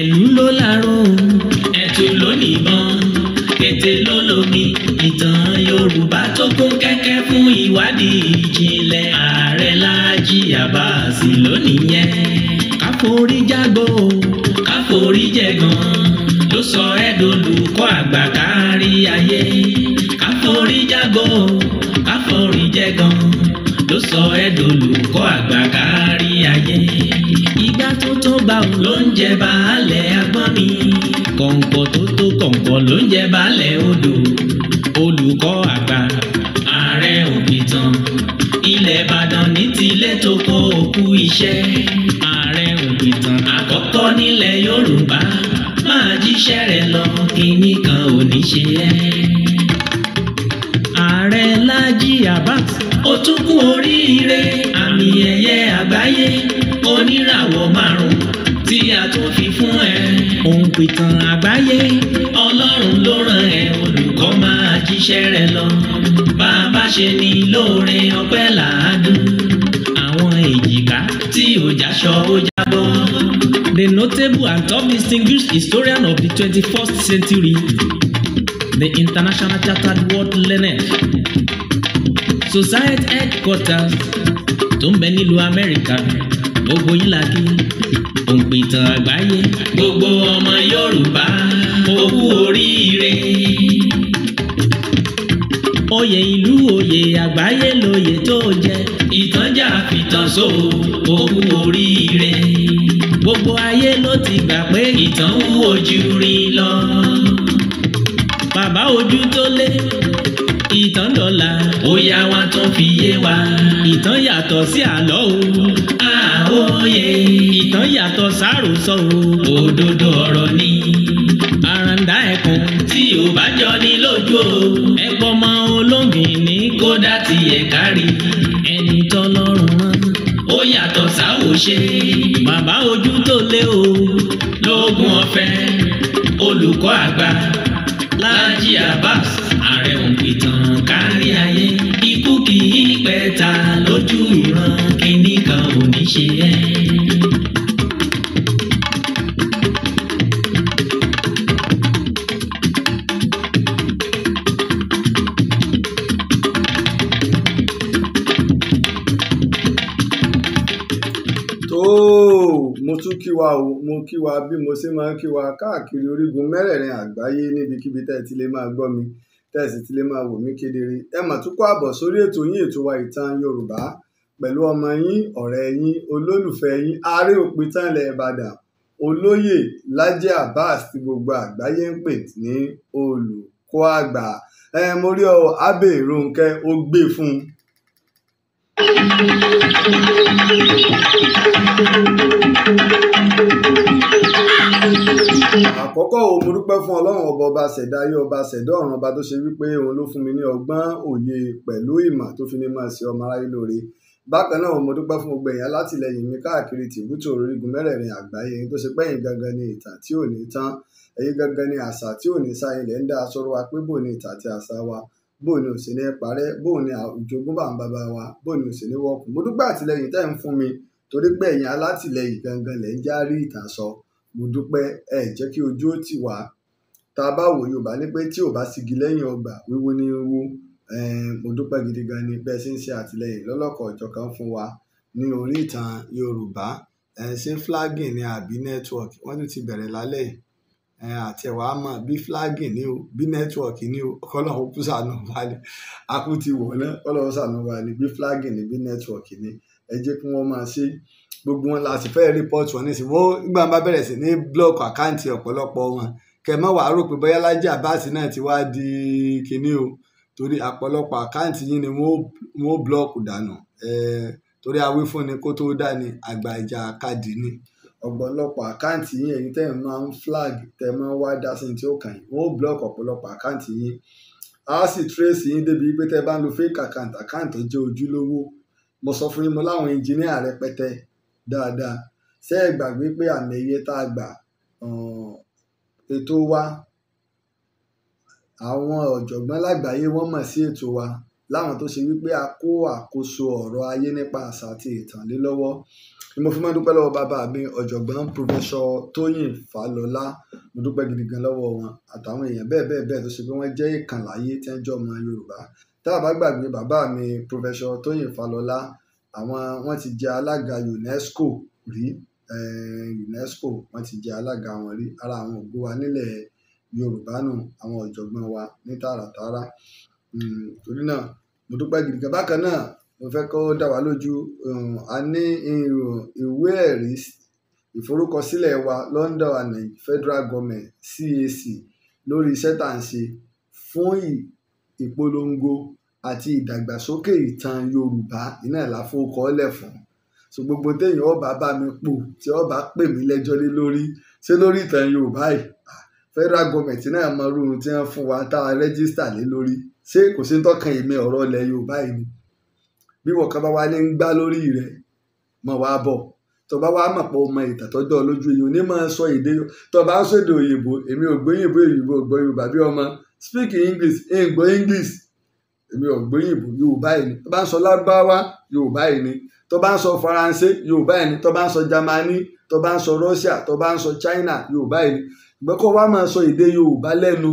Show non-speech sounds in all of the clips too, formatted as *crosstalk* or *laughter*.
ẹ̀lú ló láró ẹ̀tù ló nìbọn kété ló lómi ìtàn Yorùbá tó kún kẹ́kẹ́ fún ìwádìí ìjìnlẹ̀ Ààrẹ Láàjì Abbas ló nìyẹn káforí jágbó káforí jẹgàn ló sọ ẹ́ dolùkọ́ àgbà kárí ayé káforí jágbó káforí jẹgàn ló sọ ẹ́ igbá tó tó báwo ló ń jẹ baálẹ̀ agbọ́n mi kọ̀ǹkọ̀ tó tó kọ̀ǹkọ̀ ló ń jẹ baálẹ̀ odò olùkọ́ àgbà ààrẹ òpìtàn ilẹ̀ ìbàdàn ní tilẹ̀ tó kọ́ òkú iṣẹ́ ààrẹ òpìtàn àkọ́kọ́ nílẹ̀ yorùbá máa jíṣẹ́ rẹ̀ lọ kínní kan ò ní ṣe ẹ́ ààrẹ lájí àbá ìpìtàn àgbáyé. ọlọ́run ló rán ẹ olùkọ́ máa jíṣẹ́ rẹ lọ bàbá ṣe ni lóore ọpẹ́ làádùn. àwọn èjìká tí ò jáṣọ ó jábọ́. The notable and top distinguished historian of the twenty-first century, the International Chartered World Learned Society Headquarters tó ń bẹ nílùú Amẹ́ríkà gbogbo yín la òpìtàn àgbáyé gbogbo ọmọ Yorùbá ó kú oríire. oyè ìlú oyè àgbáyé lóyè tó jẹ ìtànjà fìtànṣó ó kú oríire. gbogbo ayé ló ti gbà pé ìtàn ń wojú rí lọ. bàbá ojú tó lé ìtàn dọ̀la ó yá wa tó fi yé wa ìtàn yàtọ̀ sí àlọ́ o. Oye, ìtàn yàtọ̀ sáròsọ o òdodo ọ̀rọ̀ ni àràǹdà ẹ̀kún tí ò bá jọ ní lójú o ẹ̀pọ̀ mọ olóngìn ní kódà ti ẹ̀ka rí ẹni tọ́lọ́run rán ó yàtọ̀ sáwòṣe bàbá ojú tó lé o lóògùn ọ̀fẹ́ olùkọ́ àgbà Láàjì Abbas. bí mo ṣe máa ń kí wa káàkiri orígun mẹ́rẹ̀ẹ̀rin àgbáyé níbikíbi tẹ́ ẹ ti lè máa gbọ́ mi tẹ́ ẹ sì ti lè máa wò mí kedere ẹ mà tún kó àbọ̀ sórí ètò yín ètò wa ìtàn Yorùbá pẹ̀lú ọmọ yín ọ̀rẹ́ yín olólùfẹ́ yín ààrẹ òpìtàn ilẹ̀ Ìbàdàn olóyè Laji Abbas tí gbogbo àgbáyé ń pè ní olùkọ́ àgbà ẹ mo rí ọ Abbey Ronkẹ́ ó gbé fún un. Thank you àkọ́kọ́ o mo dúpẹ́ fún ọlọ́run ọba ọba ṣẹ̀dá ayé ọba ṣẹ̀dá ọ̀run ọba tó ṣe wípé òun ló fún mi ní ọgbọ́n òye pẹ̀lú ìmọ̀ tó fi ní máa ṣe ọmọ aráyé lóore bákan náà mo dúpẹ́ fún gbogbo èèyàn látìlẹyìn mi káàkiri tìbútò orígun mẹ́rẹ̀ẹ̀rin àgbáyé tó ṣe pẹ́yìn gangan ni ìtàn tí ò ní tán ẹ̀yin gangan ni àṣà tí ò ní sá ilẹ̀ ń dá aṣọ wa pé bò ní ìtàn àti àṣà wa bò ní òsì ní parẹ́ bò ní ìjogúnbà ń bàbá wa bò ní òsì ní wọ́ọ̀kù mo dúpẹ́ àtìlẹyìn tẹ́ ń fún mi torí pé ẹ̀yin alátìlẹyìn gangan lẹ́ ń já ìtàn sọ mo dúpẹ́ ẹ jẹ́ kí ojú ó tì wá tá a bá wò yorùbá ní pé tí ò bá sigi lẹ́yìn ọgbà wíwú ní wú mo dúpẹ́ gidi gan ni bẹ́ẹ̀ sì ń ṣe àtìlẹ́yìn lọ́lọ́kọ̀ ìjọ̀kan fún wa ní orí ìtàn yorùbá ṣé flagging ni àbí network wọ́n tún ti bẹ̀rẹ̀ lálẹ́ yìí àtẹ̀wá mọ̀ bí flagging ni o bí network ni o kọ́lọ́hún kú sànù wa ni akú ti wọ̀ náà kọ́lọ́hún sànù wa ni bí flagging ni bí network ni ẹ jẹ́ kí wọ́n máa ṣe gbogbo wọn la sì fẹ́ rìpọ́ọ̀tù wọn nísìnyí wọ́n nígbà wọn bá bẹ̀rẹ̀ sí ní blọọkù àkáǹtì ọ̀pọ̀lọpọ̀ wọn kẹmọ́ wàá rò pé bóyá Lájí Àbáàsì náà ti wá di kinní o torí ọ̀pọ̀lọpọ̀ àkáǹtì yín ni wọ́n blọọkù dànù torí awífúnni kó tó dání àgbà ìjà káàdì ni ọ̀pọ̀lọpọ̀ àkáǹtì yín èyí tẹ́ ẹ̀ máa ń flag tẹ́ ẹ máa ń wá dá sí tí ó kàn yín wọ́n ó block ọ̀pọ̀lọpọ̀ àkáǹtì yín á sì trace yín débi pé tẹ́ ẹ bá ń lo fake account account tó jẹ́ ojúlówó mo sọ fún yín mo láwọn engineer rẹpẹtẹ dáadáa ṣé é gbàgbé pé àmì ẹ̀yẹ tá a gbà uh, ètò wa àwọn ọ̀jọ̀gbọ́n lágbàáyé wọ́n mọ̀ sí ètò wa láwọn tó ṣe wípé a kó àkóso ọ̀rọ̀ ayé nípa àṣà àti ìtàn lé lọ́wọ́ ni mo fi máa ń dúpẹ́ lọ́wọ́ bàbá mi ọ̀jọ̀gbọ́n pòfẹ́sọ Tóyìn Fálọlá mo dúpẹ́ gidi gan lọ́wọ́ wọn àtàwọn èèyàn bẹ́ẹ̀ bẹ́ẹ̀ bẹ́ẹ̀ tó ṣe pé wọ́n jẹ́ ìkànláyé tí wọ́n jọ ọmọ Yorùbá tá a bá gbàgbé bàbá mi pòfẹ́sọ Tóyìn Fálọlá àwọn wọ́n ti jẹ alága UNESCO rí eh, UNESCO wọ́n ti jẹ alága wọn rí ara àwọn ògo wa nílẹ̀ Yorùbá nù àwọn ọ̀jọ̀gbọ́n wa ní tààràtààrà hmm, torí náà mo dúpẹ́ gidi gan bákan náà mo fẹ́ kó dá wa lójú um, a ní ìwé ẹ̀rí ìforúkọsílẹ̀ wa London and Federal Government CAC lórí iṣẹ́ tá à ń ṣe fún ìpolongo àti ìdàgbàsókè ìtàn Yorùbá iná ìlàfọwọ́kọ́ lẹ̀ fún so gbogbo téèyàn ọba bá mi pò tí ọba pè mí lẹ́jọ́ lé lórí ṣé lórí ìtàn Yorùbá yìí federal government náà mọ irú tí wọ́n fún wa tá a rẹ́gísítà lé lórí ṣé kò sí tọ́kàn èmi ọ̀rọ̀ ilẹ̀ Yorùbá yìí ni bí wọ́n kan bá wá ní ń gbá lórí rẹ̀ mọ̀ wá bọ̀ tọba wa mọ̀ pọ̀ ọmọ ìtàtọ́jọ́ lójú èyí onímọ̀ sọ èdè tọba ń sọ èdè òyìnbó èmi ò gbọ́ òyìnbó òyìnbó ò gbọ́ Yorùbá bí ọmọ speak English ń gbọ́ English èmi ò gbóyìnbó yorùbá yìí ni tó bá ń sọ lárúbáwá yorùbá yìí ni tó bá ń sọ faransé yorùbá yìí ni tó bá ń sọ jamani tó bá ń sọ russia tó bá ń sọ china yorùbá yìí ni ìgbẹ́ kó wá máa sọ èdè yorùbá lẹ́nu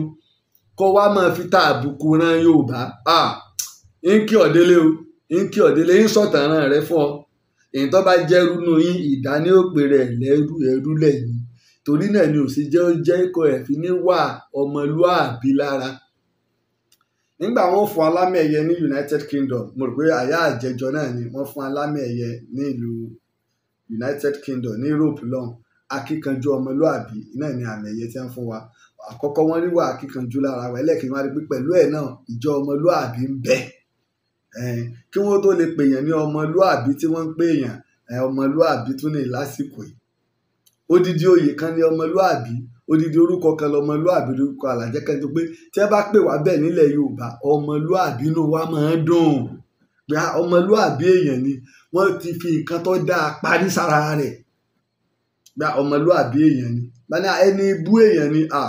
kó wá máa fi ta àbùkù ran yorùbá ń kí ọ̀dẹ́lẹ́ o ń kí ọ̀dẹ́lẹ́ ń sọ̀tàràn rẹ fún ọ èyí tó bá jẹ́ rúnú yín ìdáníòpèrè lẹ́rú ẹrú lẹ́yìn torí náà ni òsì jẹ́ ó jẹ́ ikọ̀ ẹ̀fín ní wà ọmọlúàbí lára nígbà wọn fún alámì ẹ̀yẹ ní United Kingdom mo rò pé àyà àjẹjọ náà ni wọ́n fún alámì ẹ̀yẹ ní ìlú United Kingdom ní Europe lọ́hùn akíkanjú ọmọlúàbí náà ni àmì ẹ̀yẹ tí wọ́n fún wa àkọ́kọ́ wọ́n rí wà akíkanjú lára wa ẹlẹ́ẹ̀kejì wọ́n rí pé pẹ̀lú ẹ̀ náà ìjọ ọmọlúàbí ń bẹ kí wọ́n tó lè pèèyàn ní ọmọlúàbí tí wọ́n ń pèèyàn ọmọlúàbí tún ní lásìkò yìí odidi oyè kan ní ọmọlúàbí odidi orúkọ kan lọmọlúàbí orúkọ àlàjẹ kan tó pé tí ẹ bá pè wá bẹ́ẹ̀ nílẹ̀ yorùbá ọmọlúàbí inú wa máa ń dùn pé ah, ọmọlúàbí èèyàn ni wọ́n ti fi nǹkan tó dáa parí sára rẹ̀ pé ah, ọmọlúàbí èèyàn ni báyìí ah, ẹni ibú èèyàn ni à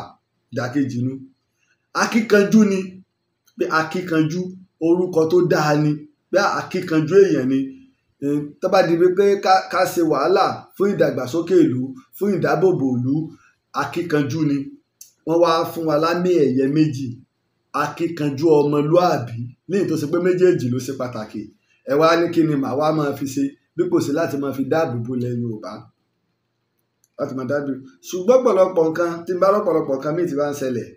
ìdàkejì nu akíkanjú ni pé akíkanjú orúkọ tó dáa ni pé akíkanjú èèyàn ni tó bá di pé ká ṣe wàhálà fún ìdàgbàsókè ìlú fún ìdábòbò ìlú akíkanjú ni wọ́n wá fún wa lámì ẹ̀yẹ méjì akíkanjú ọmọlúàbí ní ìtòsí pé méjèèjì ló ṣe pàtàkì ẹ wá ní kí ni màá wá máa fi ṣe bí kò sí láti máa fi dáàbò bo ilẹ̀ Yorùbá láti máa dájú ṣùgbọ́n pọ̀lọpọ̀ nǹkan tí n bá lọ́pọ̀lọpọ̀ nǹkan míì ti bá ń ṣẹlẹ̀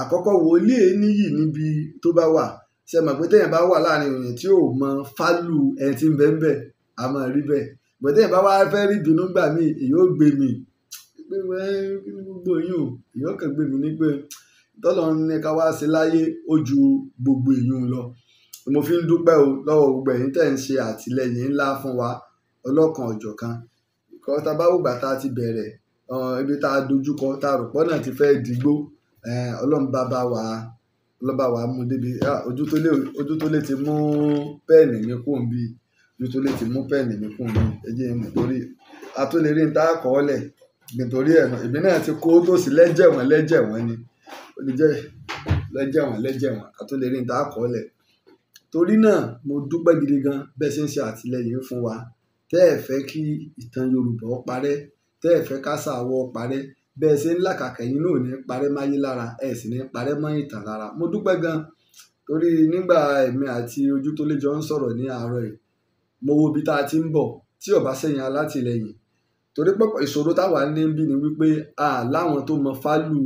àkọ́kọ́ wòlíì níyì níbi tó bá wà ṣe mọ̀ pé téèyàn bá wà láàrin èèyàn tí ò mọ fálù ẹni tí ń bẹ ń bẹ̀ rí bẹ́ẹ̀ bọ̀ bá wá fẹ́ rí ìbínú gbà míì èyí ó gbé mi pé kí ni gbogbo èyàn èyàn kàn gbé mi ní pé tọ́lọ́run ní ká wá sí láyé ó ju gbogbo èyàn lọ mo fi ń dúpẹ́ o lọ́wọ́ gbogbo ẹ̀yin tẹ́ ń ṣe àtìlẹ́yìn ńlá fún wa ọlọ́kan ọ̀jọ̀kan ìkọ́ tá a bá wò bàtà ti bẹ̀rẹ̀ ibi tá a dojúkọ tá a rò pọ́n náà ti fẹ́ dìgbò ọlọ́run bá bá wa lọ́ba wa mú débi ojú tó lè ti mú pẹ́ẹ̀nì mi kù bí ojú tó lè ti mú pẹ́ẹ̀nì mi kù bí ẹ jẹ́ ìmọ̀ torí a tó lè rí ní tá a kọ́ ọ́ lẹ̀ nítorí ẹ̀ èmi náà ti kó tòsí lẹ́jẹ̀wọ̀n lẹ́jẹ̀wọ̀n ni ó lè jẹ́ lẹ́jẹ̀wọ̀n lẹ́jẹ̀wọ̀n ká tó lè rí níta àkọọ́lẹ̀ torí náà mo dúpẹ́ gidi gan bẹ́ẹ̀ ṣe ń ṣe àtìlẹyìn fún wa tẹ́ ẹ̀ fẹ́ kí ìtàn Yorùbá ó parẹ́ tẹ́ ẹ̀ fẹ́ kásà wọ́ parẹ́ bẹ́ẹ̀ ṣe ń làkàkà ẹ̀yin náà ò ní parẹ́ máyé lára ẹ̀ sì ní parẹ́ mọ́ ìtàn lára mo dúpẹ́ gan torí nígbà èmi àti ojú tó lé jọ ń sọ̀rọ̀ ní àárọ̀ yìí mo wo ibi tá a ti ń bọ̀ tí ó sẹ́yìn alátìlẹyìn torí pé ìṣòro táwa ní bí ni wípé a láwọn tó mọ fálù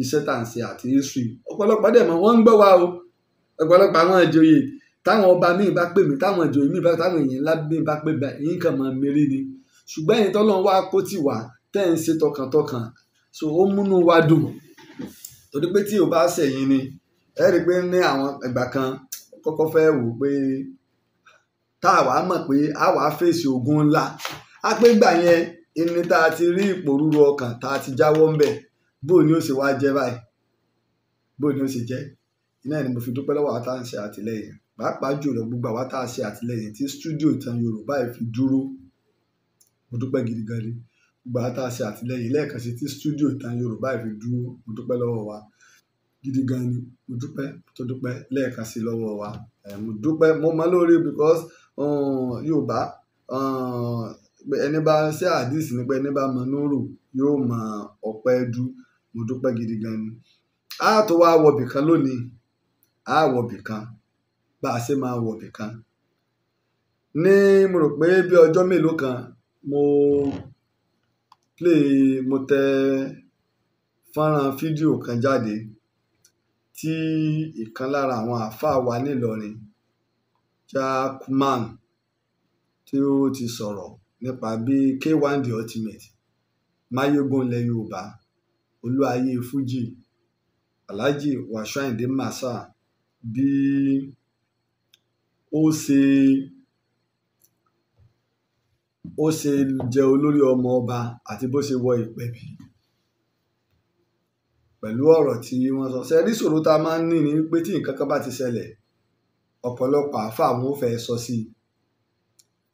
iṣẹ́ tá à ń ṣe àti èṣù ọ̀pọ̀lọpọ̀ dẹ̀ mọ̀ wọ́n ń gbọ́ wa o ọ̀pọ̀lọpọ̀ àwọn ìjòyè táwọn ọba míì bá pè mí táwọn ìjòyè míì bá táwọn èèyàn ńlá míì bá pè mí yín kàn máa mèrè ni ṣùgbọ́n ẹ̀yin tọ́lọ́run wá kó tì wá tẹ́ ń ṣe tọkàntọkàn so ó múnú wa dùn torí pé tí o bá ṣẹ̀yìn ni ẹ rí i pé ní àwọn ìgbà kan kọ́kọ́ fẹ́ wò pé tá a wàá mọ̀ pé a wàá fèsì ogun ńlá á pé gbà yẹn ìní tá a ti rí ìpòrúru ọkàn tá a ti jáwọ́ ń bẹ̀ bó ni ó sì wá jẹ́ báyìí bó ni ó sì jẹ́ iná ni mo fi dúpẹ́ lọ́wọ́ àwa tá à ń ṣe àtìlẹ́yìn pàápàá jùlọ gbogbo àwa tá a ṣe àtìlẹ́yìn tí stúdíò Ìtàn Yorùbá yìí fi dúró mo dúpẹ́ gidi gan ni gbogbo àwa tá a ṣe àtìlẹ́yìn lẹ́ẹ̀kan sí tí stúdíò Ìtàn Yorùbá yìí fi dúró mo dúpẹ́ lọ́wọ́ wa gidi gan ni mo dúpẹ́ tó dúpẹ́ lẹ́ẹ̀kan sí lọ́wọ́ wa mo dúpẹ́ mo mọ lórí because uh, Yorùbá uh, ẹni bá ṣe àdìsí nípa ẹni bá mọ núrù yóò mọ ọpẹ́ dú mo dúpẹ́ gidi gan ni a tó wá wọbì kan lónìí a wọbì kan bá a ṣe máa wọbì kan ní mo rò pé bí ọjọ́ mélòó kan mo play mo tẹ fọ́nrán fídíò kan jáde tí ìkan lára àwọn àáfàá wa nílọrin Jakman tí ó ti sọ̀rọ̀ nípa bí K1 the ultimate máyégún ilẹ̀ yorùbá olúwaye fuji alhaji wàṣọ àyìndé massa bí ó ṣe ó ṣe jẹ olórí ọmọ ọba àti bó ṣe wọ ìpẹ̀bí pẹ̀lú ọ̀rọ̀ tí wọ́n sọ ṣe rí ìṣòro tá a máa ń ní ni wípé tí nǹkan kan bá ti ṣẹlẹ̀ ọ̀pọ̀lọpọ̀ àáfàá wọn ò fẹ́ sọ sí i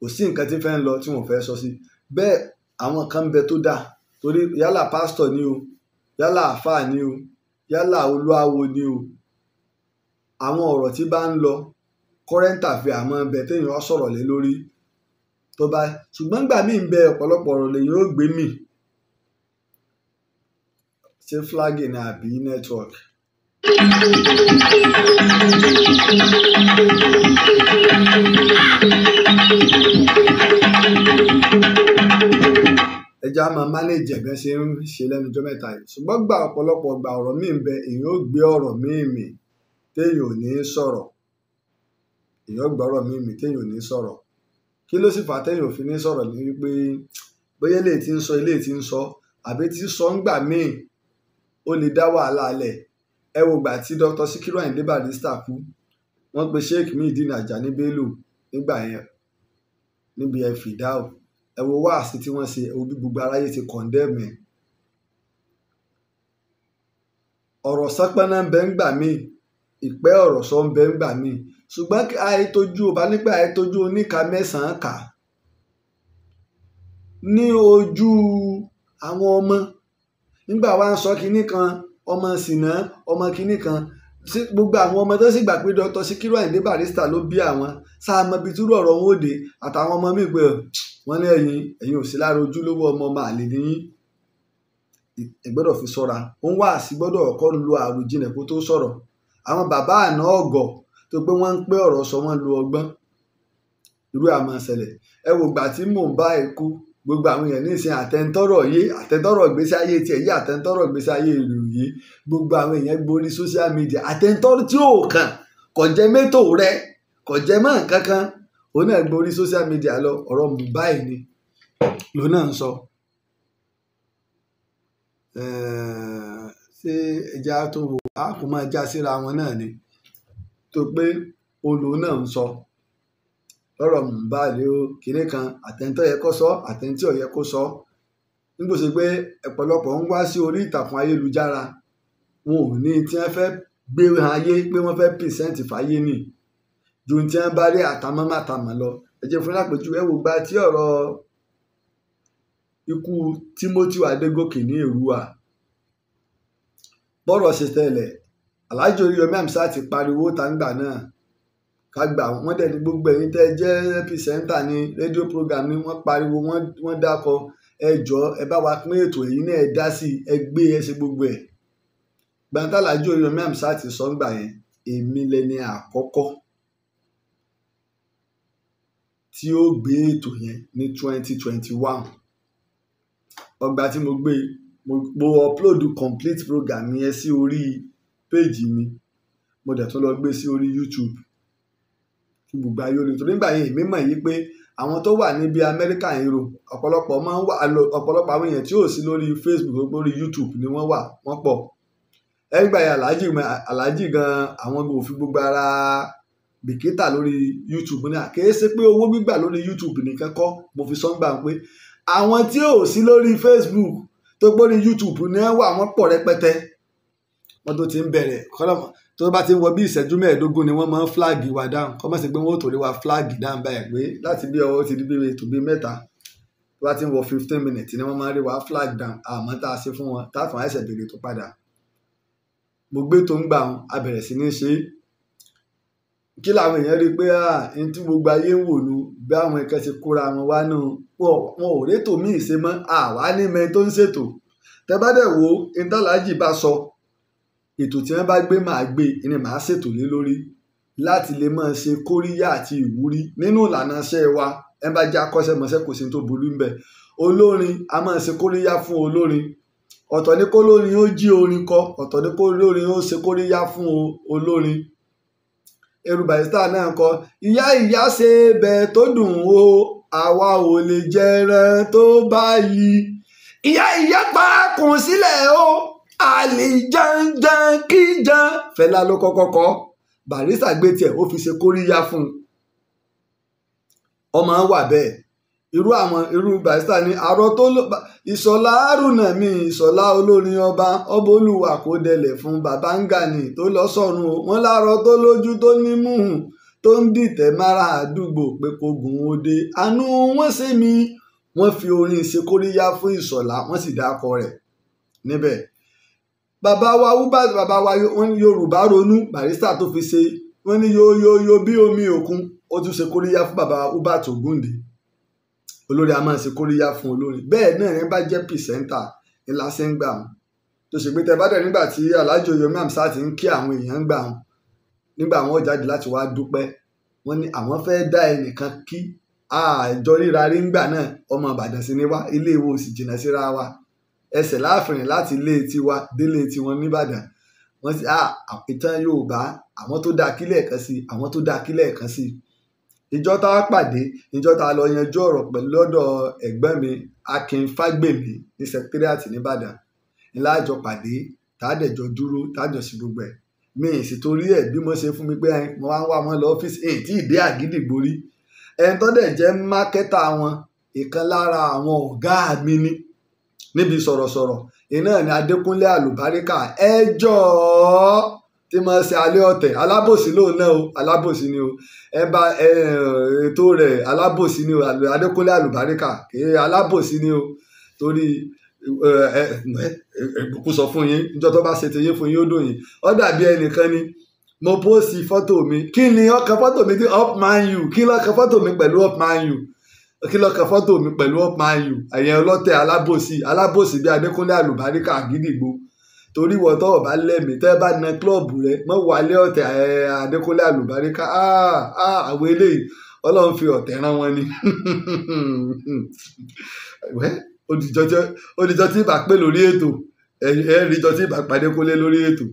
kò sí nǹkan tí fẹ́ ń lọ tí wọ́n fẹ́ sọ sí bẹ́ẹ̀ àwọn kan ń bẹ tó dáa torí yálà pásítọ̀ ni o yálà àáfàá ni o yálà olúawo ni o àwọn ọ̀rọ̀ tí bá ń lọ kọ́rẹ́ǹtà fi àmọ́ ẹbẹ téèyàn sọ̀rọ̀ lé lórí tó bá ṣùgbọ́n gbà mí ń bẹ ọ̀pọ̀lọpọ̀ ọ̀rọ̀ lèyìn ó gbé mì ṣé flagging àbí network. ẹja máa mánéjì ẹ̀gbẹ́ ṣe ń ṣe lẹ́nu ọjọ́ mẹ́ta yìí ṣùgbọ́n gba ọ̀pọ̀lọpọ̀ gba ọ̀rọ̀ míì ń bẹ èèyàn ó gbé ọ̀rọ̀ míì mì téèyàn ò ní sọ̀rọ̀ èèyàn ó gbé ọ̀rọ̀ míì mì téèyàn ò ní sọ̀rọ̀ kí ló sì fà téèyàn ò fi ní sọ̀rọ̀ ní wípé bóyá eléyìí ti ń sọ eléyìí ti ń sọ àbí tí sọ ń gbà míì ó lè dá wàhálà lẹ̀ ẹ wo ìgbà tí dr sikiru ayinde barrister kú wọ́n pe sheikh muhyiddin ajani bello nígbà yẹn níbi ẹ fìdáù ẹ wo wáàsí tí wọ́n ṣe ojú gbogbo aráyé ti kọ̀ndẹ́mù ẹ̀ ọ̀rọ̀ sápẹ́ná ń bẹ ń gbà míì ìpẹ́ ọ̀rọ̀ sọ ń bẹ ń gbà míì ṣùgbọ́n àìtójú ọba nígbà àìtójú oníka mẹ́sàn-án kà ní ojú àwọn ọmọ nígbà wa ń sọ kinní kan ọmọ sìnà ọmọ kínní kan gbogbo àwọn ọmọ tó sì gbà pé dr sikiru ayinde barista ló bí àwọn sáàmọ bíi túrú ọ̀rọ̀ wọn òde àtàwọn ọmọ míì pé wọn ní ẹ̀yin ẹ̀yin ò sí lára ojúlówó ọmọ ọmọ àlè nìyí ẹ gbọ́dọ̀ fi ṣọ́ra ó ń wá àsì gbọ́dọ̀ ọkọ lu àròjinlẹ̀ kó tó sọ̀rọ̀ àwọn bàbá àná ọ̀gọ̀ tó pé wọ́n ń pé ọ̀rọ̀ sọ wọ́n lu ọgbọ́n irú àmọ́ ṣẹlẹ̀ ẹ wò gbà tí mò ń bá ikú gbogbo àwọn èèyàn nísìnyí àtẹ̀ntọ́rọ̀ yé àtẹ̀ntọ́rọ̀ ìgbésí ayé tiẹ̀ yé àtẹ̀ntọ́rọ̀ ìgbésí ayé ìlú gbogbo àwọn èèyàn gborí social media àtẹ̀ntọ́rọ̀ tí ò kàn kò jẹ́ mẹ́tò rẹ kò jẹ́ mọ́ nǹkan òun náà gborí social media lọ ọ̀rọ̀ Mohbad ni lòun náà ń sọ. ṣé ẹja tó wò á kò máa já síra wọn náà ni tó pé òun náà ń sọ lọ́rọ̀ Mohbad o kinní kan àtẹ̀ntọ́ yẹ kó sọ àtẹ̀ntí ò yẹ kó sọ nígbò sí pé ọ̀pọ̀lọpọ̀ ń wá sí orí ìtàkùn ayélujára wọn ò ní tí wọ́n fẹ́ gbé ayé pé wọ́n fẹ́ pìrìsẹ́ǹtì fàyè nì ju tí wọ́n bá rí àtàmọ́mátàmọ́ lọ ẹ jẹ́ fún lápèjúwe wò gba tí ọ̀rọ̀ ikú Timothy Adégòkè ní Èrúwà bọ́rọ̀ ṣe tẹ̀lẹ̀ Alhaji Oríyọmí Hamzat ti pariwo tàǹgbà náà ká gbà wọ́n dẹ̀ ní gbogbo ẹ̀yin tẹ́ ẹ jẹ́ pìsẹ́ńtà ní rédíò program ni wọ́n pariwo wọ́n dákọ ẹ jọ ẹ bá wa pín ètò èyí náà ẹ dá sí ẹ gbé ẹ ṣe gbogbo ẹ̀ gbantalajú oríyànmí àmsá ti sọ ńgbà yẹn èmi lẹni àkọ́kọ́ tí ó gbé ètò yẹn ní twenty twenty one ọgbà tí mo gbé mo upload complete program yẹn sí orí péèjì mi mo dẹ̀ tún lọ gbé sí orí YouTube kí gbogbo ayé olè torí nígbà yẹn èmi mọ̀ yìí pé àwọn tó wà níbi Amẹ́ríkà hero ọ̀pọ̀lọpọ̀ máa ń wà ọ̀pọ̀lọpọ̀ àwọn èèyàn tí ò sí lórí Facebook lórí YouTube ni wọ́n wà wọ́n pọ̀ ẹgbà yẹn aláàjì aláàjì gan àwọn kò fi gbogbo ara bìkítà lórí YouTube ní àkẹ́sẹ́ pé owó gbígbà lórí YouTube nìkan kọ́ mo fi sọ́ngbà pé àwọn tí ò sí lórí Facebook tó gbórí YouTube ní wà wọ́n pọ̀ rẹpẹtẹ wọ́n tó ti ń bẹ̀rẹ̀ kọ́lọ́mọ̀ tó bá ti ń wọ bí ìṣẹ́jú mẹ́ẹ̀ẹ́dógún ni wọ́n máa ń fúláàgì wa dáhùn kọ́ mọ̀ sí pé wọ́n ò torí wa fúláàgì dáhùn báyìí pé láti bí ọwọ́ ti di bí ètò bí mẹ́ta tó bá ti ń wọ fifteen minutes ni wọ́n máa ń rí wa fúláàgì dáhùn àmọ́ tá a ṣe fún wọn táàtàn àìsẹ̀ bèrè tó padà. mo gbé tó ń gbà wọn a bẹ̀rẹ̀ sí ní ṣe kí làwọn èèyàn rí i pé ah, n tí gbogbo ayé ń wò lu bí àwọn nǹkan ti kóra wọn wá náà wọn ò rétò míì ṣe mọ́ àwa ní mẹ́ni tó ń ṣètò tẹ bá dẹ̀ wo ìtàlájì bá sọ ètò tí wọ́n bá gbé màá gbé ni màá ṣètò lé lórí láti lè máa ṣe kóríyá àti ìwúrí nínú ìlànà iṣẹ́ wa ẹ bá jẹ́ akọ́ṣẹ́mọṣẹ́ kò sí tó burú ń bẹ̀ olórin a máa ṣe kóríyá fún olórin ọ̀tọ̀ ní kó lórin ó jí orin kọ ọ̀tọ̀ ní kó lórin ó ṣe kóríyá fún olórin ẹrù bàrìsítà náà kọ ìyá ìyá ṣe bẹ̀ tó dùn o àwa ò lè jẹran tó báyìí ìyá ìyá pa kùn sílẹ̀ o àlìjànjàn kíjàn Fẹlá ló kọ́kọ́ kọ Barrister gbé tiẹ̀ ó fi ṣe kóríyá fún un ọmọ wà bẹ́ẹ̀ irú àwọn irú Barrister ní àrọ tó ìṣọlá àrùnà mi ìṣọlá olórin ọba ọba olùwà kò dẹlẹ̀ fún bàbá Gani tó lọ sọ́run o wọn láàárọ̀ tó lójú tó ní múhùn tó ń dìtẹ̀ mára àdúgbò pé kò gùn ó dé àánú wọn ṣe mi wọn fi orin ṣe kóríyá fún ìṣọlá wọn sì dákọ rẹ̀ níbẹ̀ bàbá wa Mohbad bàbá wa wọn ní Yorùbá ronú Barrister tó fi ṣe wọn ní yoyoyo bí omi òkun ó tún ṣe kóríyá fún bàbá Mohbad Ògúndé olórí a máa ṣe kóríyá fún olórin bẹ́ẹ̀ náà yẹn bá jẹ́ pìsẹ́ńtà ńlá ṣe ń gbà wọn tó ṣe pé tẹ bá dẹ̀ nígbà tí alájọ Yomi Amsat ń kí àwọn èèyàn gbà wọn nígbà wọn jáde láti wá dúpẹ́ wọn ní àwọn fẹ́ dá ẹnìkan kí àjọ ríra rí ńgbà náà ọmọ Ìbàdàn sí ni wá ilé ìwòsì jìnnà síra wa ẹsẹ̀ láàfin láti ilé tiwa délé tiwọn nìbàdàn wọ́n ti ìtàn yorùbá àwọn tó dáa kílẹ̀ kan sí àwọn tó dáa kílẹ̀ kan sí ìjọ tá a pàdé ìjọ tá a lọ yanjú ọ̀rọ̀ pẹ̀lú lọ́dọ̀ ẹ̀gbọ́n mi akin fagbemi ní sẹkítírìàtì nìbàdàn ńlá àjọ pàdé tàdẹ̀jọ dúró tàjọ sí gbogbo ẹ̀ mi ì sì torí ẹ̀ bí mo ṣe fún mi pé mo wá ń wá wọn lọ ọ́fíìsì èyí tí ìdí àgídìgbò rí ẹni jẹ́ mákẹ́tà wọn ìkan lára àwọn ọ̀gá mi ni níbi sọ̀rọ̀sọ̀rọ̀ iná ní adékúnlé àlùbáríkà ẹ tí máa ṣe alẹ́ ọ̀tẹ̀ alábòsí lòun náà o alábòsí ni o ẹ bá ètò rẹ̀ alábòsí ni o adékúnlé àlùbáríkà kìí alábòsí ni o torí kò sọ fún yín níjọ́ tó bá ṣe ti yín fún yín ó dùn yín ó dàbí ẹnìkan ni mo pósì fọ́tò mi kí ni ọkàn fọ́tò mi ti up man u kí ni ọkàn fọ́tò mi pẹ̀lú up man u kí ló kan fọ́tò mi pẹ̀lú up man u ẹ̀yẹn ọlọ́tẹ̀ alábòsí alábòsí bíi adékúnlé àlùbáríkà àgídìgbò torí wọ́n tọ́ ọ̀bá lẹ́mìí tẹ́ bá na klọ́ọ̀bù rẹ mọ́ wálé ọ̀tẹ̀ adékúnlé àlùbáríkà ah, ah, àwọn eléyìí ọlọ́run fi ọ̀tẹ̀ rán wọn ni *laughs* olùjọ tí ìbá pè lórí ètò ẹ̀ẹ́dìjọ tí ìbá pàdé kúnlé lórí ètò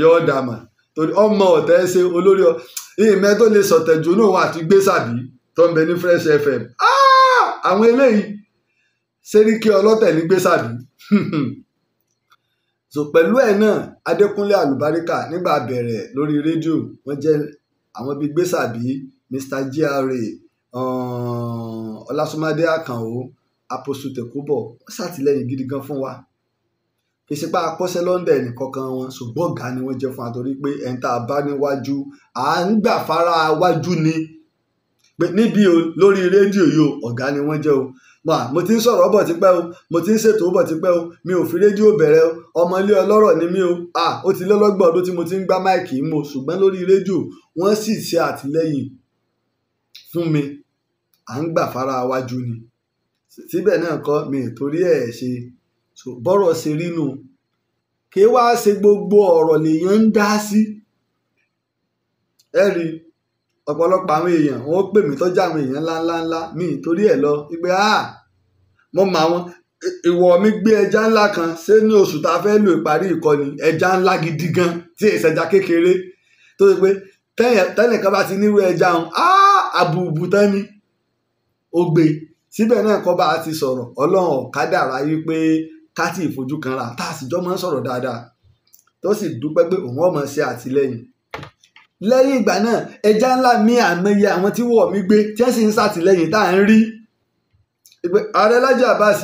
yọ̀ọ́ dàmà torí ọmọ ọ̀tẹ̀ ṣe olórí ọ̀ ìmẹ́ tó lè sọ̀tẹ̀ jóná àti gbé sàbí tó ń bẹ ní Fresh FM ah! àwọn eléyìí Sẹ́ríkì ọlọ́tẹ̀ ní gbèsàbí *laughs* so pẹ̀lú ẹ̀ náà Adékúnlé Àlùbáríkà nígbà bẹ̀rẹ̀ lórí rédíò wọ́n jẹ́ àwọn bíi gbèsàbí Mr GRA um, Ọlásùnmádé Àkànó Apostle Tekubo wọ́n ṣàtìlẹ́yìn gidi gan fún wa ìsìnpá akọ́ṣẹ́ lọ́ndẹ̀ nìkọ̀ọ̀kan wọn ṣùgbọ́n ọ̀gá ni wọ́n jẹ́ fún wa torí pé ẹ̀ńtà bá níwájú à ń gbà fara wájú ni. Wa pé níbi lórí rédíò yìí o ọ̀gá ni wọ́n jẹ́ o mà mo ti ń sọ̀rọ̀ bọ̀ tipẹ́ o mo ti ń ṣètò bọ̀ tipẹ́ o mi ò fi rédíò bẹ̀rẹ̀ o ọmọ ilé ọlọ́rọ̀ ni mí o à ó ti lọ́lọ́gbọ̀n ọdún tí mo ti ń gbá máìkì mo ṣùgbọ́n lórí rédíò wọ́n sì ṣe àtìlẹ́yìn fún mi à ń gbà fara wájú ni síbẹ̀ náà kọ́ mi torí ẹ̀ ṣe bọ́rọ̀ ṣe rí nù kí wá ṣe gbogbo ọ̀rọ̀ lèèyàn ń dá sí ẹ̀rí ọ̀pọ̀lọpọ̀ àwọn èèyàn wọn ó pè mí tọ́jú àwọn èèyàn ńláńláńlá mi torí ẹ̀ lọ wípé ah mo mọ àwọn ìwọ mi gbé ẹja ńlá kan ṣé ní oṣù tá a fẹ́ lò ìparí ìkọni ẹja ńlá gidi gan tí èsì ẹja kékeré tó ṣe pé tẹ́nìkan bá ti nírú ẹja ọ̀hún ah àbùbù tán ni ó gbé síbẹ̀ náà kọ́ bá a ti sọ̀rọ̀ ọlọ́run ọ̀kadàrà yí pé ká tí ìfojú kan rà tá a sì jọ máa ń sọ̀rọ̀ dáadáa tó sì dúpẹ́ pé òun ọmọ ṣe àtìlẹ́yìn lẹ́yìn ìgbà náà ẹja ńlá mi àmọye àwọn tí wọ́ọ̀ mi gbé tí wọ́n sì ń ṣàtìlẹ́yìn tá à ń rí ààrẹ Laji Abbas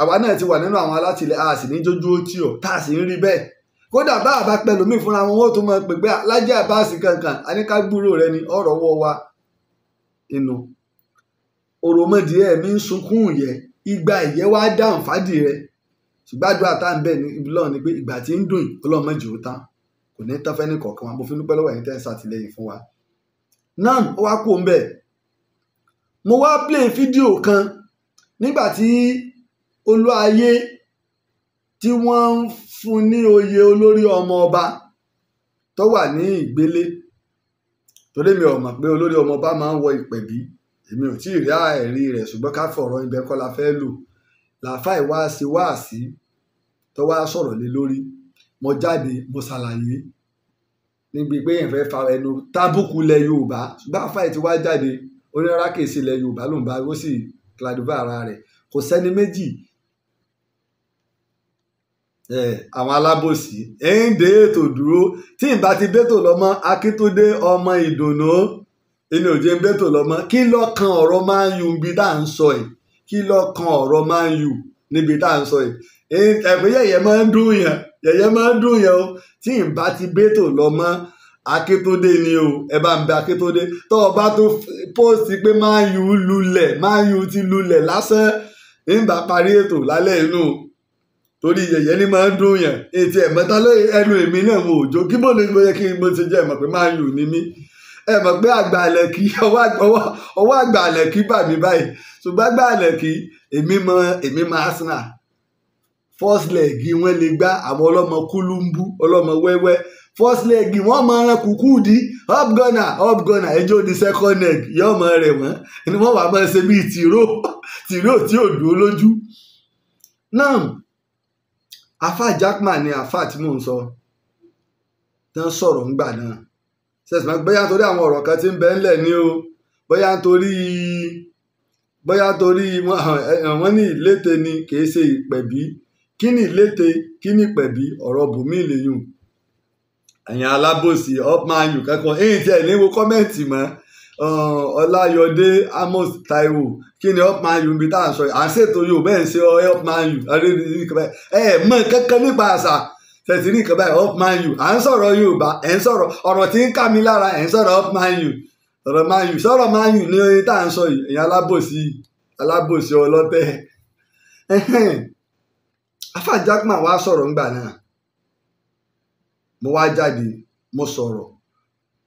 àwa náà ti wà nínú àwọn alátìlẹ a sì ní jójú tí o tá a sì ń rí bẹ́ẹ̀ kódà bá àbá pẹ̀lú mi fúnra wọn ó tún mọ pé pé Laji kankan aníkàgbúrò rẹ ni ọ̀rọ̀ wọ wa inú òròmọdì mi ń sunkún yẹ ìgbà ìyẹ́ wá dáhùn fádìí rẹ ṣùgbádùn àtàǹbẹ ní ibi kò ní tán fẹ́ ní kọ̀ọ̀kan wa mo fi dúpẹ́ lọ́wọ́ ẹ̀yin tẹ́ ń ṣàtìlẹ́yìn fún wa nan ó wá kú òun bẹ́ẹ̀ mo wá play fídíò kan nígbà tí olúayé tí wọ́n ń fún ní oyè olórí ọmọ ọba tó wà ní ìgbélé torí mi ò mọ̀ pé olórí ọmọ ọba máa ń wọ ìpẹ̀bí èmi ò tí ì rí àìrí rẹ̀ ṣùgbọ́n ká fọ̀rọ̀ ibẹ̀ kọ́ la fẹ́ lò làáfàá ìwáàsí wáàsí tó wá sọ̀rọ̀ lé lórí mo jáde mo ṣàlàyé níbi pé èèyàn fẹ́ fa ẹnu tábùkù lẹ yorùbá ṣùgbọ́n àfáì ti wá jáde onírárá kèsì lẹ yorùbá ló ń bá ó sì kìlàdúbà ara rẹ̀ kò sẹ́ni méjì àwọn alábòsí ẹ̀yìn dé ètò dúró tí ìbá ti bẹ́tò lọ́mọ akíntúndé ọmọ ìdùnnú inú òjé ń bẹ́tò lọ́mọ kí ló ọ̀rọ̀ máa ń yu níbi tá ń sọ yìí kí ló ọ̀rọ̀ máa ń yu níbi tá ń sọ yìí ẹgbẹ́ yẹ̀yẹ́ máa ń dùn yàn yẹ̀yẹ́ máa ń dùn yàn o tí n bá ti bẹ́tò lọ mọ́ Akíntúndé ni o ẹ bá ń bẹ Akíntúndé tó o bá tó póòsì pé Man U lulẹ̀ Man U ti lulẹ̀ lásán ń bá parí ètò lálẹ́ inú torí yẹ̀yẹ́ ni máa ń dùn yàn ètò ẹ̀mọ́ta lóye ẹnu èmi náà mo òjò kí bó ni mo yẹ kí mo ti jẹ́ ẹ̀mọ̀ pé Man U ni mí ẹ mọ̀ pé àgbà àlẹ̀kí ọwọ́ àgbà àlẹ̀kí bà mí báyìí ṣùgbọ́n àgbà àlẹ̀kí èmi mọ èmi mọ Arsenal first leg wọn lè gbá àwọn ọlọmọ kúlúmbú ọlọmọ wẹ́wẹ́ first leg wọn máa ran kùkú di up gunner up gunner ẹjọ́ di second leg yọ ọmọ rẹ̀ wọ́n ni wọ́n wàá máa ṣe bíi tìró tìró tí ò dúró lójú. afa Jackman ni afa tí mò ń sọ tán náà máa kan ti ń bẹ ni o nítorí nítorí ní ìlété ni kì í ṣe kí ni ìlété kí ni pẹ̀bí ọ̀rọ̀ bùnmí lèyùn ẹ̀yìn alábòsí upman kankan èyí tí ẹ̀ níwò kọ́mẹ́ǹtì mọ́ ọláyọdé amos taiwo kí ni upman yìí bí tá à ń sọ yìí à ń ṣètò yìí ò bẹ́ẹ̀ ń ṣe upman yìí àrídìí nìkan báyìí ẹ̀ mọ̀ kankan nípa àṣà tẹ̀sí nìkan báyìí upman yìí à ń sọ̀rọ̀ yorùbá ẹ̀ ń sọ̀rọ̀ ọ̀rọ̀ tí ń kà mí lára ẹ̀ ń sọ̀rọ̀ upman yìí *laughs* afa wa wá sọ̀rọ̀ ńgbà náà mo wá jáde mo sọ̀rọ̀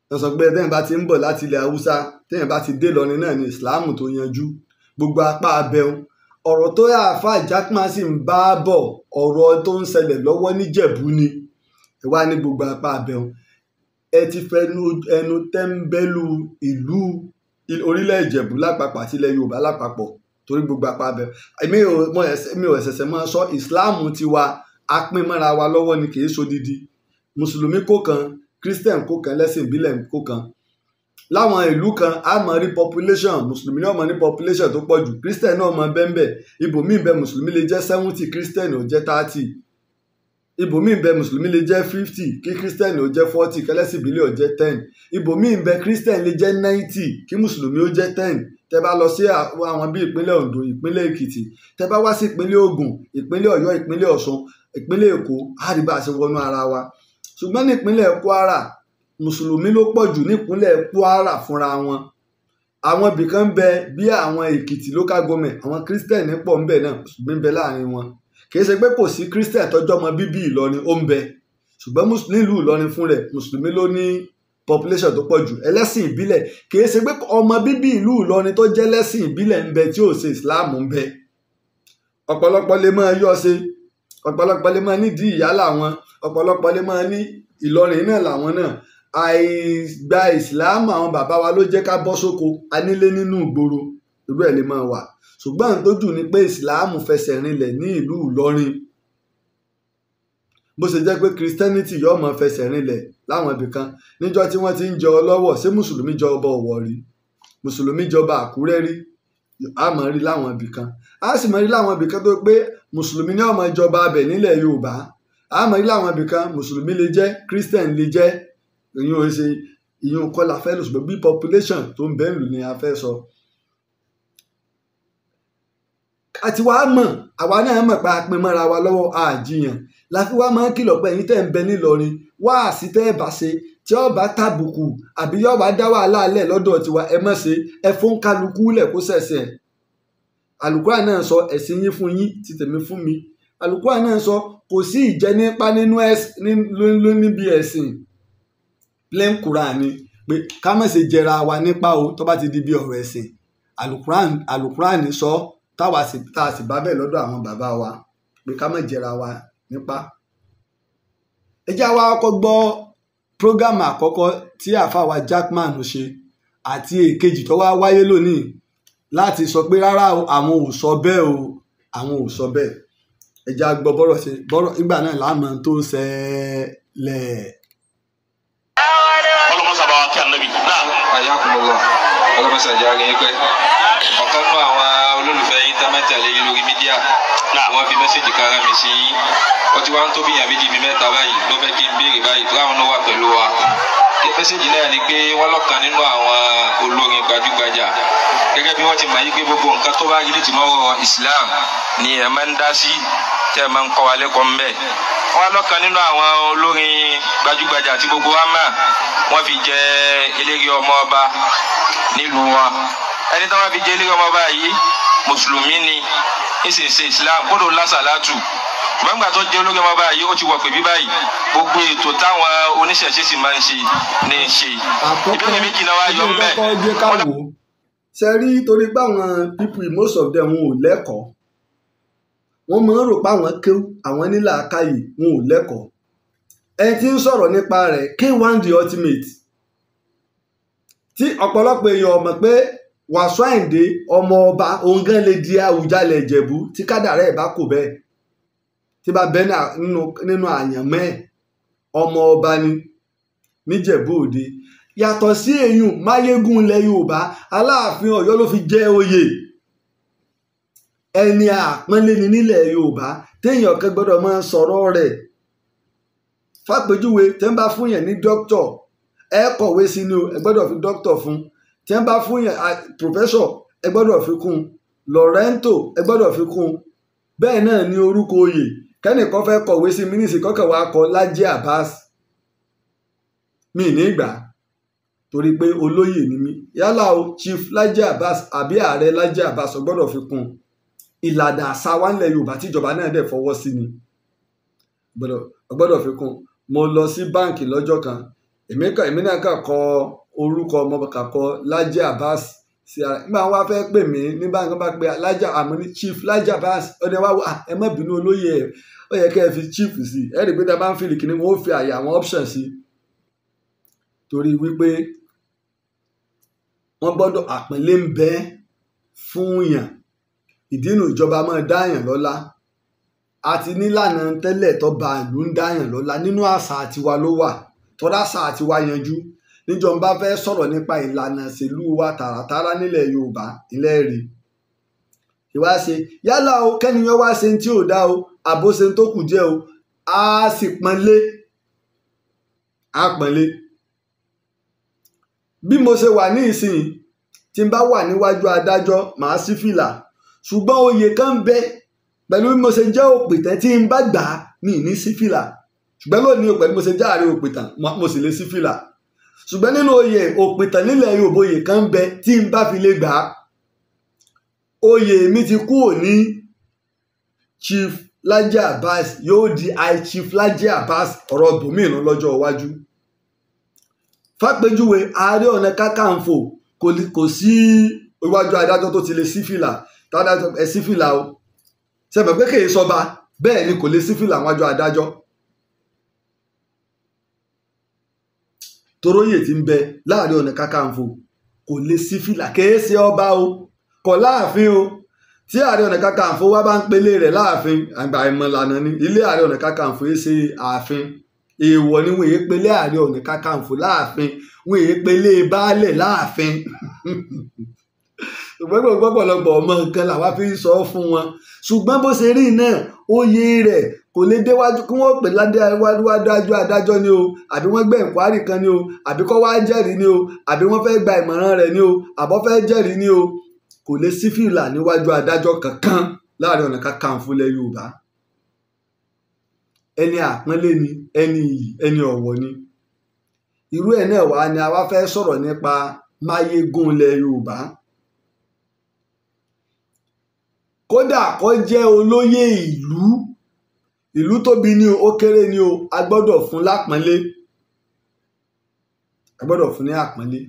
wọ́n sọ pé tẹ́yìn bá ti ń bọ̀ láti ilẹ̀ haúsá tẹ́yìn bá ti dé lọ́rin náà ni ìsìláàmù tó yanjú gbogbo apá abẹ́hùn ọ̀rọ̀ tó yà àfa Jaqmal sì ń bá bọ̀ ọ̀rọ̀ tó ń ṣẹlẹ̀ lọ́wọ́ níjẹ̀bú ni ìwá ní gbogbo apá abẹ́hùn ẹ ti fẹnu ẹnu tẹ́ńbẹ́lú ìlú orílẹ̀ ìjẹ̀bú lápapọ̀ àti ilẹ̀ yorùbá lápapọ̀ torí gbogbo apá abẹ èmi ò mọ ẹsẹ mi ò ẹsẹsẹ mọ sọ ìsìláàmù tiwa apín mọ́ra wa lọ́wọ́ ni kì í ṣodidi mùsùlùmí kó kan christian kó kan lẹ́sìn ìbílẹ̀ kó kan láwọn ìlú kan a mọ rí population mùsùlùmí náà mọ ní population tó pọ̀ jù christian náà mọ bẹ́ńbẹ́ ibòmíì bẹ mùsùlùmí lè jẹ́ seventy christian ò jẹ́ thirty ibòmíì bẹ mùsùlùmí lè jẹ́ fifty kí christian ò jẹ́ forty kẹlẹ́sìn ìbílẹ̀ ò jẹ́ ten ibòmíì bẹ christian lè jẹ́ ninety kí mùsùlùmí ó jẹ́ ten tẹ bá lọ sí àwọn bíi ìpínlẹ̀ Ondo ìpínlẹ̀ Èkìtì tẹ bá wá sí ìpínlẹ̀ Ògùn ìpínlẹ̀ Ọ̀yọ́ ìpínlẹ̀ Ọ̀ṣun ìpínlẹ̀ Èkó àdìbà ṣe wọnú ara wa ṣùgbọ́n ní ìpínlẹ̀ Kwara mùsùlùmí ló pọ̀ jù nípínlẹ̀ Kwara fúnra wọn àwọn ibìkan ń bẹ bí àwọn Èkìtì local government àwọn Christian pọ̀ ń bẹ náà mùsùlùmí ń bẹ láàrin wọn kì í ṣe pé kò sí Christian tọ́jọ́ ọmọ bíbí Ìlọrin ó ń bẹ ṣùgbọ́n nílùú Ìlọrin fún rẹ̀ mùsùlùmí ló ní population tó pọ̀ jù ẹlẹ́sìn ìbílẹ̀ kì í ṣe pé ọmọ bíbí ìlú Ìlọrin tó jẹ́ ẹlẹ́sìn ìbílẹ̀ ń bẹ tí ò ṣe Islam ń bẹ ọ̀pọ̀lọpọ̀ lè máa yọ ṣe ọ̀pọ̀lọpọ̀ lè máa nídìí ìyá làwọn ọ̀pọ̀lọpọ̀ lè máa ní Ìlọrin náà làwọn náà àìgbà Islam àwọn bàbá wa ló jẹ́ ká bọ́ sóko anílé nínú ìgboro irú ẹ̀ lè máa wà ṣùgbọ́n tó jù ni pé Islam fẹsẹ̀ rinlẹ̀ ní ìlú Ìlọrin bó ṣe jẹ́ pé christianity yóò mọ fẹsẹ̀ rinlẹ̀ láwọn ibìkan níjọ́ tí wọ́n ti ń jọ ọlọ́wọ̀ ṣé mùsùlùmí jọ ọba ọ̀wọ̀ rí mùsùlùmí jọba àkúrẹ́ rí a mọ̀ rí láwọn ibìkan a sì mọ̀ rí láwọn ibìkan tó pé mùsùlùmí ní ọmọ ìjọba abẹ nílẹ̀ yorùbá a mọ̀ rí láwọn ibìkan mùsùlùmí lè jẹ́ christian lè jẹ́ ìyún ò ìyún kọ́ fẹ́ lò ṣùgbọ́n bí population tó ń bẹ́ẹ̀ lù ni a fẹ́ sọ. àti wàá mọ̀ àwa náà mọ̀ pé a pin mọ́ra wa lọ́wọ́ àjíyàn la fi wá máa ń kìlọ̀ pé ẹ̀yin tẹ̀ ń bẹ nílọrin wáàsí tẹ́ ẹ̀ bá ṣe tí ọba tàbùkù àbí yọba dá wàhálà lẹ̀ lọ́dọ̀ tiwa ẹ mọ̀ ṣe ẹ fún kálukú lẹ̀ kó ṣẹ̀ṣẹ̀ àlùkùránì náà sọ ẹ̀sìn yín fún yín ti tèmi fún mi àlùkùránì náà sọ kò sí ìjẹnipa nínú níbi ẹ̀sìn plain Quran ni pé ká má ṣe jẹra wa nípa o tó bá ti di bí ọ̀rọ̀ ẹ̀sìn àlùkùránì sọ táwa sì bá bẹ́ẹ̀ lọ́dọ̀ àwọn bàbá wa pé ká má jẹra wa nípa. ẹ jẹ́ àwa kọ́kọ́ gbọ́ prógámù àkọ́kọ́ tí àfàwà Jackman ṣe àti èkejì tó wá wáyé lónìí láti sọ pé rárá àwọn ò sọ bẹ́ẹ̀ o àwọn ò sọ bẹ́ẹ̀ ẹ jẹ́ àgbọ̀ bọ́rọ̀ ṣe bọ́rọ̀ nígbà náà láàmú tó ṣẹlẹ̀ wọ́n mọ̀ sábà wọn kí ànábì. ayé àkùnbọ̀bọ̀ ọlọ́mọṣà jẹ́ àárín pẹ́ ọ̀kan fún àwọn olólùfẹ́ yín támẹ́tì àlẹ́yìn lórí mídíà wọ́n fi mẹ́sẹ̀jì kára mi sí yín ó ti wá ń tó bí ìyàbí di mi mẹ́ta báyìí ló fẹ́ kí n náà wa mẹ́sẹ̀jì náà ni pé wọ́n lọ́kàn nínú àwọn olórin gbajúgbajà gẹ́gẹ́ bí wọ́n ti mọ̀ yí pé gbogbo nǹkan tó bá rí ní tìmọ́wọ́ Islam ni ẹ̀ máa ń dá sí tẹ́ ẹ máa ń kọ́ wa lẹ́kọ̀ọ́ mbẹ́ wọ́n lọ́kàn nínú àwọn olórin gbajúgbajà tí gbogbo wa mọ̀ wọ́n fi jẹ eléré ọmọ ọba nílùú wọn ẹni tí fi jẹ eléré ọmọ ọba yìí mùsùlùmí ni ìsìnsìn islam kódò lásàlátù gbàgbà tó jẹ́ ológun ọba yìí ó ti wọ̀ pé bí báyìí gbogbo ètò táwọn oníṣẹ̀ṣe sì máa ń ṣe ní ṣe ìbéèrè méjì náà wáyọ bẹ́ẹ̀. ṣe rí torí báwọn people most of them ò lẹ́kọ̀ọ́ wọ́n máa ń rò pé àwọn kéwú àwọn ní làákàyè wọn ò lẹ́kọ̀ọ́ ẹni tí ń sọ̀rọ̀ nípa rẹ̀ K1 the ultimate tí ọ̀pọ̀lọpọ̀ èèyàn mọ̀ pé Wàsíù Àyìndé ọmọ ọba òun gan lè di Àwùjalẹ̀ Ìjẹ̀bú tí kádàrá ẹ̀ bá kò bẹ́ẹ̀ tí bá bẹ́ẹ̀ nínú àyànmọ́ ẹ̀ ọmọ ọba ni níjẹ̀bú òde yàtọ̀ sí èyí máyégún ilẹ̀ Yorùbá Aláàfin Ọ̀yọ́ ló fi jẹ́ oyè ẹni àpọ́nlé ni nílẹ̀ yorùbá téèyàn kan gbọ́dọ̀ máa sọ̀rọ̀ rẹ̀ fàpèjúwe tẹ́ ń bá fún yẹn ní dókítọ̀ ẹ kọ̀wé sí ni o ẹ gbọ́dọ̀ fi dókítọ̀ fún tẹ́ ń bá fún yẹn pòfẹ́sọ̀ ẹ gbọ́dọ̀ fi kún lọ́rẹ́ńtò ẹ gbọ́dọ̀ fi kún bẹ́ẹ̀ náà ni orúkọ oyè kẹ́nìkan fẹ́ kọ̀wé sí mínísì kọ́kẹ́ wa kọ Lájí Abbas mi ní ìgbà torí pé olóyè ni mi yálà o Chief Lájí Abbas àbí ààrẹ Lájí Abbas ọ gbọ́dọ̀ fi kún un ìlànà àṣà wa nílẹ̀ yorùbá tíjọba náà dẹ̀ fọwọ́ sí ni gbọ́dọ̀ fi kún mo lọ sí báǹkì lọ́jọ́ kan èmi náà kà kọ orúkọ ọmọ kà kọ Laji Abbas sí ara nígbà wọn fẹ́ pè mí ní báǹkì wọn bá pe Laji àmọ́ chief Laji Abbas ọdẹ wa ẹ má bínú olóyè ẹ ó yẹ kẹ́ ẹ fi chief sí ẹ rí i pé tá a bá ń fìlì kìíní wọn ó fi àyè àwọn option sí torí wípé wọ́n gbọ́dọ̀ àpínlẹ̀ ń bẹ fún yàn ìdínú ìjọba máa dáyàn lọ́lá àti nílànà tẹ́lẹ̀ tó ba ìlú ń dáyàn lọ́lá nínú àṣà àtiwa ló wà tọ́lá àṣà àtiwa yanjú níjọba fẹ́ sọ̀rọ̀ nípa ìlànà ìṣèlú wa tààràtàrà nílẹ̀ Yorùbá ilẹ̀ rí ìwá ṣe yálà o kẹ́niyàn wá ṣe tí ò dá o àbó ṣe tó kù jẹ́ o á sì pọ́nlé á pọ́nlé bí mo ṣe wà ní ìsìn tí n bá wà níwájú adájọ́ màá sí fìlà ṣùgbọ́n oyè kan bẹ pẹ̀lú bí mo ṣe jẹ́ òpìtàn tí n bá gbà á mi ní sífìlà ṣùgbọ́n lónìí pẹ̀lú mo ṣe jẹ́ ààrẹ òpìtàn mo sì lè sífìlà ṣùgbọ́n nínú oyè òpìtàn nílẹ̀ Yorùbá oyè kan bẹ tí n bá fi lè gbà á oyè mi ti kú òní Chief Laji Abbas yóò di High Chief Laji Abbas ọ̀rọ̀ bòmínú lọ́jọ́ iwájú fàpèjúwe Ààrẹ Ọ̀nà Kakanfò kò sí iwájú adájọ́ tó ti lè sífìlà tọ́lá ẹ sífìlà o ṣẹ̀fẹ̀ pé kì sọba bẹ́ẹ̀ ni kò lè sífìlà àwọn àjọ adájọ́ toróyè ti ń bẹ láàrin ọ̀nà kakanfò kò lè sífìlà kìí ṣe ọba o kọ̀ láàfin o tí ààrẹ ọ̀nà kakanfò wá bá ń pelé rẹ̀ láàfin àgbà ìmọ̀lànà ni ilé ààrẹ ọ̀nà kakanfò yìí ṣe ààfin èèwọ̀ ni wọ́n èé pelé ààrẹ ọ̀nà kakanfò láàfin wọ́n èé pelé baálẹ̀ láàfin *laughs* ṣùgbọ́n gbọ́pọ̀lọpọ̀ ọmọ nǹkan làwa fi ń sọ fún wọn ṣùgbọ́n bó ṣe rí náà oyè rẹ̀ kò lè déwájú kí wọ́n pè ládéwájú adájọ́ ni o àbí wọ́n gbé ìkwárì kan ni o àbí kọ́ wá jẹ́rìí ni o àbí wọ́n fẹ́ gba ìmọ̀ràn rẹ̀ ni o àbọ̀ fẹ́ jẹ́rìí ni o kò lè sí fìlà níwájú adájọ́ kankan láàrin ọ̀nà kakanfò ilẹ̀ Yorùbá ẹni àpọ́nlé ni ẹni iyì ẹni ọ̀wọ̀ ni irú ẹ̀ náà wá ni a wá fẹ́ sọ̀rọ̀ nípa máyégún ilẹ̀ Yorùbá kódà kó jẹ́ olóyè ìlú ìlú tóbi ni o ó kéré ni o a gbọ́dọ̀ fún lápọ́nlé a fún ní àpọ́nlé.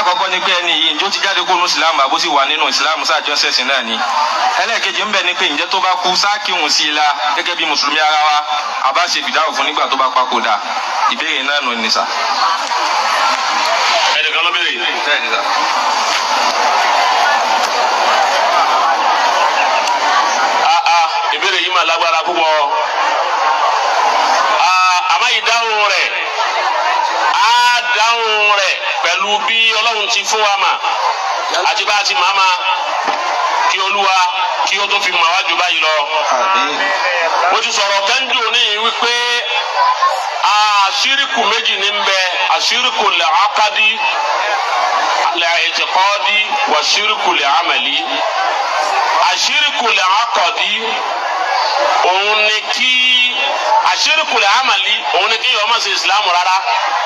àkọ́kọ́ ni pé ẹni yìí ǹjọ́ ti jáde kúrò ní islam àbó sì wà nínú islam sáàjọ́ ṣẹ̀sìn náà ni ẹlẹ́ẹ̀kejì ń bẹ ni pé ǹjẹ́ tó bá kú sáàkìhùn sí i la gẹ́gẹ́ bí mùsùlùmí ara wa àbá ṣe fìdáwò fún nígbà tó bá papòdà ìbéèrè náà nù ní sà. ẹnìkan ló béèrè. ìbéèrè yìí mà lágbára púpọ̀ àmọ́ ìdáhùn rẹ̀ á dáhùn rẹ̀ pẹ̀lú bí ọlọ́run ti fún wa mà àti bá a ti máa ma kí olúwa kí ó tó fi mọ̀ wájú báyìí lọ. mo ti sọ̀rọ̀ kánjú ní wípé àṣírìkù méjì ní bẹ àṣírìkù lè ákádì lè ètìkọ́dì wà ṣírìkù lè àmàlí. àṣírìkù lè ákọ̀dì òun ni kí. àṣírìkùlẹ̀ amali òun ni kéèyàn ọmọ sí islam rárá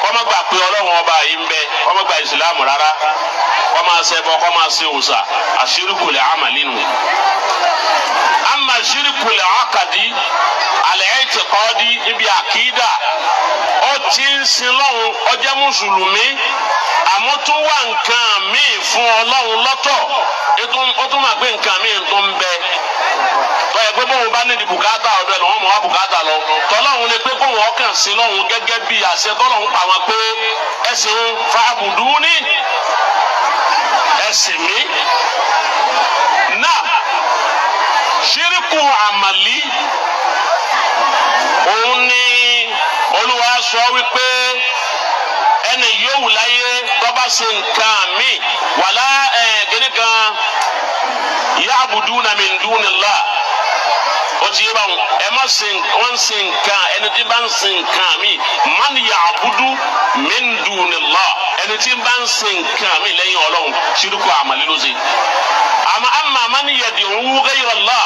kó gba pé ọlọ́run ọba yìí ń bẹ kó gba gbà rárá kó má ṣẹbọ kó má ṣe òòṣà nù. àmà ṣírìkùlẹ̀ àkàdí àlẹ́ ẹ̀ ti ibi àkídà ń sin lọ́hùn mùsùlùmí. àmọ́ tó wà nǹkan míì fún ọlọ́run lọ́tọ̀ ó tún máa gbé nǹkan míì tó ń bẹ báyìí pé bóun bá nídìí bùkátà ọ̀dọ̀ ẹ̀ lọ́wọ́ mọ̀ wá bùkátà lọ tọ́lọ́run ni pé kóun ọkàn sí lọ́run gẹ́gẹ́ bí àṣẹ tọ́lọ́run pa wọn pé ẹ̀sìn fàbùdù ní ẹ̀sìn mi náà ṣírìkù àmàlí òun ni olúwa sọ wípé ẹni yòówù láyé tọ́ba ṣe nǹkan mi wàlá ẹ̀ kíní kan ya'buduna min dunillah o ti yé ba ŋun ẹ ma sin wọn sin kan ẹni tí bá ń sin kan mi man ya'budu min dunillah ẹni tí bá ń sin kan mi lẹ́yìn Ọlọ́run ṣirikú àmàlélóse àmà àmà man yad'u ghayra Allah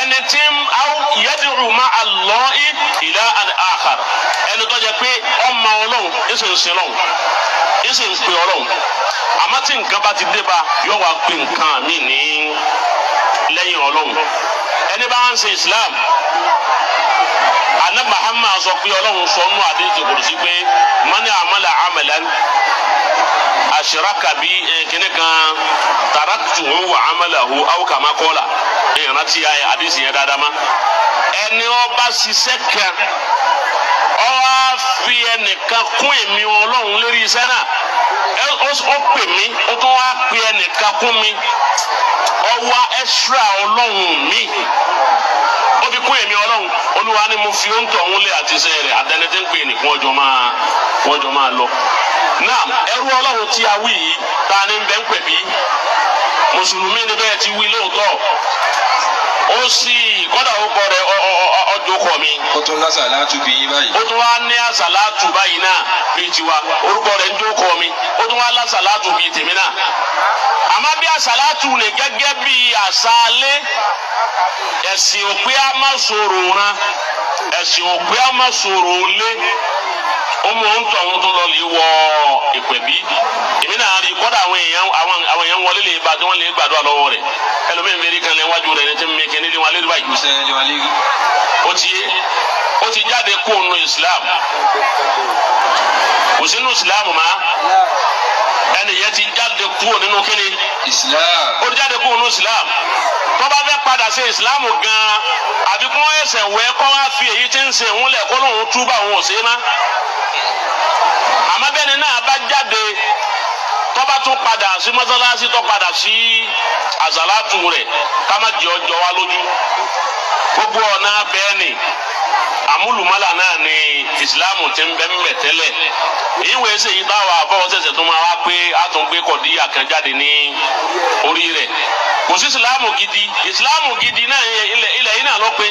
ẹni tí yẹ́dùrú ma àlọ́ ìlà àhàr ẹni tó jẹ pé ọmọ ọlọ́run ìsìnsìn lọ́run ìsìnsìn ọlọ́run àmọ́ tí nǹkan bá ti dé bá yọ wá pé nǹkan mi ní lẹ́yìn ọlọ́run ẹni bá ń ṣe Islam ana Muhammad sọ pé ọlọ́run sọ nù àdéhùn kùrùsí pé mọ́ni àmàlà amalan ashraka bi eh, kene kan taraktuhu wa amalahu aw kama qala eh, ìrántí ayé àdéhùn yẹn dáadáa ma ẹni ó bá ṣiṣẹ́ ọ wá fi ẹnìkan kún èmi ọlọ́run lérí iṣẹ́ náà ó pè mí ó tún wá pe ẹnìkan kún mi ọ wá ọlọ́run mi ó fi kún èmi ọlọ́run olúwa ni mo fi oúnjẹ ọ̀hún lé àtisẹ́ rẹ̀ àtẹnitẹ́ ń pè ní wọ́n jọ máa wọ́n jọ lọ náà ẹrú ọlọ́run tí a wí yìí ta ni ń bẹ́ ń pè bí ó sì kọ́dà ó kọ rẹ̀ ọjọ́ kọ mi. ó tún lásà látú bí yín báyìí. ó tún wá ní àṣà látú báyìí náà bí tiwa orúkọ rẹ̀ ń jó kọ mi ó tún wá lásà látú bí tèmi náà. àmọ́ bí àṣà látú lè gẹ́gẹ́ bí àṣà alẹ́ ẹ̀sìn òpé a má sọ̀rọ̀ ran ẹ̀sìn òpé a má sọ̀rọ̀ lé ó mú ohun tó àwọn tó lọ lè wọ ìpẹ̀bí èmi náà rí kọ́dà àwọn èèyàn àwọn èèyàn wọlé lè ba tí wọ́n lè gbàdúrà lọ́wọ́ rẹ̀ ẹlòmíì ń kan lẹ́ wájú rẹ̀ ní mẹ́kẹ́ nílé wọn lé báyìí ó ti ó ti jáde kó nu Islam kò sínú Islam ma ẹni yẹn ti jáde kúrò nínú kíni ó jáde kúrò nínú Islam tó bá padà sí Islam gan-an àbí kó ẹsẹ̀ wẹ́ kó wá fi èyí tí ń ṣe òun lẹ̀ kó lóun túbà òun ò ṣe é àmọ́ náà bá jáde si tún padà sí mọ́sálásí tó padà sí àzàlátù wa lójú gbogbo ọ̀nà bẹ́ẹ̀ ni náà ni ìsìláàmù ti ń bẹ tẹ́lẹ̀ ìwé ṣe yìí táwọn àfọwọ́sẹ̀sẹ̀ tó máa wá pé a tún gbé kọ̀díyà kan jáde ní orí rẹ̀ kò sí ìsìláàmù gidi ìsìláàmù gidi náà ilẹ̀ yìí náà pé.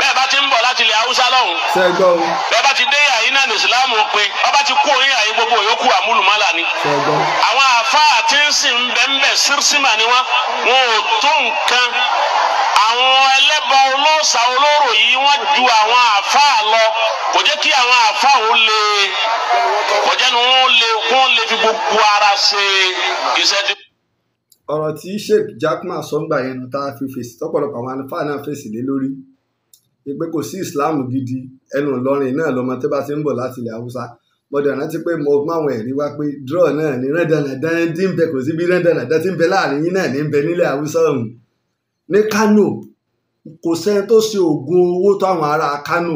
bẹ́ẹ̀ bá ti ń bọ̀ láti ilẹ̀ haúsá lọ́hùn. sẹ́gbọ́. bẹ́ẹ̀ bá ti dé àyín náà ní ìsìláàmù pin ọba ti kú oyin àyín gbogbo yòókù àmúlùmálà ni. àwọn àfáà tí ń sìn bẹ́ńbẹ́ sírísìmà ni wọ́n wọn ò tó nǹkan àwọn ẹlẹ́bọ olóòṣà olóró yìí wọ́n ju àwọn àfáà lọ kò jẹ́ kí àwọn àfáà wọn lè kò jẹ́ ni wọ́n lè wọ́n lè fi gbogbo ara ṣe ìṣẹ́jú ọ̀rọ̀ tí sheik jakma sọ́ngbà yẹn tá a fi fèsì tọ́pọ̀lọpọ̀ àwọn àlùfáà náà fèsì lé lórí pé kò sí islam gidi ẹnu ìlọrin náà lọmọ tó bá ti ń bọ̀ láti ilẹ̀ haúsá mọ̀dọ̀ rántí pé mo máwọn ẹ̀rí wá pé draw náà ní rẹ́ndànàdán tí ń bẹ kò síbi rẹ́ndànàdán tí ń bẹ láàrin yín náà ní ń bẹ nílẹ̀ haúsá ọ̀hún ní kánò kò sẹ́ni tó ṣe oògùn owó tó àwọn ará kánò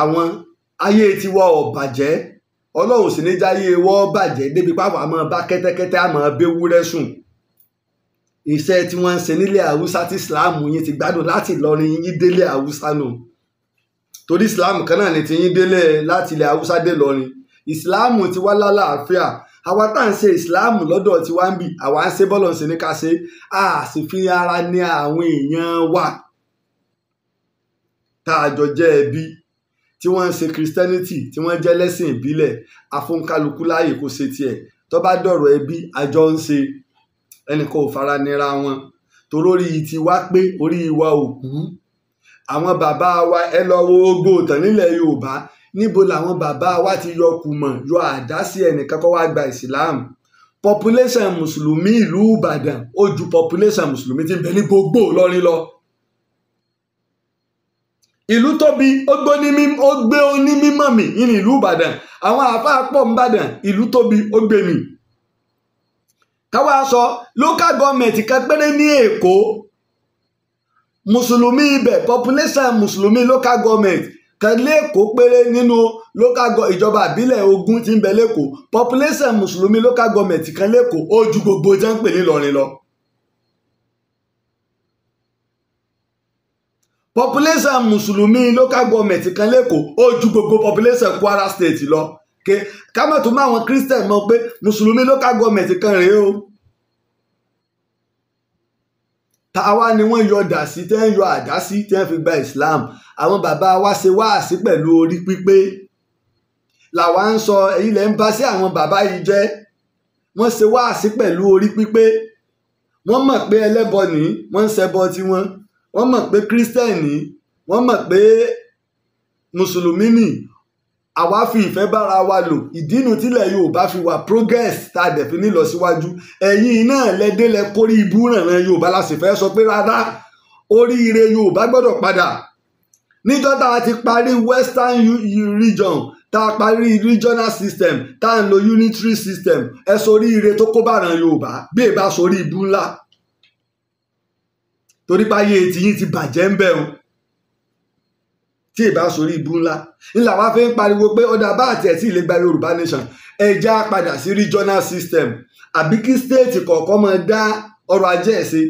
àwọn ayé tiwa ò bàjẹ́ sì ní jáyé wọ́ bàjẹ́ débi pàwọn àmọ́ bá kẹ́tẹ́kẹ́tẹ́ àmọ́ bẹ́wúrẹ́ sùn iṣẹ́ tí wọ́n ń ṣe nílẹ̀ haúsá tí ìsìláàmù yín ti gbádùn láti Ìlọrin yín délé haúsá nù torí ìsìláàmù kan náà ni ti yín délé láti ilẹ̀ haúsá dé Ìlọrin ìsìláàmù ti wá lálàáfíà àwa tá à ń ṣe islam lọ́dọ̀ tí wá ń bì àwa ń ṣe bọ́lọ̀ ń ṣe ní ká ṣe a sì fi ara ní àwọn èèyàn wa tá a jọ jẹ́ ẹbí tí wọ́n ń ṣe christianity tí wọ́n jẹ́ lẹ́sìn ìbílẹ̀ afúnkálukú láàyè kó ṣe tiẹ̀ tó bá dọ̀rọ̀ ẹbí àjọ ń ṣe ẹnìkan ò fara nira wọn torórí ti wá pé orí wa ò kú àwọn bàbá wa ẹ lọ wo gbogbo ìtàn nílẹ̀ Yorùbá níbo làwọn bàbá wa ti yọ kùmọ̀ yọ àdá sí ẹnìkan kó wá gba ìsìláàmù population mùsùlùmí ìlú Ìbàdàn ó population mùsùlùmí ti ń bẹ ní gbogbo lọ́rin lọ ìlú tóbi ó gbé oní mímọ́ mi ní ìlú Ìbàdàn àwọn àáfàá pọ̀ ń bàdàn ìlú tóbi ó gbé mi káwá sọ local government kan péré ní èkó mùsùlùmí ibẹ̀ population mùsùlùmí local government kan lẹ́kọ̀ọ́ péré nínú local ìjọba ìbílẹ̀ ogun tí ń bẹ lẹ́kọ̀ọ́ population mùsùlùmí local government kan lẹ́kọ̀ọ́ ó ju gbogbo jẹ́ ń pè ní Ìlọrin lọ. population mùsùlùmí local government kan lẹ́kọ̀ọ́ ó ju gbogbo population Kwara state lọ ké kámọ̀ tó mọ àwọn christian mọ̀ pé mùsùlùmí local government kan rèé o táwa ni wọ́n yọ dà sí tẹ́ ń yọ àdá sí tẹ́ ń fi gba islam àwọn bàbá wa ṣe wáàsí pẹ̀lú orí pípé làwa ń sọ èyí lẹ́ ń bá sí àwọn bàbá yìí jẹ́ wọ́n ṣe wáàsí pẹ̀lú orí pípé wọ́n mọ̀ pé ẹlẹ́bọ ni wọ́n ń ṣẹbọ tiwọn wọ́n mọ̀ pé kírísítẹ́nì wọ́n mọ̀ pé mùsùlùmí ni àwa fi ìfẹ́ bára wa lò ìdínú tílẹ̀ yorùbá fi wà progress tá a dẹ̀ fi ní lọ́síwájú ẹ̀yin náà lẹ́dẹ́lẹ̀ kórí ibú rànran yorùbá la sì fẹ́ sọ pé rárá oríire yorùbá gbọ́dọ̀ padà níjọ́ tá a ti parí western region tá a parí regional system tá a ń lo unitary system ẹ sọ oríire tó kó bàràn yorùbá bí èèbá sọ orí ibú ńlá torí pé ayé ti bàjẹ́ ń bẹ̀rùn tí ìbá sórí ibú ńlá ńlá wa fi ń pariwo pé ọ̀dà bá àti ẹ̀sìn ìlẹ́gbà yorùbá nation ẹja padà sí regional system àbí kí state kọ̀ọ̀kan máa dá ọrọ̀ ajé ẹ̀ sí.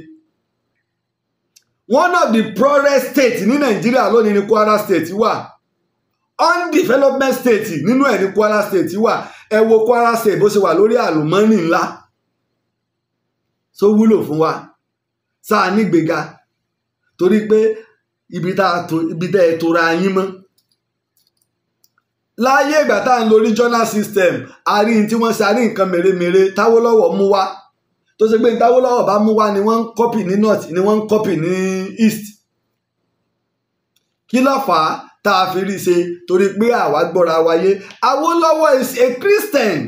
one of the poorest states ní nàìjíríà lónìí ni kwara state wà undevelopment state nínú ẹ̀ ní kwara state wà ẹ wo kwara state bó ṣe wà lórí àlùmọ́nì ńlá tó wúlò fún wa sáà nígbéga torí pé ibi tá ibi tẹ́ ẹ tora yín mọ́ láyé ìgbà tá à ń lo regional system àrí tí wọ́n ṣe àrí nǹkan mèremère táwọ́lọ́wọ́ mú wá tó ṣe pé táwọ́lọ́wọ́ bá mú wá ni wọ́n ń kọ́pì ní north ni wọ́n ń kọ́pì ní east kí ló fà á tá a fi rí i ṣe torí pé àwa gbọ́ra wáyé Awólọ́wọ̀ is a Christian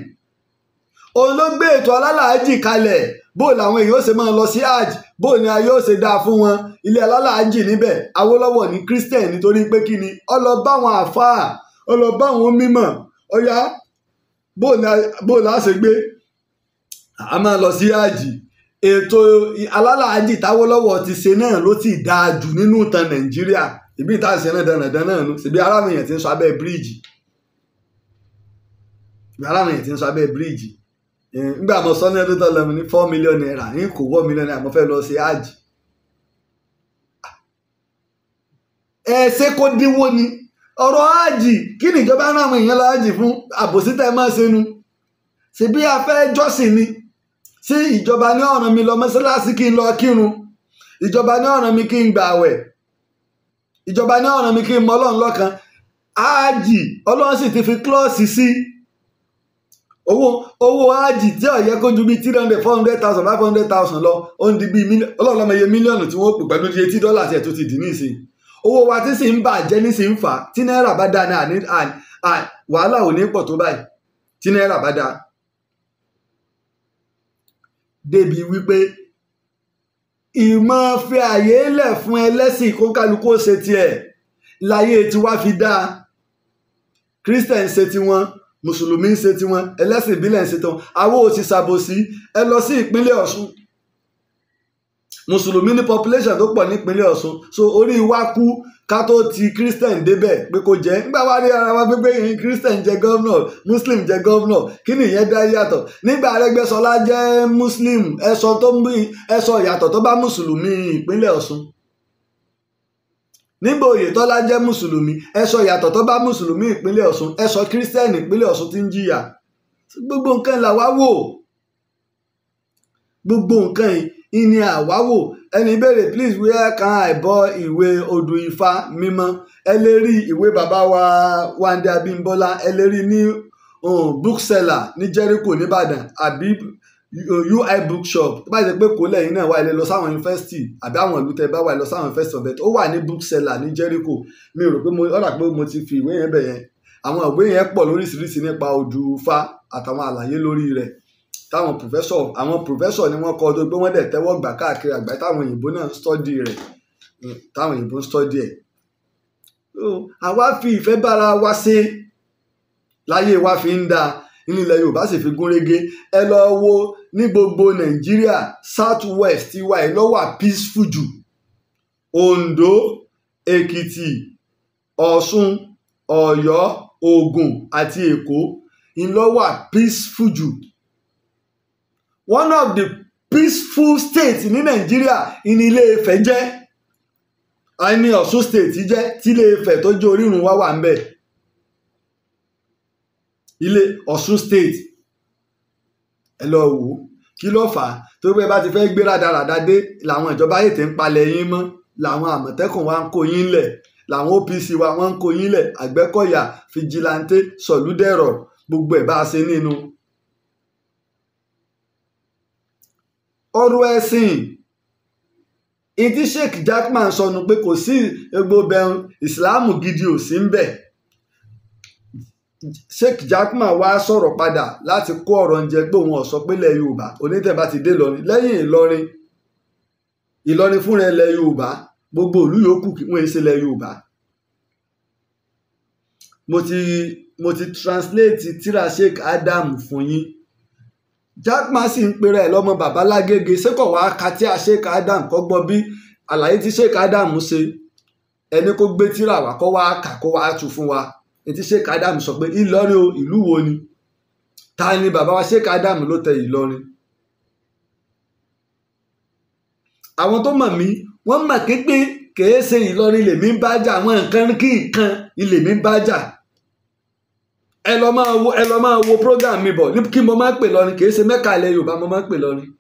òun ló gbé ètò alálàájì kalẹ̀ bóò làwọn èèyàn ó ṣe máa lọ sí hajj bóò ni a yóò ṣe dáa fún wọn ilé alálàájì níbẹ̀ Awólọ́wọ̀ ní christian nítorí pé kí ni ó lọ àfáà ó lọ bá àwọn mímọ̀ ọ̀yá bóò la ṣe gbé a máa lọ sí hajj ètò alálàájì t'Awólọ́wọ̀ ti ṣe náà ló ti dáa jù nínú ìtàn Nàìjíríà ìbí ìta ṣe náà dandan náà nu ṣèbí aráàlú yẹn ti ń sọ abẹ́ bíríìjì aráàlú yẹn ti ń sọ abẹ́ bíríìjì Eh, nígbà mo sọ ní ọdún tó lọ ní four naira ní kò wọ́ million naira fẹ́ lọ sí àjì ẹ kò kó dínwó ni ọ̀rọ̀ àjì kí ni ìjọba rán àwọn èèyàn lọ fún àbòsí tẹ́ máa ṣe bí a fẹ́ ni Sí ìjọba ní ọ̀ràn mi lọ mọ́ṣáláṣí kí n lọ ìjọba ní ọ̀ràn mi kí n gbààwẹ̀ ìjọba ní ọ̀ràn mi kí n mọ owó owó ájì tí ọ̀yẹ́ kó ju bíi three hundred four hundred thousand five hundred thousand lọ ó ń di bíi ọlọ́ọ̀lọ́mọ iye mílíọ̀nù tí wọ́n pè pẹ̀lú iye tí dọ́là tiẹ̀ tó ti dì nísìn owó wa tí sì ń bàjẹ́ ní sì ń fà tí náírà bá dáa ní wàhálà ò ní pọ̀ tó báyìí tí náírà bá dáa débi wípé ìmọ̀ fi àyè lẹ̀ fún ẹlẹ́sìn kókálukú ṣe tiẹ̀ láyé tiwa fi dáa Christian ṣe tiwọn mùsùlùmí ń ṣe tiwọn ẹlẹ́sìn ìbílẹ̀ ń ṣe tiwọn àwo òsì ṣàbòsí ẹ lọ sí ìpínlẹ̀ ọ̀ṣun mùsùlùmí ní population tó pọ̀ nípínlẹ̀ ọ̀ṣun so orí wa kú ká tó ti christian débẹ̀ pé kò jẹ́ nígbà wá rí ara wa gbégbé yìí christian jẹ́ gọ́vnọ̀ muslim jẹ́ gọ́vnọ̀ kí ni ìyẹn dá yàtọ̀ nígbà arẹ́gbẹ́ṣọlá jẹ́ muslim ẹ̀sọ́ tó ẹ̀sọ́ ìyàtọ̀ tó bá mùsùlùmí ìpínlẹ̀ ọ̀ṣun nígbà Oyètọ́lá jẹ́ mùsùlùmí ẹ sọ ìyàtọ̀ tó bá mùsùlùmí ìpínlẹ̀ Ọ̀ṣun ẹ sọ kírísítẹ́nì ìpínlẹ̀ Ọ̀ṣun ti ń jìyà gbogbo nǹkan là wá wò gbogbo nǹkan yìí ni àwa wò ẹni béèrè please where can I buy ìwé odù ifá mímọ́ ẹ lè ìwé bàbá wa Wande Abímbọ́lá ẹ lè ní um, bookseller ní Jericho nìbàdàn àbí UI bookshop tó bá yẹ pé kò lẹ́yìn náà wà ilé lọ sáwọn yunifásitì àbí àwọn ìlú tẹ bá wà lọ sáwọn yunifásitì ọ̀bẹ ó wà ní bookseller ní Jericho mi rò pé mo ọ̀rà pé mo ti fi ìwé yẹn bẹ̀ yẹn àwọn ìwé yẹn pọ̀ lóríṣiríṣi nípa odù Ifá àtàwọn àlàyé lórí rẹ̀ táwọn professor àwọn professor ni wọ́n kọ́ ọdún pé wọ́n dẹ̀ tẹ́wọ́ gbà káàkiri àgbáyé táwọn òyìnbó náà ń study rẹ̀ hmm, táwọn òyìnbó ń study ẹ̀ àwa fi ìfẹ́ bára wa ṣe láyé wa fi ń dáa nílẹ̀ Yorùbá sì fi gúnrégé ẹ lọ wo ní gbogbo nàìjíríà south west ti wà yìí peaceful jù ondo èkìtì ọ̀ṣun ọ̀yọ́ ògùn àti èkó ìlọ́wà peaceful jù one of the peaceful states ní nàìjíríà ní ilé ifẹ̀ jẹ́ àìní ọ̀ṣun state jẹ́ tí ilé ifẹ̀ tó jẹ́ orírun wá wà ń bẹ̀ ilé ọ̀ṣun state ẹ lọ wò ó kí ló fà á tó pé bá ti fẹ́ gbé rádaràda dé làwọn ìjọba ètè ń palẹ̀ yín mọ́ làwọn àmọ̀tẹ́kùn wa ń kó yín lẹ̀ làwọn OPC wa wọ́n ń kó yín lẹ̀ àgbẹ̀kọ̀yà fìjìláńtẹ́ sọ̀lúdẹ̀rọ̀ gbogbo ẹ̀ bá a ṣe nínú. ọ̀rọ̀ ẹ̀sìn ìdí Sheikh Jackman sọnù pé kò sí egbò bẹun ìsìláàmù gidi ò sí ń bẹ̀ Sheikh Jakma wá sọ̀rọ̀ padà láti kó ọ̀rọ̀ ń jẹ pé òun ọ̀sọ́ pélẹ̀ Yorùbá onítẹ̀bá ti dé lọ́rin lẹ́yìn Ìlọrin Ìlọrin fúnra ilẹ̀ Yorùbá gbogbo ìlú yòókù wọn ṣe ilẹ̀ Yorùbá. mo ti mo ti translate tira Sheikh Adam fún yín Jakma sì ń pera ẹ̀ lọ́mọ bàbá lágége sẹ́kọ̀ wá ka tí a Sheikh Adam kọ́ gbọ́ bí àlàyé tí Sheikh Adam ṣe ẹni kó gbé tírà wá kó wá kà kó wá tu fún wa etí Sheikh Adam sọ pé Ìlọrin o ìlú wo ni ta ni bàbá wa Sheikh Adam ló tẹ Ìlọrin àwọn tó mọ̀ mí wọ́n mọ̀ képe kèé ṣe Ìlọrin lèmi ń bá jà àwọn nǹkan kí nǹkan ilèmi ń bá jà ẹ lọ máa wo ẹ lọ máa wo program mi bọ̀ kí mo máa pè lọrin kèé ṣe mẹ́ka ilẹ̀ Yorùbá mo máa pè lọrin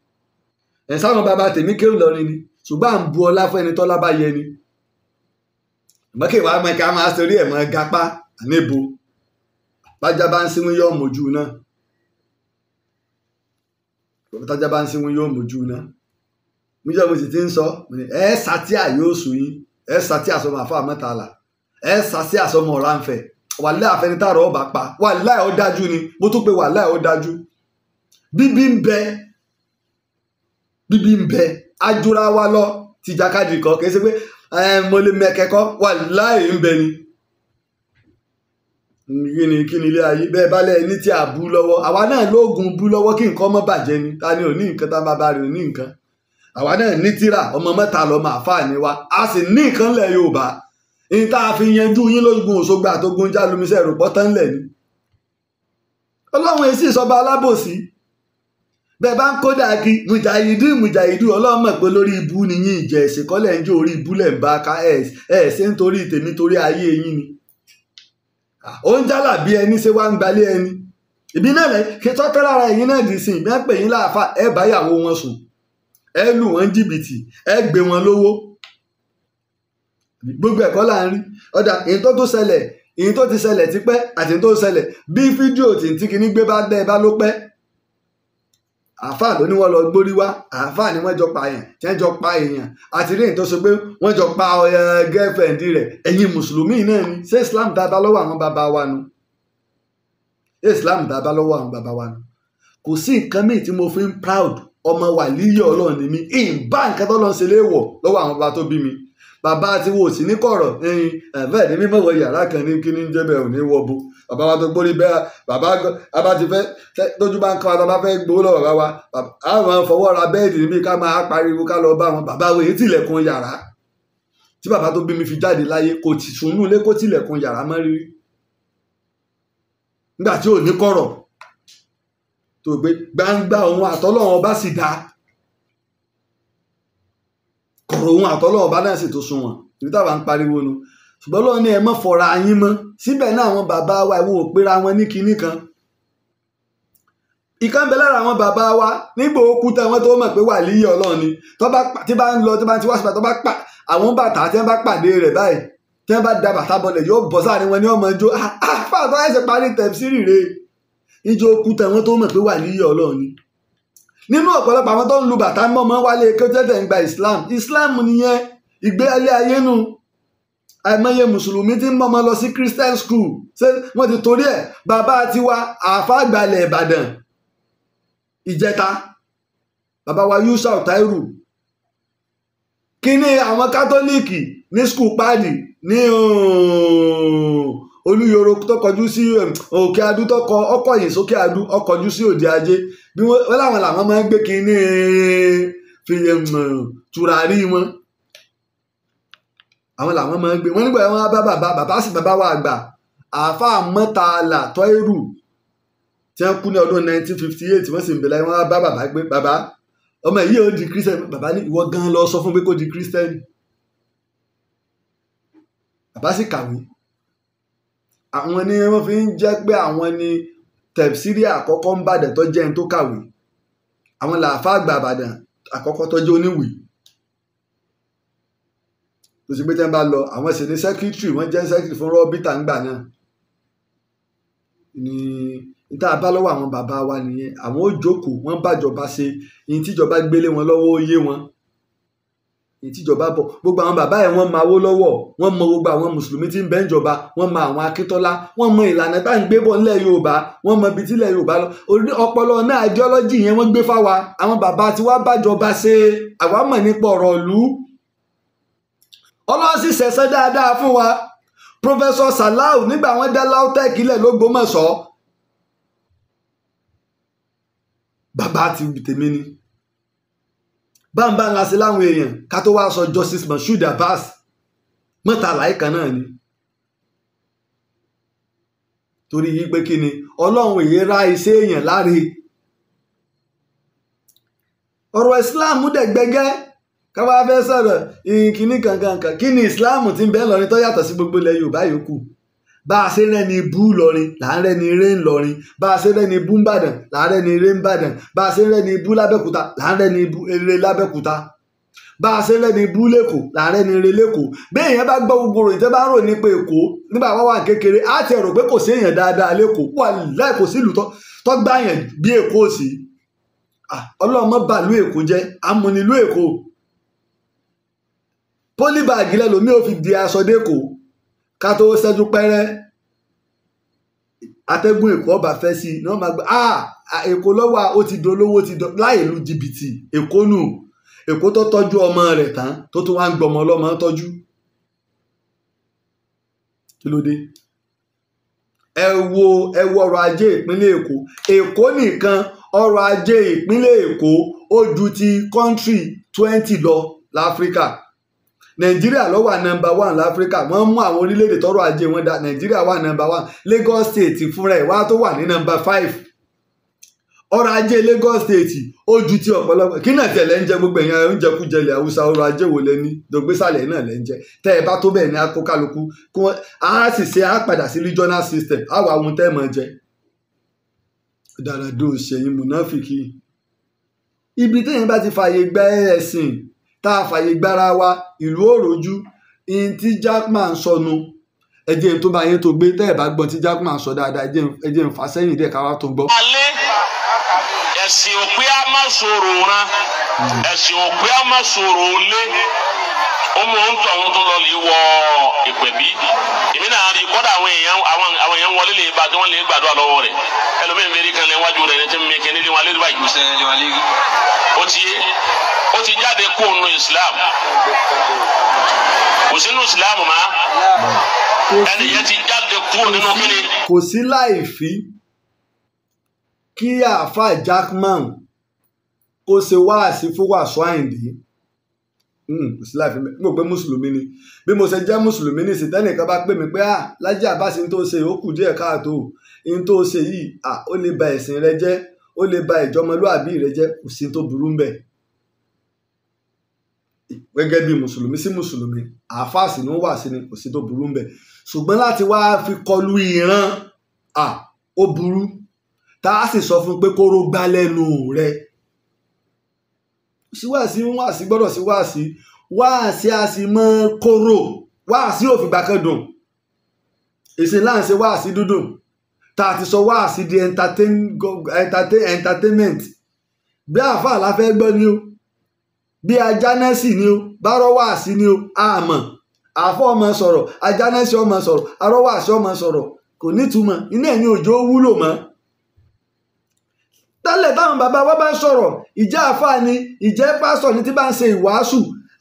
ẹ̀ sáwọn bàbá tèmi kéwù lọrin ni ṣùgbọ́n à ń bu ọlá fún ẹni tọ́lá bá yẹ ni ìmọ̀kèwà mẹ́ka máa ṣe ẹ̀ mọ́ gapá níbo bájá bá ń sínwín yóò mójú náà tájá bá ń sínwín yóò náà mo sì ti ń sọ ẹ sátí àyóòsù yín ẹ sátí àsọmọ àfáà mẹ́tàlá ẹ sátí àsọmọ ọ̀rànfẹ́ wàlẹ́ àfẹnitàrọ̀ ọba pa wàlẹ́ ọ̀ dájú ni mo tún pe wàlẹ́ ọ̀ dájú bíbí ń bẹ bíbí ń tìjàkadì kan kì pé mo lè ń kí ni kí ni ilé ayé bẹ́ẹ̀ bá lẹ́yìn ní tí a bú lọ́wọ́ àwa náà lóògùn bú lọ́wọ́ kí nǹkan ọmọ bàjẹ́ ni ta ni ò ní nǹkan tá a bá bá rí ò ní nǹkan àwa náà ní tíra ọmọ mẹ́ta lọ́mọ àfààní wa a sì ní nǹkan lẹ̀ Yorùbá ní tá a fi yanjú yín lóògùn Òṣogbo àtógun jálùmíṣẹ́ rògbọ́ tán lẹ̀ ni. Ọlọ́run èsì ìsọba alábòsí bẹ́ẹ̀ bá ń kódà kí mùjàhídù mùjàhídù Ọlọ́run mọ̀ pé lórí ibú ni ó ń jálà bí ẹni ṣe wá ń gbalé ẹni ìbí náà kí tọ́kẹ́ lára ẹ̀yin náà dì sí ìbí pè yín láàfà ẹ bá ìyàwó wọn sùn ẹ lù wọn jìbìtì ẹ gbé wọn lówó gbogbo ẹ̀kọ́ là ń rí ọ̀dà èyí tó tó ṣẹlẹ̀ èyí tó ti ṣẹlẹ̀ tipẹ́ àti tó ṣẹlẹ̀ bí fídíò tìǹtì kìíní gbé bá dẹ́ ẹ bá ló pẹ́ àáfàá ló ní wọ́n lọ gbórí wá àáfàá ni wọ́n jọ pa èèyàn tí wọ́n jọ pa èèyàn àti rí ìtọ́sọ pé wọ́n jọ pa eh, gẹ́fẹ̀ndì rẹ̀ ẹ̀yin mùsùlùmí náà ni ṣé islam dábá lọ́wọ́ àwọn bàbá wa nu islam dábá lọ́wọ́ àwọn bàbá wa nu kò sí nǹkan míì tí mo fi ń proud ọmọ wàlíyọ̀ ọlọ́run ni mi ìbá nǹkan tó lọ́n ṣe léèwọ̀ lọ́wọ́ àwọn bàbá tó bí mi bàbá àti wo sí ní kọ̀rọ̀ ẹyin ẹ̀fẹ́ ní mímọ̀ wọ yàrá kan ní kíní ń jẹ́bẹ̀ ò ní wọ́bu bàbá wa tó gbórí bẹ́ẹ̀ bàbá bàbá ti fẹ́ tójú bá ń kọ́ bàbá fẹ́ gbowó lọ́wọ́ bàbá wa àwọn fọwọ́ ra bẹ́ẹ̀dì níbi ká máa pariwo ká lọ bá wọn bàbá wo èyí tilẹ̀kùn yàrá tí bàbá tó bí mi fi jáde láyé kò tì sùnú ilé kó tilẹ̀kùn yàrá mọ́ rírí nígbà tí ò ní kọ̀rọ̀ tó gbé gbangba òun àtọ́lọ́wọ́n òun àtọ́lọ́ ọba náà sì tó sun wọn ibi táwa ń pariwo nu ṣùgbọ́n lọ́wọ́ ni ẹ mọ́ fọ̀ra yín mọ́ síbẹ̀ náà àwọn bàbá wa ìwọ ò pera wọn ní kinní kan ìkan bẹ lára àwọn bàbá wa nígbà ó kú tán wọn tó mọ̀ pé wà líyìí ọlọ́run ni tó bá tí bá ń lọ tí bá ti wá síbà tó bá pa àwọn bàtà tí wọn bá pàdé rẹ̀ báyìí tí wọn bá da bàtà bọlẹ̀ yóò bọ́ sáàrin wọn ní ọmọ ijó àfàtọ́ ẹsẹ̀ parí tẹ̀síìrì rẹ̀ ijó ó kú tán wọn tó mọ̀ pé wà líyìí ọlọ́run ni nínú ọ̀pọ̀lọpọ̀ àwọn tó ń lu bàtà ń bọ̀ mọ́ wálé kí ń gba islam islam nìyẹn ìgbé ilé ayé nu àìmọye mùsùlùmí tí ń bọ̀ lọ sí christian school ṣé wọ́n ti torí ẹ̀ bàbá tiwa àfàgbàlẹ̀ ìbàdàn ìjẹta bàbá wa yusuf tairu kíní àwọn kátólíìkì ní skul páàdì ní olúyoro tó kọjú sí um, òkè adú tó kọ ọkọ yìí sókè adú ọkọjú sí òde ajé bí wọn làwọn làwọn máa ń gbé kínní fi um, tùràrí wọn àwọn làwọn máa ń gbé wọn nígbà wọn bá bàbá bàbá sì bàbá wa àgbà àáfàá mọ́tàlá tọ́ìrù tí wọ́n kú ní ọdún 1958 wọ́n sì ń bẹ̀rẹ̀ láyé wọ́n bá bàbá gbé bàbá ọmọ yìí ó di kírísítẹ́nì bàbá ní ìwọ gan lọ sọ fún pé kó di kírísítẹ́nì bàbá sì kàwé àwọn ni wọ́n fi ń jẹ́ pé àwọn ni tẹ̀sírí àkọ́kọ́ ń bàdàn tó jẹ́ ẹni tó kàwé àwọn làáfà àgbà àbàdàn àkọ́kọ́ tó jẹ́ oníwì tó sì pé tẹ́ ń bá lọ àwọn sì ní sẹ́kítírì wọ́n jẹ́ sẹ́kítírì fún rọ́bìtà ńgbà náà ni níta bá lọ́wọ́ àwọn bàbá wa nìyẹn àwọn ó jókòó wọ́n bàjọba ṣe ìyìn tíjọba gbélé wọn lọ́wọ́ ó yé wọn ìtìjọba bọ̀ gbogbo àwọn bàbá ẹ̀ wọ́n mọ Awólọ́wọ̀ wọ́n mọ gbogbo àwọn mùsùlùmí tí ń bẹ ìjọba wọ́n mọ àwọn Akíntọ́lá wọ́n mọ ìlànà tá à ń gbé bọ̀ ńlẹ̀ Yorùbá wọ́n mọ ibi tílẹ̀ Yorùbá lọ ọpọlọ náà ideology yẹn wọ́n gbé fáwa àwọn bàbá tí wàá bàjọba ṣe àwa mọ̀ nípa ọ̀rọ̀ ìlú Ọlọ́run sì ṣẹ̀ṣẹ̀ dáadáa fún wa Prọfẹsọ Salau nígbà wọ́n dá LAUTECH ilẹ̀ l'Ógbómọ̀ṣọ́ bàbá ti tèmi ni báńbá ńlá sí láwọn èèyàn ká tó wá sọ justice Moshood Abbas mọ́tàlá ìkan náà ni torí yí pé kí ni ọlọ́run èyí ra iṣẹ́ èèyàn láre ọ̀rọ̀ islam dẹ̀ gbẹgẹ́ káwá fẹ́ sọ̀rọ̀ ìkíní kankan kí ni islam ti ń bẹ lọ́rin tó yàtọ̀ sí gbogbo ilẹ̀ yorùbá yòókù bá a ṣe rẹ́ni bú lọ́rin là ń rẹ́ni ré ńlọrin bá a ṣe rẹ́ni bú ńbàdàn là ń rẹ́ni ré ńbàdàn bá a ṣe rẹ́ni bú lábẹ́kúta là ń rẹ́ni lábẹ́kúta bá a ṣe rẹ́ni bú lẹ́kọ̀ọ́ là ń rẹ́ni ré lẹ́kọ̀ọ́ bí èèyàn bá gbọ́ gbogbo ròyìn tẹ́ bá rò nípa èkó nígbà wá wà kékeré á ti rò pé kò sí èèyàn dáadáa ká tó ṣẹ́jú pẹ́rẹ́ atẹ́gùn èkó ọba fẹ́ sí ní wọ́n máa gbé ah, ah èkó lọ́wọ́ ó ti dolówó ti dọ láì lu jìbìtì èkó nù èkó tó tọ́jú ọmọ rẹ̀ tán tó tún wá ń gbọmọ ọlọ́mọ tọ́jú kí ló dé ẹ wo ẹ wo ọrọ̀ ajé ìpínlẹ̀ èkó èkó nìkan ọrọ̀ ajé ìpínlẹ̀ èkó ó ju ti kọ́ńtì twenty lọ láfíríkà. La nàìjíríà lọ wà nọ́mbà one láfíríkà ọ mú àwọn orílẹ̀-èdè tọrọ ajé wọn dá nàìjíríà wà nọmba one Lagos State fúnra ẹ̀ wá tó wà ní nọ́mbà five ọrọ̀ ajé Lagos State ojú ti ọ̀pọ̀lọpọ̀ kí náà tẹ̀lé ń jẹ gbogbo ẹ̀yàn ajé wò ní dògbésàlẹ̀ náà ń jẹ tẹ́ ẹ bá tó bẹ́ẹ̀ ní regional system á wà ohun tẹ́ ẹ mọ̀ jẹ. ibi bá ti fààyè ẹ̀sìn ta a fàyè gbára wa ìlú òròjú ihun tí Jackman sọnù ẹjẹ tó bá yẹn tó gbé tẹ́ bá tí Jackman sọ dáadáa ẹjẹ nfa fà sẹ́yìn káwá tó gbọ́. alẹ́ ẹ̀sìn òpin á má sòrò ran ẹ̀sìn òpin á má sòrò lé ọmọ ń tọ̀ ń lọ lè wọ ìpẹ̀bí èmi náà rí kọ́dà àwọn èèyàn àwọn èèyàn wọlé lè bá tí wọ́n lè gbàdúrà ó ti jáde kó nu islam kò sínú islam ma, ẹni yẹn ti jáde kó nínú kíni. kò sí láì fi kí àáfà Jackman kó ṣe wáàsí fún wàásù àyìndí hmm, kò sí láì fi mẹ́ mo pé mùsùlùmí ni bí mo ṣe jẹ́ mùsùlùmí ní ìsìtẹ́nì kan bá pè mí pé ah Lájí Abbas ní tó ṣe ó kù díẹ̀ káàtó ní tó ṣe yìí ah ó lè ba ẹ̀sìn rẹ jẹ́ ó lè ba ìjọmọlúàbí rẹ jẹ́ kò sí tó burú ń gẹ́gẹ́ bí mùsùlùmí sí mùsùlùmí àáfàá sì ni ó wà sí ni kò sí tó burú ń bẹ ṣùgbọ́n láti wá fi kọlu ìran à ó burú tá a sì sọ fún pé kó ró gbá lẹ́nu rẹ síwáàsí wáàsí gbọ́dọ̀ sí wáàsí wáàsí a sì mọ kóró wáàsí ò fìgbà kan dùn èsì láǹṣe wáàsí dúdùn tá a ti sọ wáàsí di entertainment bí àáfàá la fẹ́ gbọ́ ni o. bí ajánásì ni o bárọ́wàsí ni o àmọ́ àfọ́ ọmọ sọ̀rọ̀ ajánásì ọmọ sọ̀rọ̀ arọ́wàsí ọmọ sọ̀rọ̀ kò nítumọ̀ iná ẹ̀ ní òjò wúlò mọ́ tẹ́lẹ̀ táwọn bàbá wa bá sọ̀rọ̀ ìjẹ́ àfáà ni ìjẹ́ pásọ̀ ni tí bá ń ṣe ìwàásù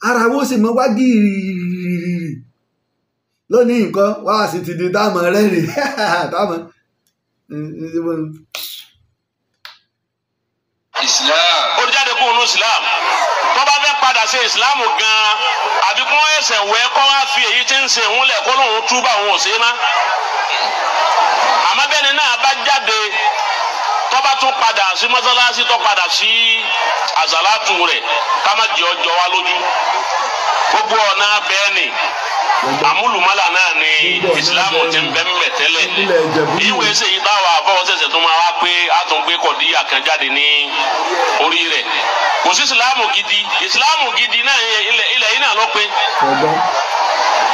ara wo sì mọ́ wá gírìrì lónìí nǹkan wàásì ti di táwọn rẹ́rìn *laughs* táwọn. Islam. ó jáde kúrò ní Islam. tó bá fẹ́ padà ṣe ìsìláàmù gan-an àbí kún ẹsẹ̀ wẹ́ kọ́ wá fi èyí tí ń ṣe òun lẹ̀ kó lóun túbà òun ò ṣe má. àmọ́ bẹ́ni náà bá jáde tó bá tún padà sí mọ́sálásí tó padà sí àzàlátù rẹ̀ ká má jẹ́ ọjọ́ wa lójú. gbogbo ọ̀nà abẹ́ ni àmúlùmọ́là náà ni ìsìláàmù ti ń bẹ́ mẹ́ tẹ́lẹ̀ ìwé ṣèyí táwa àfọwọ́ ṣẹ̀ṣẹ̀ tó máa wá pé a gbé kan ní orí rẹ̀ kò sí gidi gidi náà ilẹ̀ yìí náà ló pé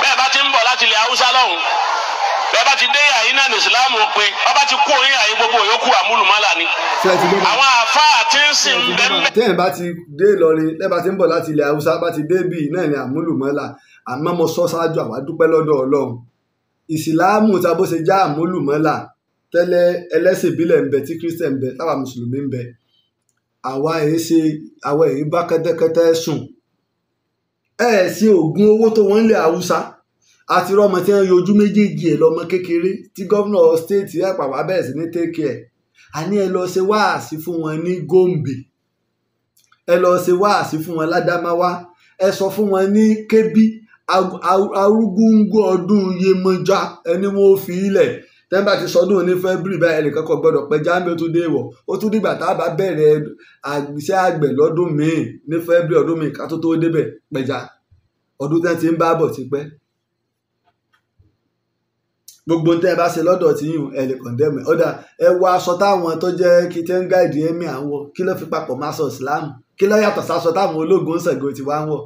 bẹ́ẹ̀ bá ti ń bọ̀ láti ilẹ̀ haúsá bẹ́ẹ̀ bá ti dé àyín náà ní ìsìláàmù pé bàbá ti kú orí àyín gbogbo yòókù àmúlùmọ́là ni. àwọn àáfàá tí ń sìn bẹ́ẹ̀. téèyàn bá ti dé Ìlọrin lẹ́ẹ̀bá ti ń bọ̀ láti ilẹ̀ Haúsá bá ti dé bíi náà ní àmúlùmọ́là àmọ́ mo sọ ṣáájú àwa dúpẹ́ lọ́dọ̀ Ọlọ́run ìsìláàmù ta bó ṣe já àmúlùmọ́là tẹ́lẹ̀ ẹlẹ́sìn ìbílẹ̀ ń bẹ tí kírísítẹ̀ ń bẹ táwa àti rọmọ tí wọn yọjú méjèèjì ẹ lọmọ kékeré tí gómìnà stéètì àpàpà bẹ̀rẹ̀ sí ní tẹ́kì ẹ̀ àní ẹ lọ ṣe wáàsí fún wọn ní Gombe ẹ lọ ṣe wáàsí fún wọn ládàmáwá ẹ sọ fún wọn ní Kébí arúgbóńgó ọdún Yemọja ẹni wọn ò fi ilẹ̀ tẹ́ńbà ti sọdún ní february báyìí ẹnì kankan gbọ́dọ̀ pẹ́ jáàmù tó dé wọ̀ ó tún dìgbà tá a bá bẹ̀rẹ̀ iṣẹ́ àgbẹ̀ lọ́dún míì ní february ọdún míì ká tó tó débẹ̀ pẹja ọdún tẹ́ ti ń bá bọ̀ ti pẹ́ gbogbo tẹ́ ẹ bá ṣe lọ́dọ̀ tí yìí ẹ lè kọ̀ndẹ́mù ọ̀dà ẹ wọ aṣọ táwọn tó jẹ́ kí tẹ́ ń gáìdì ẹ̀mí àwọn kí ló fi papọ̀ máa sọ ìsìláàmù kí ló yàtọ̀ sáṣọ táwọn ológun ṣẹ̀gọ́ ti wá ń wọ̀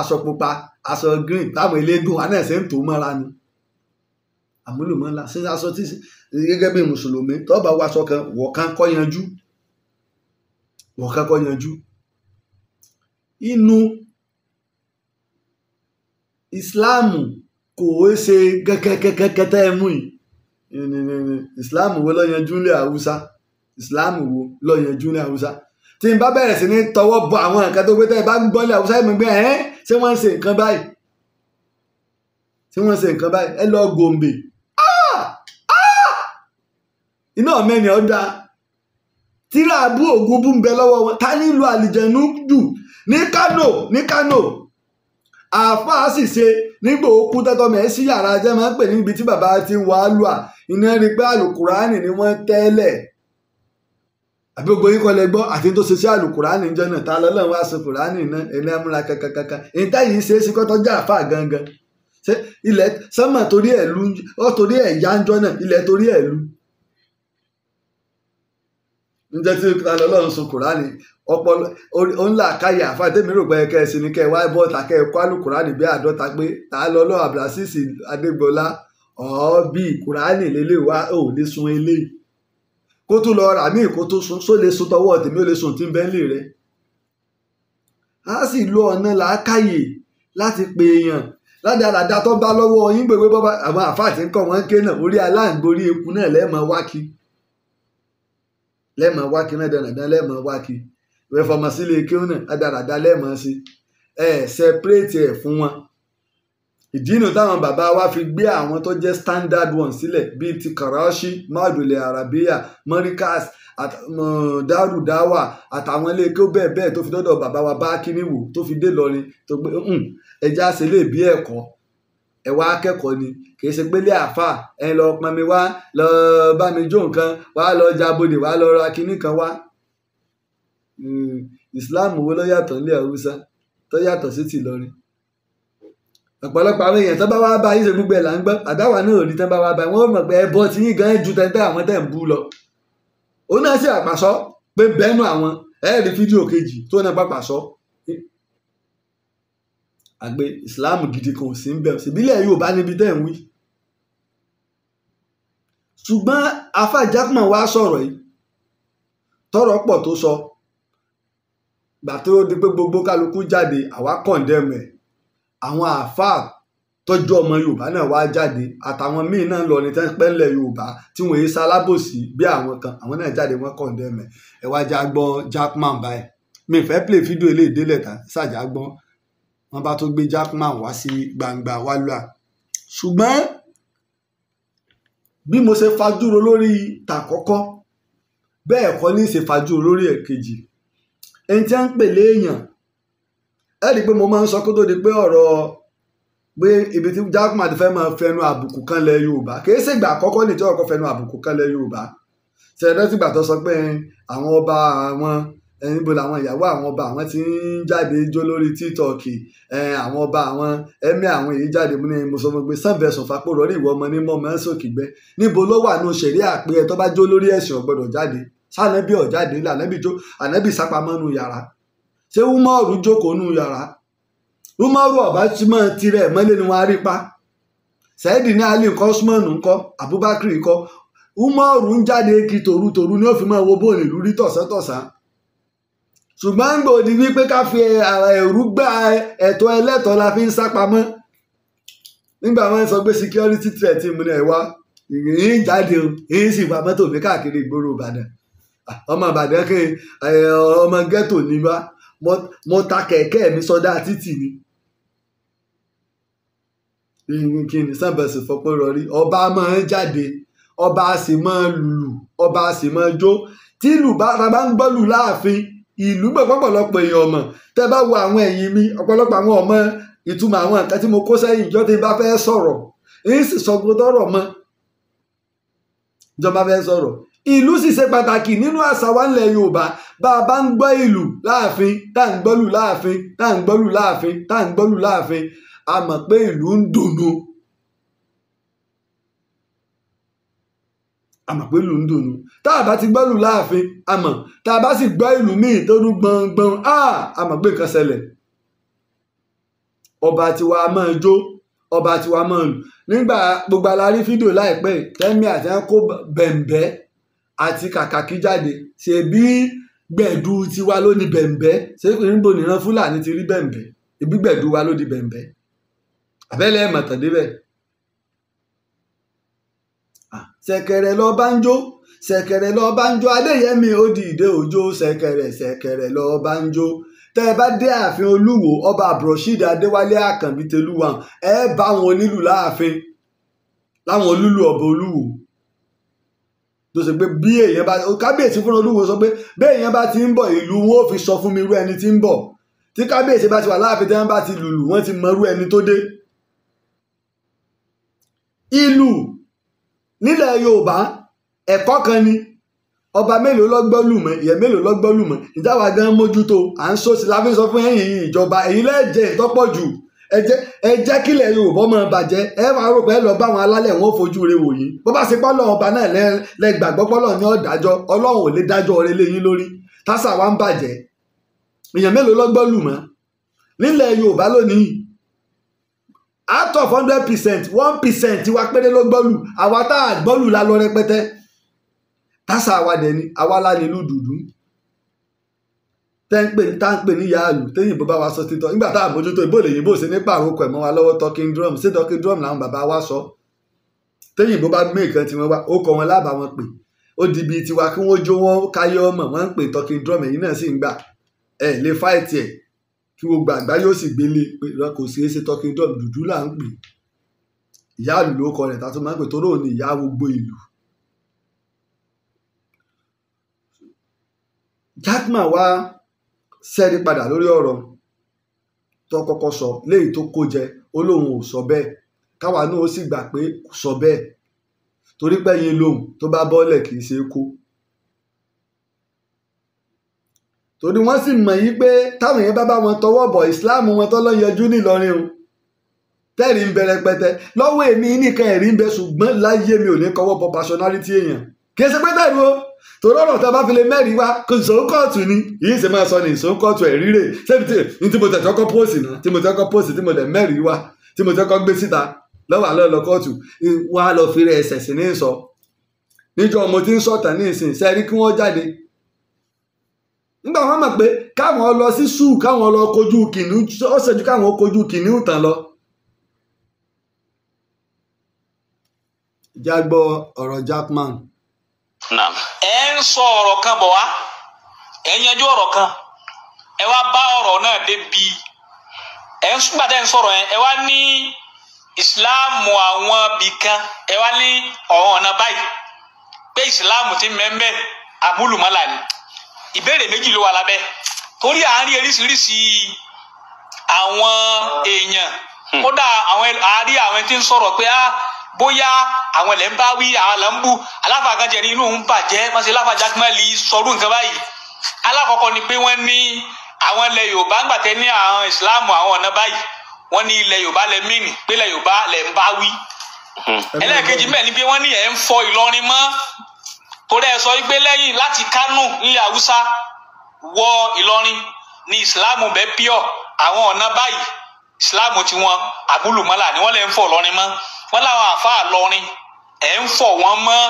aṣọ pupa aṣọ green táwọn eléégún wa náà ṣe ń tó mọ́ra ni àmúlùmọ́lá ṣe aṣọ tí gẹ́gẹ́ bí mùsùlùmí tó bá wọ aṣọ kan wọ̀ kan kọ́ yanjú wọ̀ kan kọ́ yanjú inú ìsìláàmù kò é ṣe kẹ́kẹ́kẹ́kẹ́ tẹ́ ẹ mú yìí islam wo lọ́yanjú ní haúsá islam wo lọ́yanjú ní haúsá tí n bá bẹ̀rẹ̀ sí ní tọwọ́ bọ àwọn nǹkan tó gbé tẹ́ ẹ bá ń gbọ́ ní haúsá ìmọ̀ gbé ẹ́ ṣé wọ́n ń ṣe nǹkan báyìí ṣé wọ́n ń ṣe nǹkan báyìí ẹ lọ gòmbè ah! ah! iná mẹ́ni ọ̀dà tíra abú ògùn bú ń bẹ lọ́wọ́ wọn ta ní ìlú àlìjẹ̀nú ní Kánò ní Kánò. àáfàá sì ṣe nígbà òkú tẹ́tọ́mọ̀ ẹ̀ yàrá jẹ́ máa ń pè níbi tí bàbá ti wà á lùà iná rí pé àlùkùránì ni wọ́n tẹ́lẹ̀ àbí gbogbo yín kọ́ lẹ gbọ́ àti tó ṣe sí àlùkùránì jẹ́ náà ta lọ́lọ́run wá sí kùránì náà ẹni amúra kankankankan tá táyì ṣe é sí kọ́tọ́ jẹ́ àáfàá gangan ṣé ilẹ̀ sánmà torí ẹ̀ lu ọ́ torí ẹ̀ yá ń jọ́ náà ilẹ̀ torí ẹ̀ lu ǹjẹ́ tí ta lọ́lọ́run sọ kùránì ọpọlọ ńlá káyà àfàdémi rò pé ẹkẹ ẹsìn ní kẹ wáyé bọ́ọ̀tà kẹ kó alukurani bí àádọ́ta pé tá a lọ lọ abdulrasisi adégbọlá ọ̀ọ́bì kurani lélẹ̀ wá ò lè sun eléyìí kó tún lọ rà míì kó tún sun só lè sun tọwọ́ tèmi ó lè sun tí ń bẹ́ńlì rẹ. a sì lo ọ̀nà làákàyè láti pe èèyàn ládàradà tó bá lọ́wọ́ yín gbègbè bọ́ba àwọn àfáà tí ń kọ́ wọn ké náà orí aláǹgorí eku náà lẹ́ẹ̀mọ́ wákì lẹ́ẹ̀mọ́ wákì náà dandan lẹ́ẹ̀mọ́ wákì ìwé fọmọsí lè kí wọn náà adaràdà lẹ́ẹ̀mọ́ sí ẹ sẹpẹ́rẹ́tì ẹ̀ fún wọn ìdí táwọn bàbá wa fi gbé àwọn tó jẹ́ standard one sílẹ̀ bíi ti Karachi maudule arabiya morikas eh, darudawa àtàwọn ilé kí ó bẹ́ẹ̀ bẹ́ẹ̀ tó fi dọ́dọ̀ bàbá wa bá kíníwò tó fi dé lọrin tó gbé ẹja ṣe lè bí ẹ̀kọ́ ẹ wá akẹ́kọ̀ọ́ ni kì í ṣe pé lé àáfà ẹ lọ pọnmi wá lọ bá mi jó nǹkan wá lọ jabode wá lọ ra kíní kan wá Hmm, Islam wo ló yàtọ̀ nílẹ̀ Haúsá tó yàtọ̀ sí ti ọ̀pọ̀lọpọ̀ àwọn èèyàn tó bá wá bá yín ṣe là ń gbọ́ àdáwà náà ò ní tán bá wá bá yín wọ́n mọ̀ pé ẹbọ tí yín gan ju tẹ́ntẹ́ àwọn tẹ̀ ń bú lọ òun náà sì àpàṣọ pé bẹ́ẹ̀nu àwọn ẹ̀ẹ́rì fídíò kejì tó náà pàpàṣọ àgbẹ Islam gidi kan ò sí ń bẹ̀ ṣèbílẹ̀ Yorùbá níbi tẹ́ ń wí ṣùgbọ́n afájápọ̀n wá sọ̀rọ̀ yìí tọ́rọ̀ pọ̀ tó sọ gbà tó di pé gbogbo kálukú jáde àwa kọ̀ǹdẹ́mù ẹ̀ àwọn àáfàá tọ́jú ọmọ yorùbá náà wá jáde àtàwọn míì náà lọ ní tẹ́ńpẹ́lẹ̀ yorùbá tí wọ́n yé sálábòsí bí àwọn kan àwọn náà jáde wọ́n kọ̀ǹdẹ́mù ẹ̀ ẹ̀ wá já gbọ́n jackman báyìí mi fẹ́ play fídíò ilé ìdílé tán ṣàjà gbọ́n wọ́n bá tó gbé jackman wá sí gbangba wálúà ṣùgbọ́n bí mo ṣe fajúro lórí tàkọ́kọ́ bẹ́ẹ̀ kọ́ ní ṣe fajúro lórí ẹ̀kejì ẹni tí a ń pè léèyàn ẹ rí i pé mo máa ń sọ kó tó di pé ọ̀rọ̀ pé ibi tí jákùmá ti fẹ́ máa fẹnu àbùkù kan lẹ Yorùbá kìí ṣègbà àkọ́kọ́ nìjọ ọkọ fẹnu àbùkù kan lẹ Yorùbá ṣẹlẹ̀ tìgbà tó sọ pé àwọn ọba àwọn ẹni bo làwọn ìyàwó àwọn ọba àwọn ti ń jáde jó lórí títọọkì àwọn ọba àwọn ẹmí àwọn èyí jáde mú ní mùsùlùmí sànfẹsùn fapò rọrí ìwọ ọmọ ní mọmọ ẹsùn òkìgbẹ níbo ló wà ní òṣèré àpẹẹ tó bá jó lórí ẹsìn ọgbọdọ jáde sànẹ́bí ọ̀jáde lé ànẹ́bí jó ànẹ́bí sápamọ́ nu yàrá ṣé umaru jókòó nu yàrá umaru ọ̀bá ni wọ́n á rí pa sẹ́ẹ̀dì ní alí nǹkan usman nǹkan abubakar nǹkan umaru ń jáde kí torutoru ni ó máa wo bóòlù ìlú rí tọ̀sán-tọ̀sán ṣùgbọ́n ń gbòdì wípé ká fi ẹ̀rú gbá ẹ̀tọ́ ẹlẹ́tọ̀ọ́ ọmọ àbàdàn kẹ ọmọ ghetto ni wá mo ta kẹ̀kẹ́ mi sọdá títì ni kìnìún sábẹ̀sì fọpẹ́ rọrí ọba máa ń jáde ọba a sì máa lùlù ọba a sì máa jó tí ìlú bá bá ń gbọ́ lù láàfin ìlú gbọ̀ pọ̀pọ̀lọpọ̀ èèyàn ọmọ tẹ́ bá wo àwọn ẹ̀yìn mi ọ̀pọ̀lọpọ̀ àwọn ọmọ ìtumọ̀ àwọn nǹkan tí mo kó sẹ́yìn ìjọ tí n bá fẹ́ sọ̀rọ̀ èyí sì sọ gbọdọ̀rọ̀ mọ́ ìjọba fẹ́ sọ̀rọ̀ ìlú sì ṣe pàtàkì nínú àṣà wa ńlẹ̀ yorùbá bá a bá ń gbọ́ ìlú láàfin tá à ń gbọ́lù láàfin tá à ń gbọ́lù láàfin tá à ń gbọ́lù láàfin a mọ̀ pé ìlú ń dùnnú. a mọ̀ pé ìlú ń dùnnú tá a bá ti gbọ́lù láàfin a tá a bá sì gbọ́ ìlú míì tó dún gbọ̀ngbọ̀n a mọ̀ pé nǹkan ṣẹlẹ̀ ọba tiwa máa jó ọba tiwa máa lù nígbà gbogbo alárí fídíò láìpẹ́ tẹ́mi àti ẹ̀kọ́ bẹ̀m̀bẹ́ àti kàkàkí jáde ṣèbí gbẹ̀dú tiwa ló ní bẹ̀m̀bẹ́ ṣé níbo nìran fúlàní ti rí bẹ̀m̀bẹ́ ibi gbẹ̀dú wa ló di bẹ̀m̀bẹ́ àbẹ́lẹ̀ mọ̀tàn débẹ̀ ṣẹ̀kẹ̀rẹ̀ lọ bá ń jó ṣẹ̀kẹ̀rẹ̀ lọ bá ń jó adéyẹmí ó di ìdè òjò ṣẹ̀kẹ̀rẹ̀ ṣẹ̀kẹ̀rẹ̀ lọ bá ń jó tẹ́ ẹ bá dé ààfin olúwo ọba abdulrasheed adéwálé àkànbí tẹlúwà ẹ bá wọn onílù láàfin láwọn olúlu ọba olúwo tó ṣe pé bí èèyàn bá kábíyèsí fúnra olúwo sọ pé bí èèyàn bá ti ń bọ̀ ìlú wọn ò fi sọ fún mi irú ẹni tí ń bọ̀ tí kábíyèsí bá ti wà láàfin tí wọ́n bá ti lùlù wọ́n ti mọ irú ẹni tó dé. ìlù nílẹ̀ yorùbá ẹ̀kọ́ kan ni ọba mélòó lọ́gbọ́ lùmọ̀ ìyẹn mélòó lọ́gbọ́ lùmọ̀ ìjáwá gan mójútó à ń sọ sí láfi sọ fún ẹ̀yìn ìjọba èyí lẹ́ẹ̀jẹ̀ ìtọ́pọ̀ jù ẹ jẹ́ ẹ jẹ́ kílẹ̀ yorùbá ọmọ bàjẹ́ ẹ máa rò pé ẹ lọ bá àwọn alálẹ̀ wọn fojú rẹ wò yín bó bá ṣe pọ́ lọ́wọ́ ọba náà lẹ gbàgbọ́ pọ́ lọ́wọ́ ní ọ̀dájọ́ ọlọ́run ò lè dájọ́ rẹ léyìn lórí tásà wa ń bàjẹ́ èèyàn mélòó lọ́gbọ́n lù mọ́ nílẹ̀ yorùbá lónìí out of hundred percent one percent wa péré ló gbọ́lù àwa tá a gbọ́lù la lọ rẹpẹtẹ tásà wa dẹ̀ ni àwa lá nílùú dùdú tẹ́ǹpẹ̀ táǹpẹ̀ ní yaalu téyìnbó bá wa sọ títọ́ nígbà tá a mójútó ìbò lè yìnbó sí nípa àrùn pẹ̀mọ́ wa lọ́wọ́ talking drum sí talking drum làwọn bàbá wa sọ téyìnbó bá mú nǹkan tiwọn wá ó kọ wọn lábàá wọn pè ó di bíi tiwa kí wọ́n jó wọn káyọ́ ọmọ wọn ń pè talking drum èyí náà sì ń gbà ẹ̀ lè fight ẹ̀ kí gbogbo àgbá yóò sì gbélé e pé wọn kò sí ṣe talking drum dúdú là ń pè ìyáàlú ló kọ rẹ̀ tàtó máa ń pè tó lóun ní ìyá gbogbo ìlú Jackman wá sẹ́rí padà lórí ọ̀rọ̀ tó kọ́kọ́ sọ léyìí tó kó jẹ ó lóun ò sọ bẹ́ẹ̀ káwa náà ó sì gbà pé kò sọ bẹ́ẹ̀ torí pẹ́yìn lòun tó bá bọ́lẹ̀ kì í ṣe é kó torí wọ́n sì mọ̀ yí pé táwọn èèyàn bá bá wọn tọwọ́ bọ̀ ìsìláàmù wọn tọ́lọ́ yanjú nìlọrin o tẹ́rì ń bẹ rẹpẹtẹ lọ́wọ́ èmi nìkan ẹ̀rí ń bẹ ṣùgbọ́n láyé mi ò ní kọwọ́ bọ personality èèyàn kì í ṣe pé o torí ọ̀rọ̀ tá a bá fi lè mẹ́rin wá kò sòó kóòtù ni yìí ṣe máa sọ ní sòó kóòtù ẹ̀ rírè ṣébi tí tí mo tẹ̀ tọ́kọ́ póòsì náà tí mo tẹ́kọ́ póòsì tí mo tẹ̀ mẹ́rin wá tí mo tẹ́kọ́ gbé síta lọ́wọ́ àlọ́ lọ kóòtù wá lọ fi rẹ̀ ẹsẹ̀ sí ní sọ níjọ mo ti ń sọ̀tàn ní ìsìn sẹ́rí kí wọ́n jáde nígbà wọn mọ̀ pé káwọn lọ sí sùúrù káwọn lọ kojú kìnìún ó ṣèjú káwọn kojú kìnìún tán lọ jágbọ́ ọ̀rọ̀ Jackman Naam. ẹ kan bọ̀ wá ẹ yanjú kan ẹ wá bá ọrọ náà débi ẹ ń gbà tẹ́ ń yẹn ẹ wá ní ìsìláàmù àwọn kan ẹ wá ní ọ̀hún ọ̀nà báyìí pé ìsìláàmù ti mẹ́mẹ́ àmúlùmọ́là ni ìbéèrè méjì ló wà lábẹ́ torí à ń àwọn èèyàn kódà hmm. àwọn àwọn tí ń sọ̀rọ̀ pé ah bóyá àwọn ilẹ̀ ń bá wí àwọn là ń bú aláfàkànjẹ ni inú òun bàjẹ́ wọ́n ṣe láfàjà kí wọ́n lè sọrú nǹkan báyìí alákọ̀ọ́kọ́ ni pé wọ́n ní àwọn ilẹ̀ yorùbá ń gbàtẹ́ ní àwọn ìsìláàmù àwọn ọ̀nà báyìí wọ́n ní ilẹ̀ yorùbá lẹ mìíní pé ilẹ̀ yorùbá lẹ ń bá wí hmm. ẹlẹ́ẹ̀kejì mẹ́ẹ̀ ni pé wọ́n ní ẹ̀ ń fọ ìlọrin mọ́ torí ẹ sọ wípé lẹ́yìn láti kánò nílẹ̀ haúsá wọ ìlọrin ní ìsìláàmù bẹ́ẹ̀ píọ̀ àwọn ọ̀nà báyìí ìsìláàmù tiwọn àbúlùmọ́là ni wọ́n lè ń fọ ìlọrin mọ́ wọ́n láwọn àáfàá lọrin ẹ̀ ń fọ̀ wọ́n mọ́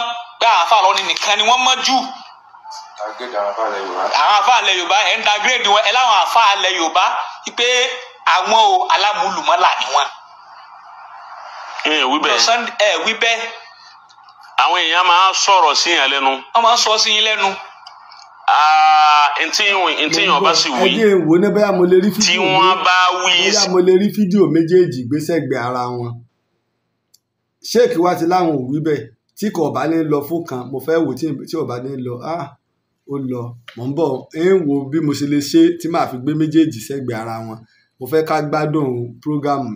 pé àáfàá lọrin nìkan ni wọ́n mọ́ jù àwọn àáfàá ilẹ̀ Yorùbá ẹ̀ ń da gírèdì wọn ẹ̀ láwọn àáfàá ilẹ̀ Yorùbá pé àwọn o alámúlùmọ́là ni wọ́n. ẹ wí bẹ́ẹ̀ ẹ wí bẹ́ẹ̀. àwọn èèyàn máa ń sọ̀rọ̀ sí yẹn lẹ́nu. wọ́n máa ń sọ sí yín lẹ́nu ah, ntíyàn bá sì wí tí wọ́n bá wí. bóyá mo lè rí fídíò méjèèjì gbé sẹ́gbẹ̀ẹ́ ara wọn sheik wa ti láwọn ò wí bẹ́ẹ̀ tí kò bá ní lọ fún kan mo fẹ́ wò tí ò bá ní lọ ah ó lọ mò ń bọ̀ ẹ̀ ń wo bí mo ṣe lè ṣe tí màá fi gbé méjèèjì sẹ́gbẹ̀ẹ́ ara wọn mo fẹ́ ká gbádùn prógámù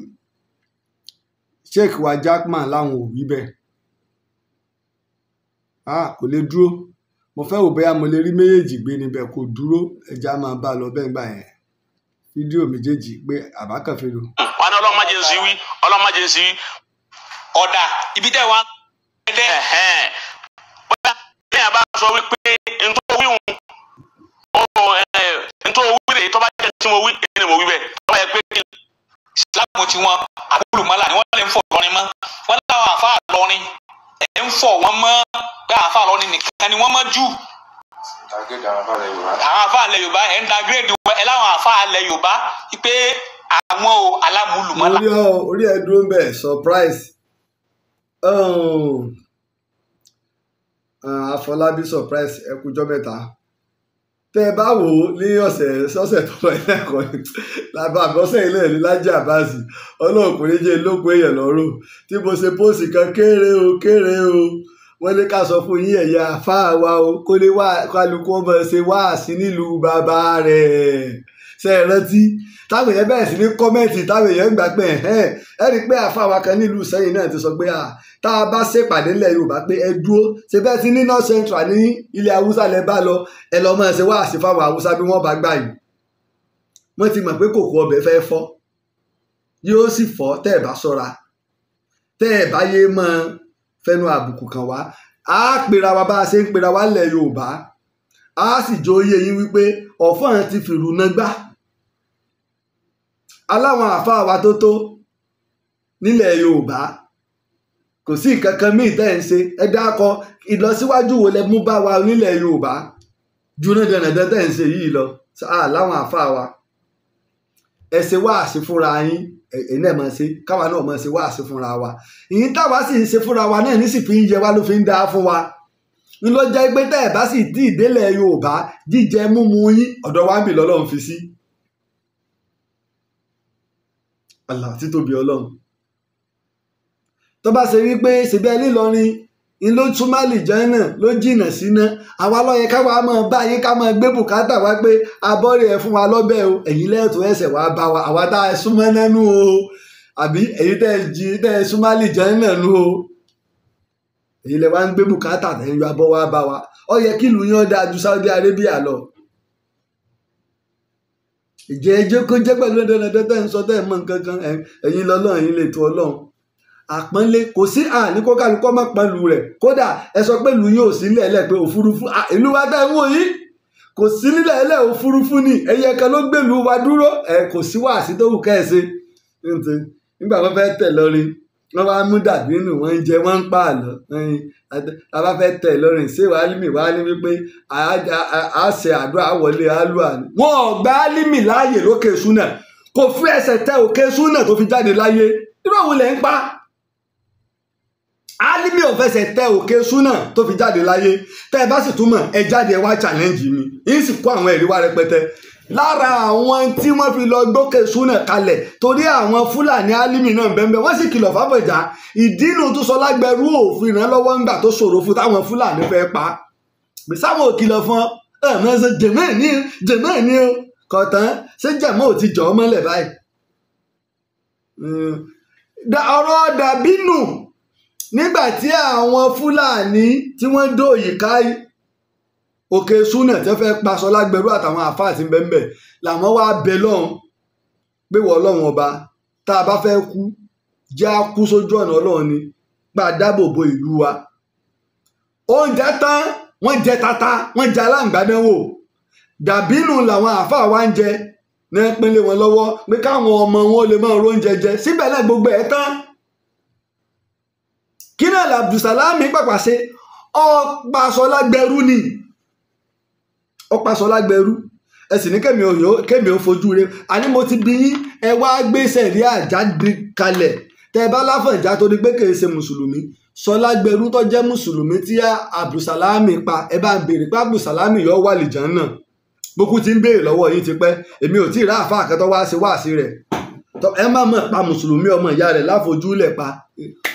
sheik wa jackman láwọn ò wí bẹ́ẹ̀ ah kò lè dúró mo fẹ́ wò bóyá mo lè rí méjèèjì gbé níbẹ̀ kò dúró ẹja máa bá a lọ bẹ́ẹ̀ gbà yẹn fídíò méjèèjì pé àbá kan fi lò. wọn ní ọlọ́mọdé ń sí wí ọlọ́mọdé ń sí wí ọ̀dà ibi tẹ́ wá dẹ́. bóyá ní àbá sọ wípé ntọ́ wíhun ntọ́ wí lè tọ́ba jẹ́ tí mo wí ni mo wí bẹ́ẹ̀ tọ́ba yẹ pé kí n. sílámù tiwọn àbúrùmọ́lá ni wọ́n lè ń fọ̀ lọ́rin mọ́ wọ́n láwọn àfa lọ́rin ẹ̀ ń fọ̀ wọ́n mọ́ pé àfa lọ́rin nìkan ni wọ́n mọ́ jù. àwọn àfa alẹ́ yorùbá ẹ̀ ń da gírèdì wọn ẹ̀ láwọn àfa alẹ́ yorùbá pé àwọn alámúlùmọ́lá. orí ẹ dúró ń surprise. Um, Afọlábí surprise ẹ kújọ́ mẹ́ta tẹ́ ẹ bá wò ó ní ọ̀sẹ̀ sọ́sẹ̀ tó lọ ilé ẹ̀kọ́ làbá àbọ̀sẹ̀ ilé ẹ̀rí lájà àbáàsì ọlọ́run kò ní jẹ́ lógún èèyàn lọ́rùn tí mo ṣe póòsì kan kéré o kéré o wọ́n ní ká sọ fún yín ẹ̀yà fáwa o kó lè wá kálukú ọmọ ṣe wáàsí nílùú bàbá rẹ̀ ṣe é rántí táwọn èèyàn bẹ̀rẹ̀ sí ní kọ́mẹ́ǹtì táwọn èèyàn gbà pé ẹ̀hẹ́n ẹ rí i pé àfàwọn kan nílùú sẹ́yìn náà ti sọ pé tá a bá ṣèpàdé nílẹ̀ yorùbá pé ẹ dúró ṣe bẹ́ẹ̀ ti ní north central ní ilẹ̀ haúsá lẹ bá lọ ẹ lọ mọ̀ ṣe wáàsí fáwọn haúsá bí wọ́n bá gbà yìí wọ́n ti mọ̀ pé kòkó ọbẹ̀ fẹ́ fọ́ yóò sì fọ́ tẹ́ ẹ̀ bá ṣọ́ra tẹ́ ẹ̀ bá yé mọ́ fẹ́nu àbùkù kan wá á pera wa bá a ṣe ń pera wa lẹ̀ yorùbá á sì jó yé yín wípé ọ̀fọ́n ti fìrù náà aláwọn àáfàá wa tó tó nílẹ̀ yorùbá kò sí nǹkan kan míì tẹ́ ẹ̀ ń ṣe ẹ dákọ ìlọsíwájú wo lẹ mú bá wa nílẹ̀ yorùbá ju náà dandan tẹ́ ẹ̀ ń ṣe yìí lọ láwọn àáfàá wa ẹ ṣe wáàsí fúnra yín ẹ̀yin náà máa ṣe káwa náà máa ṣe wáàsí fúnra wa ìyín táwa sì ń ṣe fúnra wa náà nísì fi ń yẹ wá ló fi ń dáa fún wa ń lọ tẹ́ ẹ̀ bá sì dí ìdélẹ̀ yorùbá jíjẹ múmu yín ọ̀dọ̀ wa ń bì lọ́lọ́run fi sí. àlà títóbi ọlọ́run tó bá ṣe wípé ṣèbí ẹ nílọrin ń ló túmọ̀ àlìjọ náà ló jìnnà síná àwa lọ́yẹ káwa máa bá yín ká máa gbé bùkátà wá pé abọ́rẹ̀ ẹ̀ fún wa lọ́bẹ̀ o ẹ̀yin lẹ́ẹ̀tọ́ ẹsẹ̀ wá bá wa àwa tá a súnmọ́ nánú o àbí èyí tẹ́ ẹ jí tẹ́ ẹ súnmọ́ àlìjọ náà nú o èyí lẹ wá ń gbé bùkátà tẹ́ ń yọ wá bá wa ó yẹ kí ìlú yín dáa ju Saudi Arabia lọ ìjẹ́ ẹjẹ́ kó jẹ́ pẹ̀lú ẹ̀dẹ́rẹ́dẹ́ tẹ́ ń sọ tẹ́ ẹ̀ mọ̀ nǹkan kan ẹ̀yin lọ́lọ́run ẹ̀yin lè tó ọlọ́run àpọ́nlé kò sí àní kó kálukọ́ má pọ́n lu rẹ̀ kódà ẹ sọ pé lu yóò sí nílẹ̀ ẹlẹ́ pé òfurufú ìlú wa tẹ́ ń wò yìí kò sí nílẹ̀ ẹlẹ́ òfurufú ni ẹyẹ kan ló gbèlú wa dúró ẹ kò sí wàásí tó wù kẹ́ ẹ ṣe nígbà wọn fẹ́ tẹ̀ lọ́rin wọ́n wá mú dàbí nù wọ́n ń jẹ wọ́n ń pààlọ́ bàbá fẹ́ tẹ̀ lọ́rìn ṣé wàá límì wàá ní wípé a ṣe àdúrà wọlé alúwa ni. wọn ò gba límì láàyè lókè súnà kò fi ẹsẹ̀ tẹ òkè súnà tó fi jáde láyé irú òun lẹ̀ ń pa alimi ò fẹsẹ̀ tẹ òkè súnà tó fi jáde láyé tẹ́ ẹ bá sì túmọ̀ ẹ jáde ẹ wá challenge mi yìí sì kó àwọn ẹ̀rí wá rẹpẹtẹ lára àwọn tí wọ́n fi lọ gbókè súnà kalẹ̀ torí àwọn fúlàní álímì náà bẹ́ẹ̀ wọ́n sì kìlọ̀ fábọ̀já ìdínú tó sọ lágbẹ̀rú òfin ìrànlọ́wọ́ ńgbà tó ṣòro fún táwọn fúlàní fẹ́ pa sáwọn ò kìlọ̀ fún ẹ mọ ṣe jẹmọ ní jẹmọ ní o kọtán ṣé jẹmọ ò ti jọ ọ mọ́lẹ̀ báyìí. Hmm. ọ̀rọ̀ dàbínù nígbà tí àwọn fúlàní tí wọ́n dóòyì káyìí òkè súnà tẹ́ fẹ́ pa Ṣọlá Gbẹ̀rú àtàwọn àfáà tí ń bẹ ń bẹ làwọn wá bẹ lọ́hùn pé wọ́n ọlọ́run ọba tá a bá fẹ́ kú jẹ́ á kú sójú ọ̀nà ọlọ́run ni pa dáàbò bo ìlú wa oúnjẹ tán wọ́n jẹ tata wọ́n jẹ aláǹgbádánwò dàbínú làwọn àáfàá wa ń jẹ ní pínlẹ̀ wọn lọ́wọ́ pé káwọn ọmọ wọn lè máa róúnjẹ jẹ síbẹ̀ náà gbogbo ẹ̀ tán kí náà làbùsàlámì pàpàṣe ọ̀pá Ṣọlá Gbẹ̀rú ni. Ọ̀pásọlá gbẹrú ẹ sì ní kẹ́mi ò kẹ́mi ò fojú re àní mo ti bí yín ẹ wá gbé sẹ̀rí àjáde kalẹ̀ tẹ bá láfọ̀njá torí pé kì í ṣe mùsùlùmí Sọlá gbẹrú tó jẹ́ mùsùlùmí tí Abdulsalami pa ẹ bá ń béèrè pé Abdulsalami yọ wà lìjàn náà gbogbo ti ń béèrè lọ́wọ́ yín ti pẹ́ èmi ò tí ì rá àfáà kan tó wá sí wáàsí rẹ̀ ẹ má mọ̀ pa mùsùlùmí ọmọ ìyá rẹ̀ láfojúlẹ̀ pa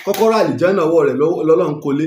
kọ́kọ́rọ́ àlìjàn náà wọ̀ rẹ̀ lọ́lọ́run kọ́lé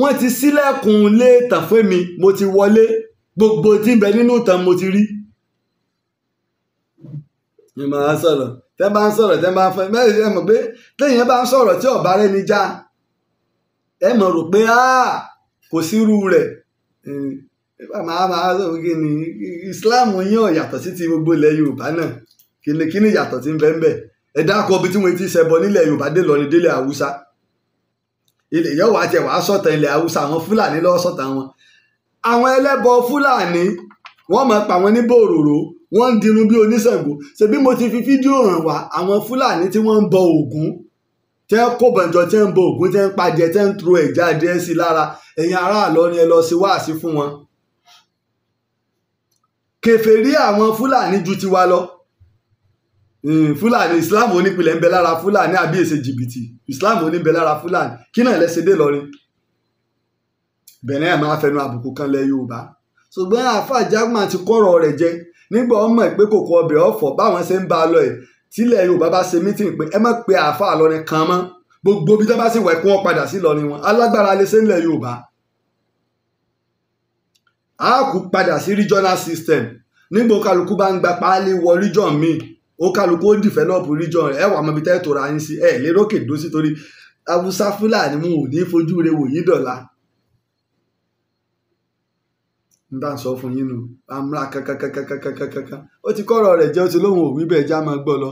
wọ́n ti ṣílẹ̀kùn lé tàn fún mi mo ti wọlé gbogbo tí ń bẹ nínú ìtàn mo ti rí. mi máa sọ̀rọ̀ tẹ́ bá ń sọ̀rọ̀ tẹ́ bá ń fẹ́ mẹ́rin ẹ mọ̀ pé téèyàn bá ń sọ̀rọ̀ tí ọ̀bá rẹ̀ ní já ẹ mọ̀ rò pé kò sírú rẹ̀ màá máa sọ pé kí ni Islam yín ọ̀ yàtọ̀ sí ti gbogbo ilẹ̀ Yorùbá náà kí ni kí ni yàtọ̀ tí ń bẹ ń ẹ dákọ̀ bí tí wọ́n ti ṣẹbọ nílẹ̀ Yorùbá dé lọ́rin délẹ̀ Haúsá ilẹ̀ yóò wá jẹ wàá sọ̀tàn ilẹ̀ haúsá àwọn fúlàní lọ́wọ́ sọ̀tàn wọn àwọn ẹlẹ́bọ fúlàní wọ́n máa pa wọn ní bòròrò wọ́n ń dirun bí oníṣègùn ṣe bí mo ti fi fídíò hàn wá àwọn fúlàní tí wọ́n ń bọ ògún tẹ́ ń kó bọ̀njọ́ tẹ́ ń bọ ògún tẹ́ ń pajẹ tẹ́ ń tro ẹ̀ jáde ẹ̀ sí lára ẹ̀yin aráàlọ́ ni ẹ lọ sí wáàsí fún wọn kèfèrí àwọn fúlàní ju tiwa lọ Hmm, fúlàní islam onípìlẹ̀ ń bẹ lára fúlàní àbí èsè jìbìtì islam oníbẹ lára fúlàní kí náà lẹ́sẹ̀ dé lọ́rin bẹ̀rẹ̀ ẹ̀ máa fẹnu àbùkù kan lẹ yorùbá ṣùgbọ́n àáfà jagman ti kọ́rọ̀ rẹ̀ jẹ nígbà ọmọ ìpè kòkó ọbẹ̀ ọ̀fọ̀ báwọn ṣe ń bá a lọ ẹ̀ tílẹ̀ yorùbá bá ṣe mítìn pé ẹ má pe àáfà lọ́rin kan mọ́ gbogbo bí tó bá sì wà kí wọ́n padà sí lọ́rin wọn alágbára lè ṣe ńlẹ̀ yorùbá a kú padà sí regional system nígbà kálukú bá ń gba páálí wọ region míì ó kálukú ó develop region ẹ wà mọbi tẹ́ tora yín sí ẹ lérókè dó torí haúsá fúlàní mú ò ní fojú re wòyí dọ̀la n bá sọ fún yín nu amúra kankankankankankankan ti kọrọ rẹ̀ jẹ́ ti bẹ́ẹ̀ já máa gbọ́ lọ.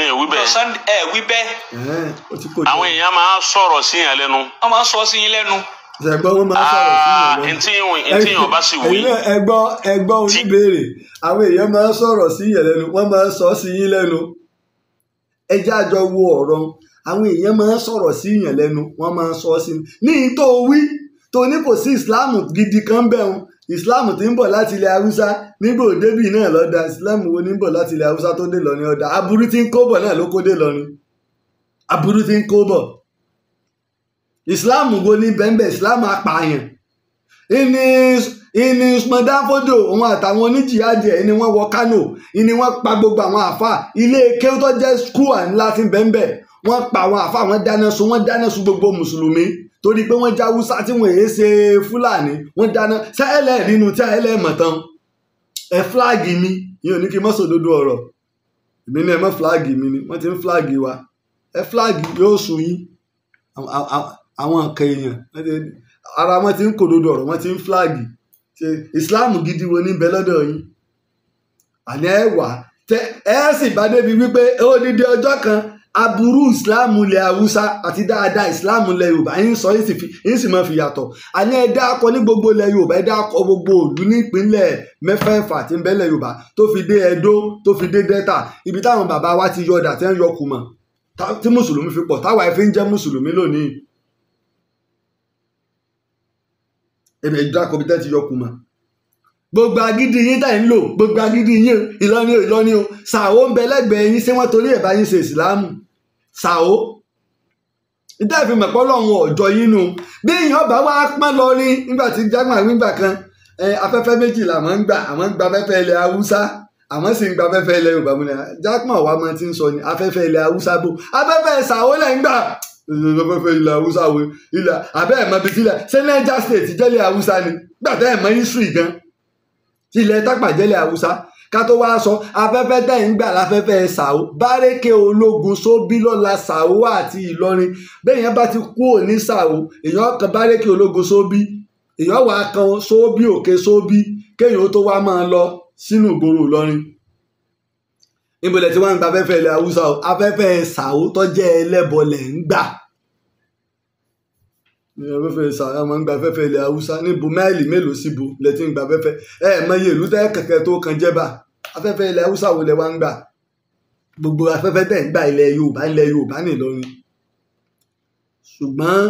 ẹ wí bẹ́ẹ̀ àwọn èèyàn máa sọ̀rọ̀ sí lẹ́nu. wọ́n máa sọ sí yín lẹ́nu. ṣẹgbọn wọn máa sọ̀rọ̀ sí yẹn lẹ́nu ẹtí yẹn ọba sì wí. ẹgbọn ẹgbọn oníbèrè àwọn èèyàn máa sọ̀rọ̀ sí yẹn lẹ́nu wọn máa sọ sí yín lẹ́nu ẹjẹ àjọ wo ọ̀rọ̀ àwọn èèyàn máa sọ̀rọ̀ sí yẹn lẹ́nu wọn máa sọ sí ní tó wí tó ní kò sí Islam gidi kan bẹ́ẹ̀ Islam tí ń bọ̀ láti ilẹ̀ haúsá nígbà òdebì náà lọ́dà ìsìláàmù wo ní ń bọ̀ láti ilẹ̀ haúsá tó dé lọ ní ọ̀dà aburú tí ń kó bọ̀ náà ló kó dé lọ ní aburú tí ń kó bọ̀ islam wo ní bẹ́ńbẹ́ islam apààyàn ìní ìní usman dáfódò òun àtàwọn oníjìyàjẹ ìní wọn wọ kánò ìní wọn pa gbogbo àwọn àfa ilé kéwú tó jẹ́ skul àńlá ti bẹ́ńbẹ́ wọ́n pa àwọn àfa wọn dáná sun wọ́n dáná sun gbogbo mùsùlùmí torí pé wọ́n já húsá tí wọ́n èé ṣe fúlàní wọ́n dáná sẹ́ẹ̀lẹ̀ nínú tí ẹ̀ẹ́lẹ̀ mọ̀tán ẹ fúláàgì mi ìyẹn ò ní kí n mọ́ sòdodo ọ̀rọ̀ èmi ni ẹ mọ́ fúláàgì mi ni wọ́n ti ń fúláàgì wa ẹ fúláàgì yóò sùn yín àwọn nǹkan èèyàn ara wọn ti ń kòdodo ọ̀rọ̀ wọn ti ń flaagi ṣe islam gidi wo ní bẹ lọ́dọ̀ yín àní ẹ wà tẹ ẹ sì bá débi wípé ó dídé ọjọ́ kan aburú Islamu ilẹ̀ haúsá àti dáadáa islam ilẹ̀ yorùbá ń sọ ń sì máa fi yàtọ̀ àní ẹ dákọ ní gbogbo ilẹ̀ yorùbá ẹ dákọ gbogbo òdu nípínlẹ̀ mẹ́fẹ̀ẹ̀fà tí ń bẹ ilẹ̀ yorùbá tó fi dé ẹdó tó fi dé delta ibi táwọn bàbá wa ti yọdà tẹ́ ń yọkùmọ̀ tí mùsùlùmí fi pọ̀ táwa ẹ fi ń jẹ́ mùsùlùmí lónìí ẹ̀mí ẹ̀dá kọ̀mítẹ́ ti yọkùn mọ́ gbogbo agídí yín tá ẹ̀ ń lò gbogbo agídí yín ìlọni o ìlọni o ṣàwó ń bẹ lẹ́gbẹ̀ẹ́ yín ṣé wọ́n torí ẹ̀ bá yín ṣe ìsìlámù ṣàwó níta ìfi mọ̀pọ́ lọ́hùn ọ̀jọ́ yín nu bí èèyàn bá wá pọ́n lọ rí nígbà tí jágbọ́n àwọn ìgbà kan afẹ́fẹ́ méjì làwọn ń gbà àwọn ń gba afẹ́fẹ́ ilẹ̀ haúsá àwọn sì ń gba afẹ́fẹ́ ilẹ̀ yorùbá mu ni jágbọ́n wa máa ti ń sọ ni afẹ́fẹ́ ilẹ̀ haúsá bò afẹ́fẹ́ ṣàwó ń gbà lọ́fẹ́ fẹ́ ilẹ̀ haúsá wo ilẹ̀ abẹ́ ẹ̀mọ́ bíi tilẹ̀ ṣé niger state jẹ́lẹ̀ haúsá ni gbàtẹ́ ẹ̀mọ́ history gan ilẹ̀ tápà jẹ́lẹ̀ haúsá ká tó wá sọ afẹ́fẹ́ tẹ̀ ń gbà láfẹ́fẹ́ ṣàó bárẹ́kẹ́ ológun sóbílọ́la ṣàó àti ìlọrin bẹ́ẹ̀yẹn bá ti kú òní ṣàó èèyàn kan bárẹ́kẹ́ ológun sóbí èèyàn wàá kan sóbí òkè sóbí kéèyàn tó wá máa lọ sínú ìgboro ìlọrin ìbòlẹ̀ tí wọ́n ń gba afẹ́fẹ́ ilẹ̀ haúsá o afẹ́fẹ́ ṣàwó tó jẹ́ ẹlẹ́bọlẹ̀ ń gbà afẹ́fẹ́ ṣàwó máa ń gba afẹ́fẹ́ ilẹ̀ haúsá níbo máìlì mélòó sí bo lẹ́tí ń gba afẹ́fẹ́ ẹ mọyì ìlú tẹ́ kẹ̀kẹ́ tó kan jẹ́ bá afẹ́fẹ́ ilẹ̀ haúsá wo lẹ wá ń gbà gbogbo afẹ́fẹ́ tẹ̀ ń gbà ilẹ̀ yorùbá ilẹ̀ yorùbá nìlọrin ṣùgbọ́n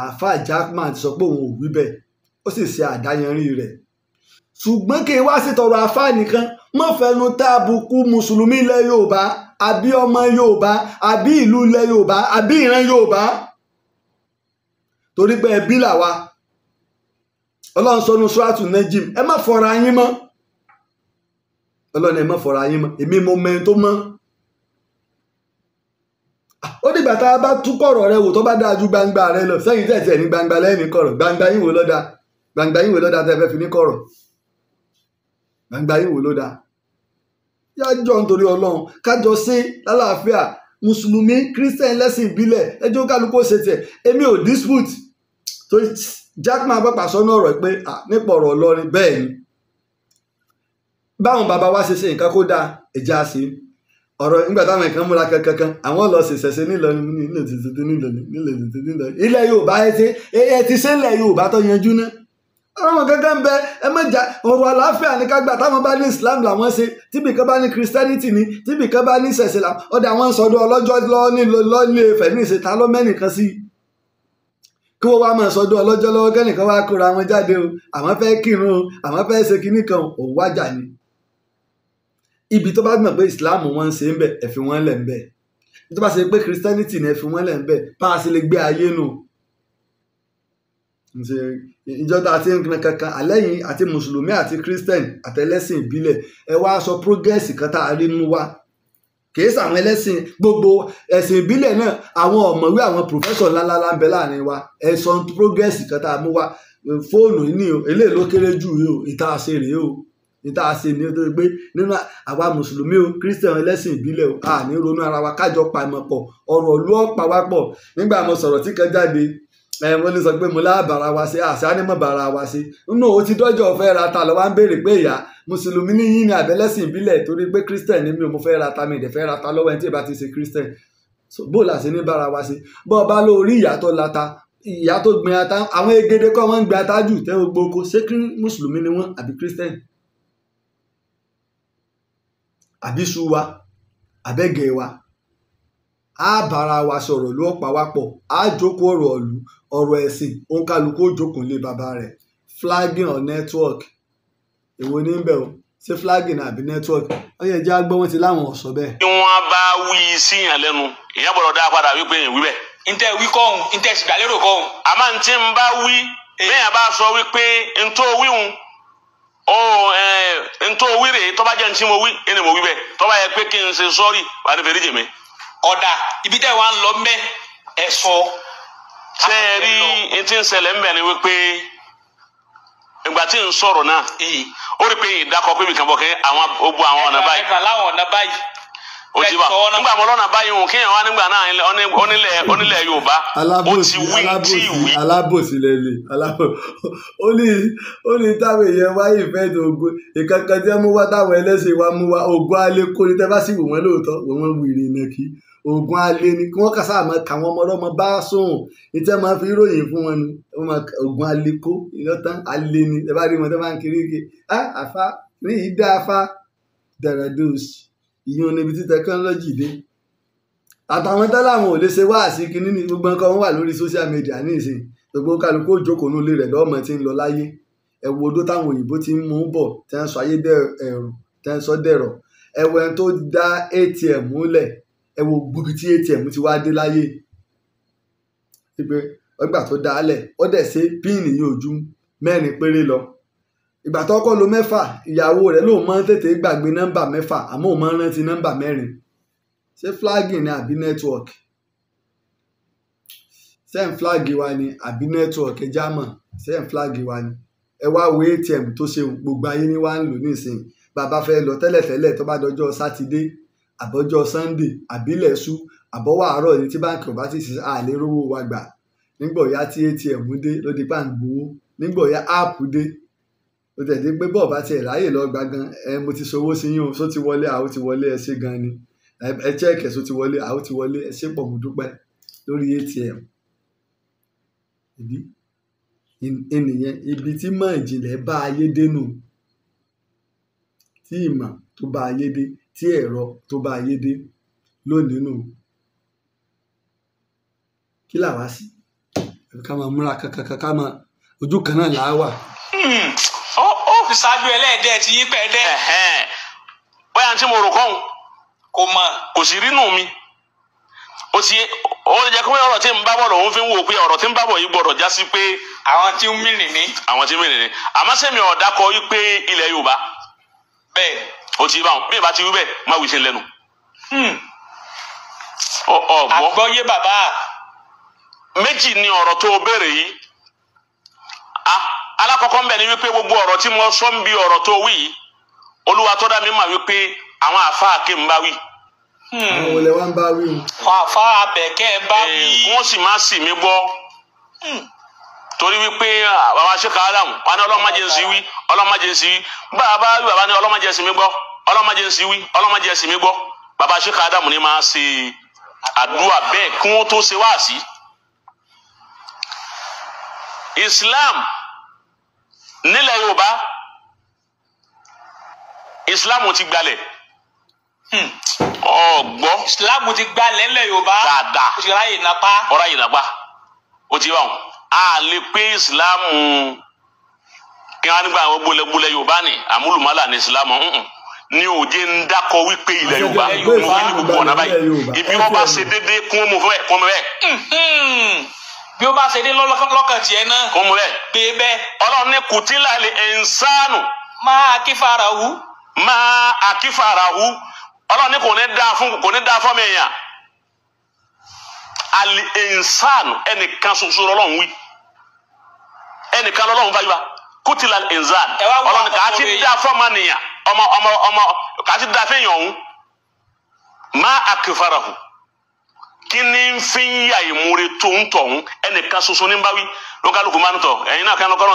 àáfàá Jaqmal ti sọ pé òun ò wí bẹ́ẹ̀ ó sì ṣe àdáyanrí rẹ̀ ṣùgbọ́n kí n wá sí tọrọ àáfàá nìkan má fẹnu tá a bukú mùsùlùmí ilẹ̀ yorùbá àbí ọmọ yorùbá àbí ìlú ilẹ̀ yorùbá àbí ìran yorùbá torí pé ẹbí làwa ọlọ́run sọnù ṣúwàtù nẹ́jìm ẹ má fọra yín mọ́ ọlọ́run ẹ má fọra yín mọ́ èmi mo mẹ́ tó mọ́ ó dìgbà tá a bá tú kọ̀rọ̀ rẹ wò tó bá dáa ju gbangba rẹ lọ sẹ́yìn tẹ̀sí ẹ̀ ní gbangba lẹ́yìn kọ̀rọ̀ gbangba yín wò lọ́dà gbangba yín wò lọ́dà tẹ́ fi ní kọ̀rọ̀ gbangba yìí wò ló dáa yájọ nítorí ọlọ́run kájọ sí lálàáfíà mùsùlùmí christian lẹ́sìn ìbílẹ̀ ẹjọ́ kálukú ṣe tiẹ̀ èmi ò dispute tó jackman pápá sọ́nà ọ̀rọ̀ pé nípa ọ̀rọ̀ ọlọ́rin bẹ́ẹ̀ ni báwọn bàbá wa ṣe ṣe nǹkan kó dáa ẹja ṣe ọ̀rọ̀ nígbà táwọn nǹkan múra kankan àwọn lọ ṣe ṣẹṣẹ nílọrin nílẹ̀ tuntun nílẹ̀ tuntun nílẹ̀ ilẹ̀ yorùbá ẹ ti ṣe ilẹ̀ yorùbá tó yanjú náà ọlọ́run gángan bẹ ẹ mọ̀jà ọ̀rọ̀ àlàáfíà ní kágbà táwọn bá ní islam làwọn ṣe tíbi kan bá ní christianity ni tíbi kan bá ní ṣẹ̀ṣẹ̀ là ọ̀dà àwọn sọdún ọlọ́jọ́ lọ́ọ́lé ìfẹ́ ní ìṣètà lọ́mẹ́nìkan sí kí wọ́n wá máa sọdún ọlọ́jọ́ lọ́wọ́ kẹ́nìkan wá kóra wọn jáde o àwọn fẹ́ kírun o àwọn fẹ́ ṣe kinní kan ò wájà ni ibi tó bá gbọ̀n pé islam wọn ń ṣe ń bẹ̀ ẹ fi wọ́n lẹ̀ ń bẹ̀ tó bá ṣe pé christianity ni ẹ fi lẹ̀ ń bẹ̀ bá a ṣe lè gbé ayé nù ìjọ tá a ti ń kan kankan àlẹ́yìn àti mùsùlùmí àti christian àtẹlẹ́sìn ìbílẹ̀ ẹ wá sọ progress kan tá a rí nínú wa kì í sàwọn ẹlẹ́sìn gbogbo ẹ̀sìn ìbílẹ̀ náà àwọn ọ̀mọ̀wé àwọn professor ńláńlá ń bẹ láàrin wa ẹ sọ progress kan tá a mú wa fóònù ní o eléyìí ló kéré jù yìí o ìta àṣẹ rèé o ìta àṣẹ ni ó tó gbé nínú àwa mùsùlùmí o christian ẹlẹ́sìn ìbílẹ̀ o àní ronú ara wa kájọ pàmò pọ̀ ọ̀rọ̀ ló pa wá pọ̀ nígbà mo sọ̀rọ̀ tí kan jáde mo ní sọ pé mo lábàárà wa ṣe àṣà ni mo bàárà wa ṣe nínú o ti dọ́jọ́ fẹ́ ra ta lọ wá ń béèrè pé ìyá mùsùlùmí ní yín ni àbẹ́lẹ́sìn ìbílẹ̀ torí pé christian ni mi ò mo fẹ́ ra ta mi ìdẹ̀ fẹ́ ra ta lọ́wọ́ ẹni tí ìbá ti ṣe christian bó la ṣe ní bára wa ṣe bó ọba lórí ìyá tó lata ìyá tó gbin ata àwọn egede kọ́ wọ́n ń gbin ata jù tẹ́ gbogbo oko ṣé mùsùlùmí ni wọ́n àbí christian àbí ṣu wa wa a bára wa sọ̀rọ̀ ló ọ̀pá wa pọ̀ á jókòó ọ̀rọ̀ ọ̀lú ọ̀rọ̀ ẹ̀sìn òǹkàlùkù ó jókòó lé bàbá rẹ̀ flagging on network èwo ní bẹ̀ o ṣé flagging àbí network ó yẹ jẹ́ agbọ́n wọn ti láwọn ọ̀sọ́ bẹ́ẹ̀. bí wọ́n bá wí síyàn lẹ́nu èèyàn gbọ́dọ̀ dá padà wípé èèyàn wí bẹ́ẹ̀. ntẹ wí kọhún ntẹ sìgbàlérò kọ́hún. àmọ́ n ti bá wí bẹ́ẹ̀ bá sọ wípé n tó wíhun ó n tó wí rèé mo wí ẹni mo wí bẹ́ẹ̀ tó bá yẹ pé kí n ṣe sọ́ọ̀rì wà ní fèrè jèmí. ọ̀dà ibi tẹ́ wàá ń lọ mbẹ́ ẹ̀ sọ. ṣé ẹ rí etí ń ṣẹlẹ̀ ńbẹ̀ ni wípé ìgbà tí n sọ̀rọ̀ náà ó rí pé ìdákọ̀ pé nìkan bọ̀ kẹ́ àwọn gbogbo àwọn ọ̀nà báyìí. ẹ̀ka láwọn ọ̀nà báyìí. òjìbá nígbà mọ́ lọ́nà báyìí òun kéèyàn wá nígbà náà onílẹ̀ onílẹ̀ Yorùbá ó ti wí tí ì wí. alábòsí lẹ́lẹ̀ ó ní ó ní táwọn èèyàn wá ìfẹ́ tó ogun ìkankan tí wọ́n mú wá táwọn ẹlẹ́sìn wa mú wá ogun alẹ́ tẹ́ bá sì wò wọ́n lóòótọ́ wọ́n wọ́n wù oògùn alẹ ni kí wọ́n kà sáà máa kà wọ́n ọmọ ọlọ́mọ bá sóhùn ìtẹ́ máa fi ròyìn fún wọn ni wọ́n máa oògùn alẹ kó ìlọ́tàn alẹ ni ẹ bá rí wọn tó máa ń kiri ike á àfa ní ìdá afá dẹ̀rẹ̀dọ́s ìyẹn ò níbi tí tẹkọ́nọ́lọ́jì dé àtàwọn tẹ́lá àwọn ò lè ṣe wáàsí kínní ni gbogbo nǹkan wọn wà lórí social media ní ìsìn gbogbo kálukú òjòkó nù lé rẹ̀ lọ́mọ tí ń lọ láyé ẹ̀wọ̀ odó táwọn òyìnbó ti ń mú bọ̀ tẹ́ ń sọ ayé dẹ̀rọ̀ tẹ́ ń sọ dẹ̀rọ̀ ẹ̀wọ̀ ẹni tó dá ATM múlẹ̀ ẹ wo gbòbí tí atm ti wá dé láyé pé ọgbà tó dálẹ̀ ó dẹ̀ ṣe píìnì ní ojú mẹ́rin péré lọ ìgbà tó kọ́ lo mẹ́fà ìyàwó rẹ̀ lòun máa ń tètè gbàgbé nọ́mbà mẹ́fà àmọ́ òun máa ń rántí nọ́mbà mẹ́rin ṣé flagging ni àbí network ṣé ń flag wa ni àbí network ẹ já mọ̀ ṣé ń flag wa ni ẹ wá wo atm tó ṣe gbogbo ayé ni wá ń lò nísìnyí bàbá fẹ́ lọ tẹ́lẹ̀tẹ́lẹ̀ tó bá dọjọ́ sátidé àbọ́jọ́ sunday àbílẹ̀ ṣú àbọ̀wọ́ àárọ̀ ni tí báńkì ò bá ti ṣiṣẹ́ àlè rówó wa gbà nígbọ̀ọ́yá tí atm dé ló di pa ń gbowó nígbọ̀ọ́yá áàpù dé ó tẹ̀ dé pé bọ́ọ̀ bá tiẹ̀ ráyè lọ gba gan ẹ mo ti sowó sí yín o só ti wọlé àwọn ti wọlé ẹ ṣe gan ni ẹ chẹ́ẹ̀kì só ti wọlé àwọn ti wọlé ẹ ṣe pọ̀ mo dúpẹ́ lórí atm ìdí ìnìyẹn ibi tí mọ̀ ìjìnlẹ̀ bá ayé dénú tí ìmọ̀ tó bá ayé dé tí ẹ̀rọ tó bá ayé dé lónìí nù kí làwa sí ká máa múra kankan ká máa ojú kan náà á wà. Hmm. ó ó fi ṣáájú ẹlẹ́ẹ̀dẹ́ ti yí pẹ́ẹ́dẹ́ bóyá tí mo rò kò mọ kò sí rínú mi o ti o lè jẹ́ pé ọ̀rọ̀ tí ń bá bọ̀ fi ń wò pé ọ̀rọ̀ tí ń bá bọ̀ yìí gbọ́dọ̀ já sí pé. àwọn tí ń mìnì ni àwọn tí ń ni àmọ́ sẹ́mi ọ̀dà kọ Yorùbá bẹ́ẹ̀ o ti bá wọn bí ìbá ti wí bẹ́ẹ̀ má wí sí lẹ́nu. Hmm. àgbọ́yé bàbá. méjì ni ọ̀rọ̀ tó o béèrè yìí alákọ̀ọ́kọ́ ń bẹ̀ ni wípé gbogbo ọ̀rọ̀ tí mo sọ ń bi ọ̀rọ̀ tó wí yìí olúwa tó dá mi mà wípé àwọn àáfàá kí n bá wí. Hmm. àwọn olè wa ń bá wí. àáfàá abẹ̀kẹ́ bá eh, wí. wọ́n sì má sì mí gbọ́. Hmm torí wípé bàbá Sheikh Adam wọn ní ọlọ́mọdéjì wí ọlọ́mọdéjì wí bàbá wí bàbá ní ọlọ́mọdéjì mi gbọ́ ọlọ́mọdéjì wí ọlọ́mọdéjì mi gbọ́ bàbá Sheikh Adam ni máa ṣe àdúrà bẹ́ẹ̀ kí wọ́n tó ṣe wáàsí. Islam nílẹ̀ Yorùbá Islam ti gbalẹ̀ hmm. ọgbọ́ Islam ti gbalẹ̀ nílẹ̀ Yorùbá dáadáa ọ̀rá yìí nàpa ọ̀rá yìí nàpa o ti wà wọn a lè pé ìsìláàmù kí wọn nígbà àwọn gbólẹgbólẹ yorùbá ni àmúlùmálà ní ìsìláàmù ni òde ń dákọ wípé ilẹ̀ yorùbá mo wí ní gbogbo ọ̀nà báyìí ibi wọn bá ṣe déédéé kún mo fẹ́ kún mo fẹ́ mm-hmm. bí ó bá ṣe dé lọ́kàn tiẹ̀ náà. kò mú bẹ́ẹ̀. pé bẹ́ẹ̀. ọlọ́run ní kùtìlà lè ẹ̀ńsánù. máa akífara hu. máa akífara hu. ọlọ́run ní kò ní dáa fún kò ní dáa fún mi yàn. àlè ẹ̀ńsánù ẹnìkan ṣoṣo lọ́lọ́run wí. ẹnìkan lọ́lọ́run fàyíwá kùtìlà ẹ̀nzán ọlọ́run kà á ti dá nìyà ọmọ ọmọ ọmọ kà á ti dá fẹ́yàn ọ̀hún má àkèfàràhù kí ni fi ń yà ìmúre tó ń tọ̀hún ẹnìkan ṣoṣo ní báwí lókàlùkù máa ń tọ̀ ẹ̀yin náà kí kọ́rọ̀ ń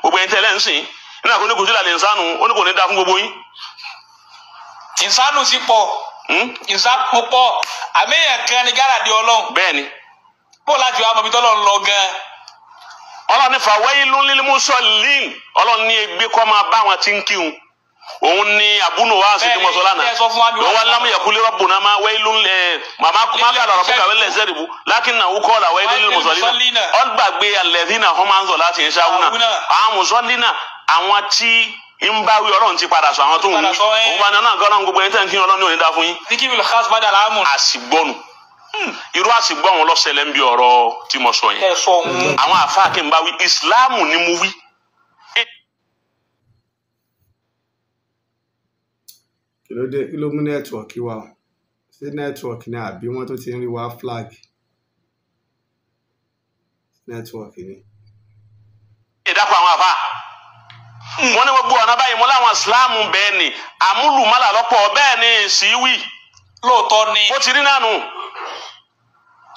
gbogbo ẹ̀yin tẹ́lẹ̀ ń sìn ní dá fún gbogbo yín. ìsánù sí pọ̀ hmm? ọlọ́run nífa wẹ́yìn lónìlímúsọ lin ọlọ́run ní egbé kọ́ máa bá àwọn tí ń kírun òun ní abúlé wa sì tún mọ̀sọ́ lánàá lọ́wọ́ alámú yàkúlẹ̀ rọ́bù náà máa wẹ́yìn ló ń lẹ̀ màmá kọ́ máa kàlọ́ rọ́bù kàwé lẹ́sẹ̀ rìbú lákì náà wúkọ́ ọ̀la wẹ́yìn lónìlímúsọ̀línà ọ̀gbàgbé alẹ́dínà ọmọ àǹsọ̀ láti ń ṣáwó náà àwọn mùsọ̀línà àwọn tí n bá wí ọlọ́run ti padà sọ àwọn tó ń wí eh. òun wà ní ọlọ́run gbogbo ẹni tẹ́ ń kí ọlọ́run ní òní dá fún yín. ní kí wìlú xas bá dà láàmú. Hmm, irú àsìgbò àwọn ọlọ́sẹ̀lẹ̀ ń bi ọ̀rọ̀ tí mo sọ yẹn àwọn àfa kí n bá wí ìsìláàmù ni mo wí. kí ló dé kí ló mú nẹ́tíwọ̀kì wa ṣé nẹ́tíwọ̀kì ni àbí wọ́n tó ti ń rí wa flag nẹ́tíwọ̀kì ni. ìdákọ̀ àwọn àfa hmm. wọn ní gbogbo ọ̀nà báyìí mo láwọn ìsìláàmù bẹ́ẹ̀ ni àmúlùmọ́là lọ́pọ̀ bẹ́ẹ̀ ni sì lóòótọ́ ni. ó ti rí náà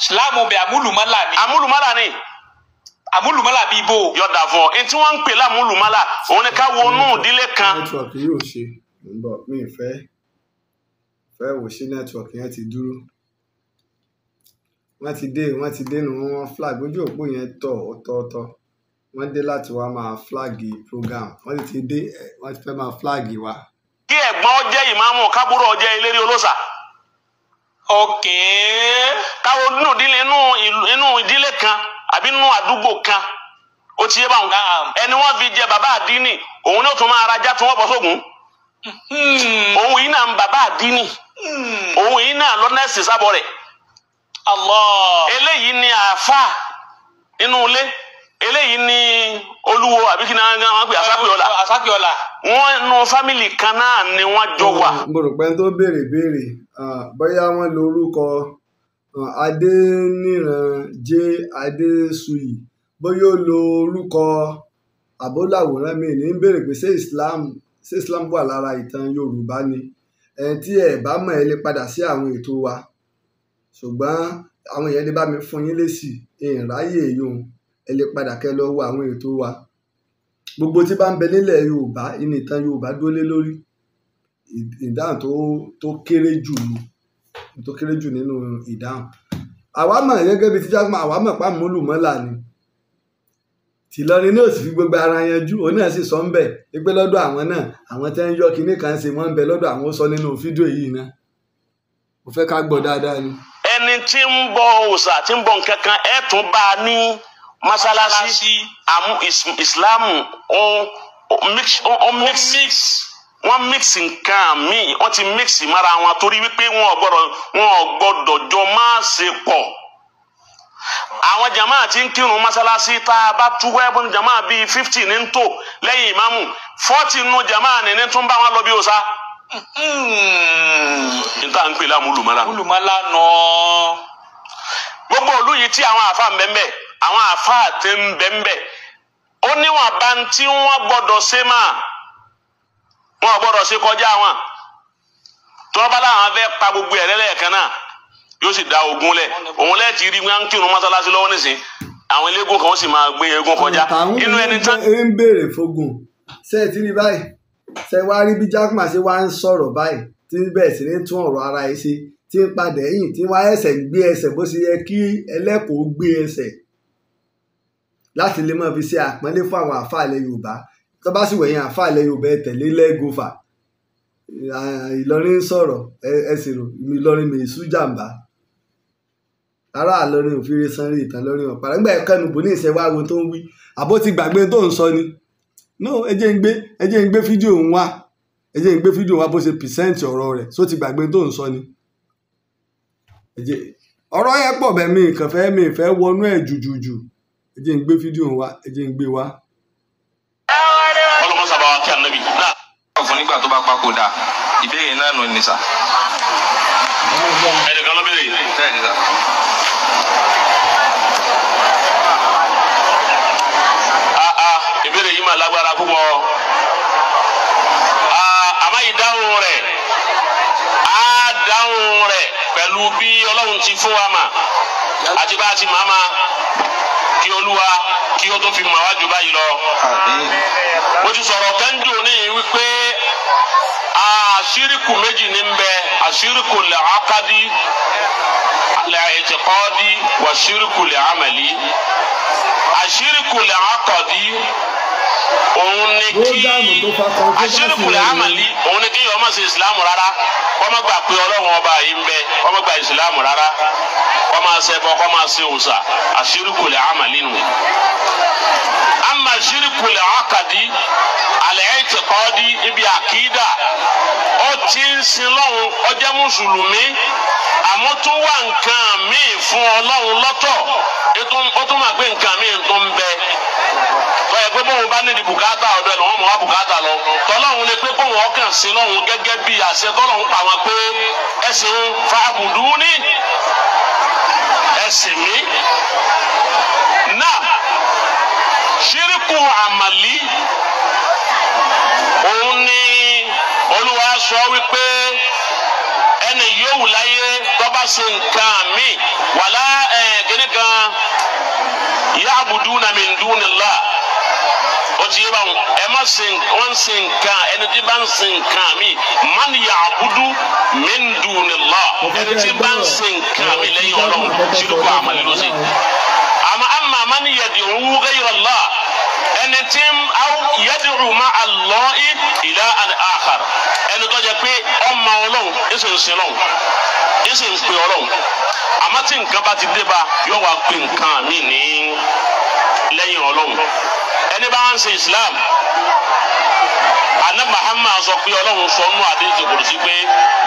silamu bẹ amúlùmọ́là ni. amúlùmọ́là ni. amúlùmọ́là bíi bò. yọ̀dà fọ ẹni tí wọ́n ń pè lámúlùmọ́là òun ni ká wọnú ìdílé kan. nẹ́tíwọ̀kì yóò ṣe ǹbọ̀ mi fẹ́ fẹ́ wò ṣé nẹ́tíwọ̀kì yẹn ti dúró wọ́n ti dé wọ́n ti dé nu wọ́n flag ojú òpó yẹn tọ̀ ọ̀tọ̀ọ̀tọ̀ wọ́n dé láti wá máa flagi program wọ́n ti dé wọ́n ti fẹ́ máa flagi wa. kí ẹ̀gbọ́n jẹ́ ìmáàmù kábúrò jẹ́ eléré olóṣà ok káwọn nínú ìdílé inú inú ìdílé kan àbí inú àdúgbò kan ó ti yé báwọn ẹni wọn fi jẹ bàbá àdínì òun náà tún máa rajá tí wọn bọ sógun hmm. òun yìí náà ń bàbá àdínì hmm. òun yìí náà lọ nẹẹsì sábọ rẹ eléyìí ni àáfà nínú ilé eléyìí ni olúwo àbí kí náà wọ́n pè asápìọ́là asápìọ́là wọ́n nu fámìlì kan náà ni wọ́n jọ wà. mo rò pé tó béèrè béèrè bóyá wọ́n lo orúkọ adéníran j adésuyì bóyá ó lo orúkọ àbólàwòrán mi ní béèrè pé ṣé islam ṣé islam wà lára ìtàn yorùbá ni ẹ tí ẹ bá mọ̀ ẹ lè padà sí àwọn ètò wa ṣùgbọ́n àwọn èèyàn lè bá mi fún yín lésì ìráyè yòówù ẹ lè padà kẹ́ lọ wo àwọn ètò wa gbogbo tí bá ń bẹ nílẹ̀ yorùbá ìní ìtàn yorùbá dólé lórí ìdáhùn tó tó kéré jù tó kéré jù nínú ìdáhùn àwa mọ̀ gẹ́gẹ́ bíi tíjà mọ̀ àwa mọ̀ pa múlùmọ́là ni tìlọrin náà sì fi gbogbo ara yanjú òun náà sì sọ ń bẹ pé lọ́dọ̀ àwọn náà àwọn tẹ́ ń yọ kinní kan ṣe wọ́n ń bẹ lọ́dọ̀ àwọn ó sọ nínú fídíò yìí náà mo fẹ́ ká gbọ́ dáadáa ni. ẹni tí ń bọ òòṣà tí ń bọ nǹkan kan ẹ̀ tún bá a ní mọ́ṣáláṣí àmú ìsìláàmù ó mix wọ́n mix nǹkan míì wọ́n ti mix mara wọn torí wípé wọn ò gbọ́dọ̀ wọn ò gbọ́dọ̀ jọ máa ṣe pọ̀ àwọn jama ti ń kírun mọ́sálásí tá a bá tú wẹ́ẹ́bù jama bíi fifty ní ń lẹ́yìn ìmáàmù forty nu jama ní ní tún bá wọn lọ bí o sá. n ta n pè lámúlùmọ́lá. múlùmọ́lá nọ. gbogbo olú yìí tí àwọn àfa ń bẹ́ẹ̀ bẹ́ẹ̀ àwọn àáfàá tẹ ń bẹ́ńbẹ́ ó níwọ̀n bá ń tí wọ́n gbọ́dọ̀ ṣe máa wọn ò gbọ́dọ̀ ṣe kọjá wọn tí wọ́n bá láwọn fẹ́ pa gbogbo ẹ̀ lẹ́lẹ́ẹ̀kan náà yóò sì da ogun lẹ̀ òun lẹ́ẹ̀tì rí wọn kírun mọ́sálásí lọ́wọ́ nísìn àwọn eléégún kan ó sì máa gbé eégún kọjá inú ẹni tán. ẹ ń béèrè fogun ṣe é ti rí báyìí ṣe wá rí bí Jaqmal ṣe wá ń sọ̀rọ̀ báyìí tí bẹ́ẹ̀ sì ní tún ọ̀rọ̀ ara ẹ̀ ṣe tí ń padà ẹ̀yìn tí wọ́n ẹsẹ̀ gbé ẹsẹ̀ bó ṣe yẹ kí ẹlẹ́kọ̀ọ́ gbé ẹsẹ̀ láti lè máa fi ṣe àpọ́nlé fún àwọn àfáà ilẹ̀ yorùbá tó bá sì wẹ̀yìn àfáà ilẹ̀ yorùbá ẹ tẹ̀lé lẹ́gọ́fà ìlọrin sọ̀rọ̀ ẹ sì rò ìlọrin mi ìsújàmbá ará àlọrin òfìrí sanrí ìtàn lọrin ọ̀pára nígbà ẹ̀kọ́ bò ní ìṣẹ́ wá tó ń wí àbó ti gbàgbé tó ń sọ ni no ẹ jẹ́ ń gbé ẹ jẹ́ ń gbé fídíò ń wá ẹ jẹ́ ń gbé fídíò wá bó ṣe pìsẹ́ǹtì ọ̀rọ̀ rẹ̀ só ti gbàgbé tó ń sọ ni ọ̀rọ̀ yẹn pọ̀ bẹ́ẹ̀ mi kàn mi fẹ́ wọnú ẹ̀ jùjùjù ẹ jẹ́ ń gbé fídíò wa ẹ jẹ́ ń gbé wa. ọlọ́mọ sábà wá kí ànábì. ọ̀fun nígbà tó bá pákó dà ìbéèrè náà nù ní sà. ẹnìkan ló béèrè bẹ́ẹ̀ ni sà. Ah, ah, ìbéèrè yìí mà lágbára púpọ̀ ah, àmọ́ ìdáhùn rẹ̀ á dáhùn rẹ̀ pẹ̀lú bí ọlọ́run ti fún wa mà àti bá a ti máa ma kí olúwa kí ó tó fi mọ̀ wájú báyìí lọ. mo ti sọ̀rọ̀ kẹ́ńdù ní wípé àṣírìkù méjì ní bẹ àṣírìkù lè ákádì lè ètìkọ́dì wà ṣírìkù lè ámàlì àṣírìkù lè ákọ̀dì òun ni kí àṣírùkùlẹ̀ àmàlí òun ni kí ọmọ sí ìsìlámù rárá ọmọ gbà pé ọlọ́run ọba yìí ń bẹ ọmọ gbà ìsìlámù rárá ọmọ asẹ́bọ ọmọ asẹ́ òòsà àṣírùkùlẹ̀ àmàlí nù. àmà àṣírùkùlẹ̀ àkàdí àlẹ́ ẹ̀ ti kọ́ di ibi àkídà ó ti ń sin lọ́hùn ó jẹ́ mùsùlùmí àmọ́ tún wá nǹkan míì fún ọlọ́run lọ́tọ̀ ó tún máa gbé nǹkan míì tó ń bẹ tọ́ ẹ pé bóun bá nídìí bùkátà ọ̀dọ̀ ẹ̀ lòun mọ̀ wá bùkátà lọ tọ́lọ́hún ni pé bóun ọkàn sí lọ́hún gẹ́gẹ́ bí àṣẹ tọ́lọ́hún pa wọn pé ẹ ṣe fàbùdú ní ẹsìn mi náà ṣíríkù àmàlí òun ni olúwa sọ wípé ẹni yòówù láyé tọ́ba ṣe nǹkan mi wàlá ẹ̀ kíní kan ya'buduna min dunillah o ti yé ba wọn ẹ ma sin wọn sin kan ẹni tí bá ń sin kan mi man ya'budu min dunillah ẹni tí bá ń sin kan mi lẹ́yìn Ọlọ́run ṣírùkù àmàlélọsí àmà àmà man yad'u ghayra Allah ẹni tí yẹ́dùrú ma àlọ́ ìlà àhàr ẹni tó jẹ pé ọmọ ọlọ́run ẹsẹ̀ ń sin ọlọ́run ẹsẹ̀ ń pe ọlọ́run àmọ́ tí nǹkan bá ti dé bá yọ wá pé nǹkan mi ní lẹ́yìn ọlọ́run ẹni bá ń ṣe Islam. ana Muhammad sọ pé ọlọ́run sọ nù àdéhùn kùrùsí pé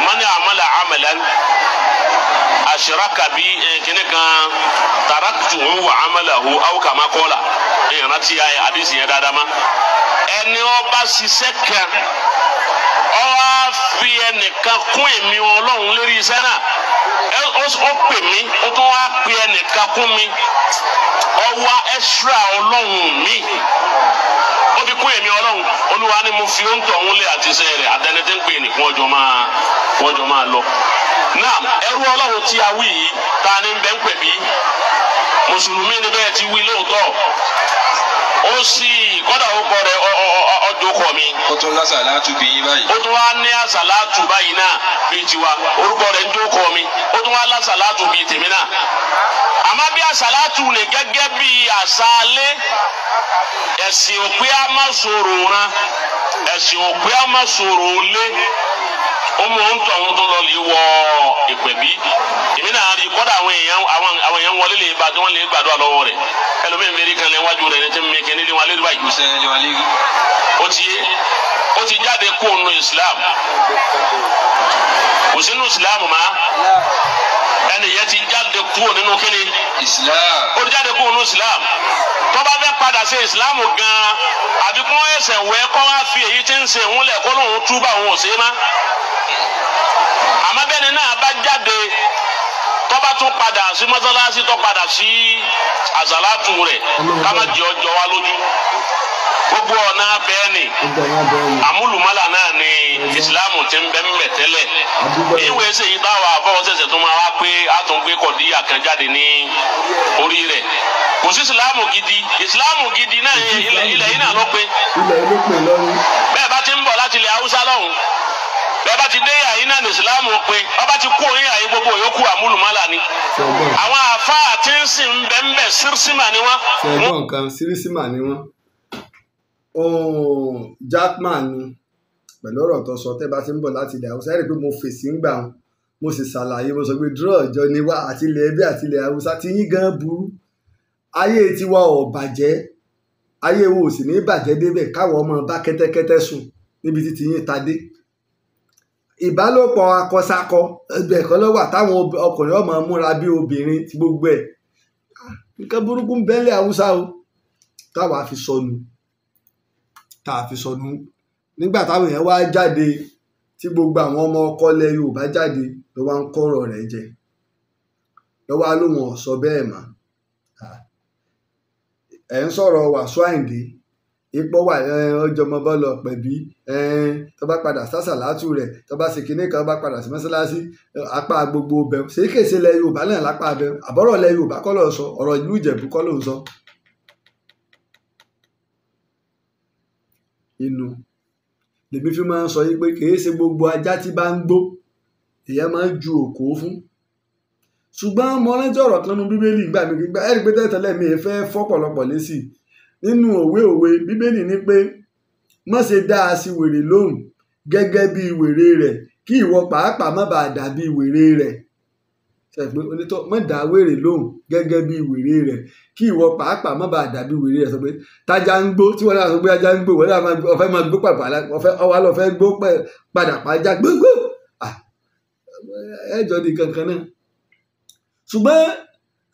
mọ́ni àmàlà àmàlà ashraka bi eh, kini kan taraktu wa amalahu aw kama qala ìyànnà tí a yẹ àdéhùn yẹn dáadáa ma ẹni ọba ṣiṣẹ́ kan ọba fi ẹnìkan kún èmi ọlọ́run lérí iṣẹ́ náà ó pè mí ó tún wá pe ẹnìkan kún mi ọwọ́ ẹ̀ṣúra ọlọ́run mi. ó fi kún èmi ọlọ́run olúwa ni mo fi ó ń tọ̀ ń lé rẹ̀ àtẹnitẹ́ ń pè ní lọ. naa ẹrú ọlọ́run tí a wí yìí ta ni ń bẹ́ ń pè ti wí lóòótọ́ ó sì kọ́dà ó rẹ̀ mi. ó tún yín báyìí. ó tún wá ní mi ó tún wá tèmi náà. àmọ́ bí àsálàtù lè gẹ́gẹ́ bí àsálé ẹ̀sìn òpé a má sọ̀rọ̀ ran ẹ̀sìn òpé a má sọ̀rọ̀ lé ọmọ òun tó àwọn tó lọ lè wọ ìpẹ̀bí èmi náà rí kọ́dà àwọn èèyàn àwọn àwọn èèyàn wọlé lè bá wọn lè gbàdúrà lọ́wọ́ rẹ̀ ẹlòmíín mẹ́rí kan lẹ́ wájú rẹ̀ ẹ̀jẹ̀ mẹ́kẹ́ nílé wọn alẹ́ báyìí ó ti ó ti jáde kó nu Islam kò sínú Islam mọ́ ẹni yẹn ti jáde kúrò nínú kíni. islam. ó ti jáde kúrò nínú islam. tó bá fẹ́ padà sí islam gan-an àbí kó ẹsẹ̀ wẹ́ kó wá fi èyí tí ń ṣe òun lẹ̀ kó lóun túbà òun ò sí má. àmọ́ bẹ́ẹ̀ ni náà bá jáde tó bá tún padà sí mọ́sálásí tó padà sí àzàlátù rẹ̀ ká má jẹ́ ọjọ́ wa lójú gbogbo ọ̀nà abẹ́ ni àmúlùmọ́là náà ni ìsìláàmù ti ń bẹ́ ń bẹ̀ tẹ́lẹ̀ ìwé ṣèyí táwọn àfọwọ́sẹ̀sẹ̀ tó máa wá pé a tún gbé kọ̀dí àkànjáde ní orí rẹ̀ kò sí ìsìláàmù gidi ìsìláàmù gidi náà ilẹ̀ yìí náà ló pé bẹ́ẹ̀ bá ti ń bọ̀ láti ilẹ̀ haúsá lọ́hùn bẹ́ẹ̀ bá ti dé yàyí náà ní ìsìláàmù pé ọba ti kú oyin àyè gbogbo yòókù àmúlùmọ́là ni àwọn àfáà tí ń sìn bẹ́ẹ̀ bẹ́ẹ̀ sírísìmà ni wọ́n. ṣẹ̀gbọ́n kan sírísìmà ni wọ́n um, Jackman ni pẹ̀lú ọ̀rọ̀ tó sọ tẹ́ bá ti ń bọ̀ láti ilẹ̀ haúsá ẹ̀rí pé mo fèsì ń gbà wọn mo sì ṣàlàyé mo sọ pé dúró ọjọ́ ni wá àti ilẹ̀ ẹbí àti ilẹ̀ haúsá ti yín gan burú ayé tiwa ò bàjẹ́ ayé wo ò sì ní bàjẹ́ débẹ̀ káwọn ọmọ bá kẹ́tẹ́kẹ́tẹ́ sùn níbi tí ti yín ta dé ìbálòpọ̀ akọsakọ ẹgbẹ́ ẹ̀kọ́ lọ́wọ́ àtàwọn ọkùnrin ọmọ múra bí obìnrin ti gbogbo ẹ̀ ah, nǹkan burúkú ń bẹ́lẹ̀ haúsá o táwa fi sọnù. So tá a fi sọdún nígbà táwọn èèyàn wá jáde tí gbogbo àwọn ọmọ ọkọ ilẹ̀ Yorùbá jáde ló wá ń kọ́rọ̀ rẹ̀ jẹ ló wá lóun ọ̀sọ́ bẹ́ẹ̀ mà ẹ̀ ń sọ̀rọ̀ Wàsíù Àyìndé ipò wà ọjọmọ bọlọ pẹbí tó bá padà sásà látù rẹ tó bá ṣe kinní kan bá padà sí mọ́ṣáláṣí apá gbogbo bẹ ṣèkèsè lẹ Yorùbá náà lápá bẹ àbọ̀rọ̀ lẹ Yorùbá kọ́ sọ ọ̀rọ̀ ìlú Ìjẹ̀bú kọ́ ló ń inú lèmi fi máa ń sọ yìí pé kì í ṣe gbogbo ajá tí bá ń gbó èèyàn máa ń ju òkò fún ṣùgbọ́n mo rántí ọ̀rọ̀ kan nu bíbélì gbà mí gbígbà ẹ̀rí pé tẹ́tẹ́lẹ̀ mi fẹ́ fọ́pọ̀lọpọ̀ lésì nínú òwe òwe bíbélì ni pé má ṣe dá a sí wèrè lóhùn gẹ́gẹ́ bí wèrè rẹ̀ kí ìwọ pàápàá má bàa dàbí wèrè rẹ̀ ṣẹ̀gbẹ́ onítọ̀ mọ̀dà wèrè lóhùn gẹ́gẹ́ bí wèrè rẹ̀ kí ìwọ pàápàá má bàa dàbí wèrè rẹ̀ sọ pé tájà ń gbó tí wọ́n náà sọ pé ajá ń gbó wọ́n náà ọ̀fẹ́ máa gbó pàpà ọ̀fẹ́ ọwọ́ lọ́ọ́ fẹ́ gbó padà pàjá gbógbó ẹjọ́ di kankan náà. ṣùgbọ́n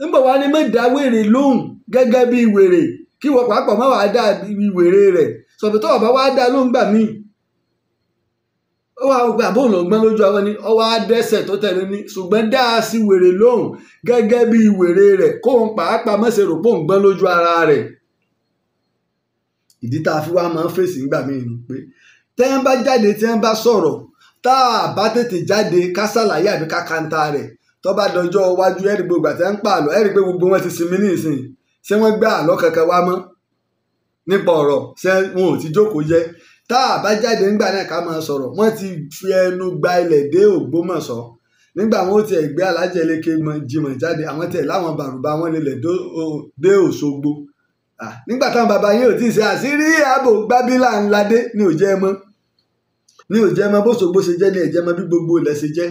ń bọ̀ wá ní mọ̀dà wèrè lóhùn gẹ́gẹ́ bí wèrè kí ìwọ pàápàá má wàá dàbí wèrè rẹ̀ sọ̀tọ̀ ó wá gbà bóun ló ń gbọ́n lójú àwọn ni ọwọ́ adẹ́sẹ̀ tó tẹ̀lé ní ṣùgbọ́n dá a sí wèrè lóhùn gẹ́gẹ́ bí wèrè rẹ̀ kóun pàápàá mọ̀ṣẹ̀ rò pòun gbọ́n lójú ara rẹ̀ ìdí tá a fi wá máa ń fèsì ńgbà míì ni pé tẹ́ ń bá jáde tí ń bá sọ̀rọ̀ tá a bá tètè jáde ká ṣàlàyé àbí ká kanta rẹ̀ tó bá dọjọ́ iwájú ẹ̀rí gbogbo àti ẹ̀ ń pààlọ́ ẹ̀rí pé gbogbo wọn ti sinmi ní ìsìn ṣé wọ́n gbé àlọ́ kankan wá mọ́ nípa ọ̀rọ̀ ṣé wọn ò ti jókòó jẹ́ tá a bá jáde nígbà náà ká máa sọ̀rọ̀ wọ́n ti fi ẹnu gba ilẹ̀ dé Ògbómọ̀ṣọ́ nígbà wọn ó tiẹ̀ gbé alájẹlẹ́kẹ jimọ̀ jáde àwọn tiẹ̀ láwọn bàrùbá wọn lélẹ̀ dé Òṣogbo nígbà táwọn bàbá yín ò tí ṣe àṣírí ààbò gbábílà ńládé ni ò jẹ́ mọ́ ni ò jẹ́ ẹ mọ́ bóṣogbo ṣe jẹ́ ni ẹ̀ mọ́ bí gbogbo ilẹ̀ ṣe jẹ́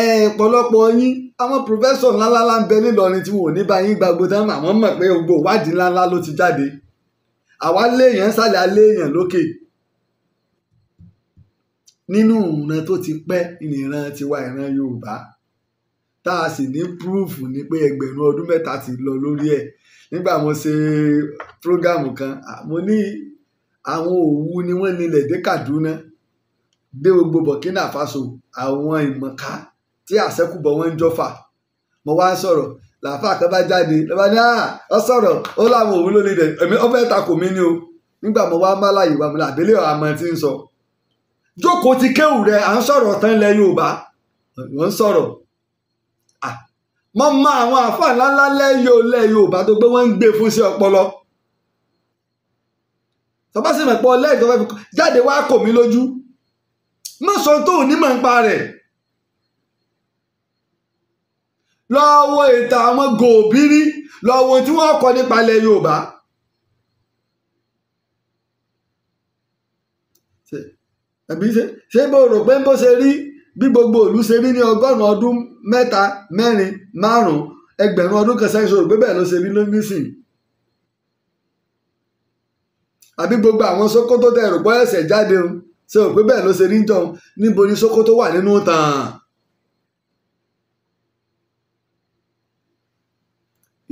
ẹ̀ pọ̀lọpọ̀ yín àwọn pòfẹ́sọ̀ ńláńlá ń bẹ nílọrin tí wọn ò ní bá yín gbàgbó dáhùn àwọn mọ̀ pé gbogbo ìwádìí ńláńlá ló ti jáde àwa léèyàn sálẹ̀ aléèyàn lókè nínú ìran tó ti pẹ́ ìran tiwa ìran Yorùbá tá a sì ní púrúfù ni pé ẹgbẹ̀rún ọdún mẹ́ta ti lọ lórí ẹ̀ nígbà mo ṣe prógámù kan mo ní àwọn Òwu ni wọ́n nílẹ̀ dé Kaduna dé gbogbo Burkina Faso àwọn ìmọ̀ká tí àṣẹ́kùbọ̀ wọn ń jọ́fà mo wá sọ̀rọ̀ làáfà kan jáde: jáde lọ́ba ní ọ ah, sọ̀rọ̀ ó láwọn òun lórí rẹ̀ èmi ọ fẹ́ takò mí ni o nígbà mo wá má láyè wà mí àbílẹ̀ ti ń sọ jókòó ti kéwù rẹ̀ à ń tán Yorùbá ń àwọn ńláńlá tó gbé wọ́n gbé fún sí ọpọlọ sì mọ̀ jáde wá kò lójú lọ́wọ́ ìtàn àwọn gòbírí lọ́wọ́ tí wọ́n kọ́ nípa ilẹ̀ Yorùbá. ẹ̀bí ṣe ṣé bó rò pé bó ṣe rí bí gbogbo ìlú ṣe rí ní ọgọ́rùn-ún ọdún mẹ́ta mẹ́rin márùn-ún ẹgbẹ̀rún ọdún kan sẹ́yìn sọ̀rọ̀ pé bẹ́ẹ̀ ló ṣe rí nísìnyí. àbí gbogbo àwọn Sókótó tẹ ẹ̀rọ pọ́ ẹ̀sẹ̀ jáde ṣe rò pé ló ṣe rí jọun níbo ni Sókótó wà nínú tàn án.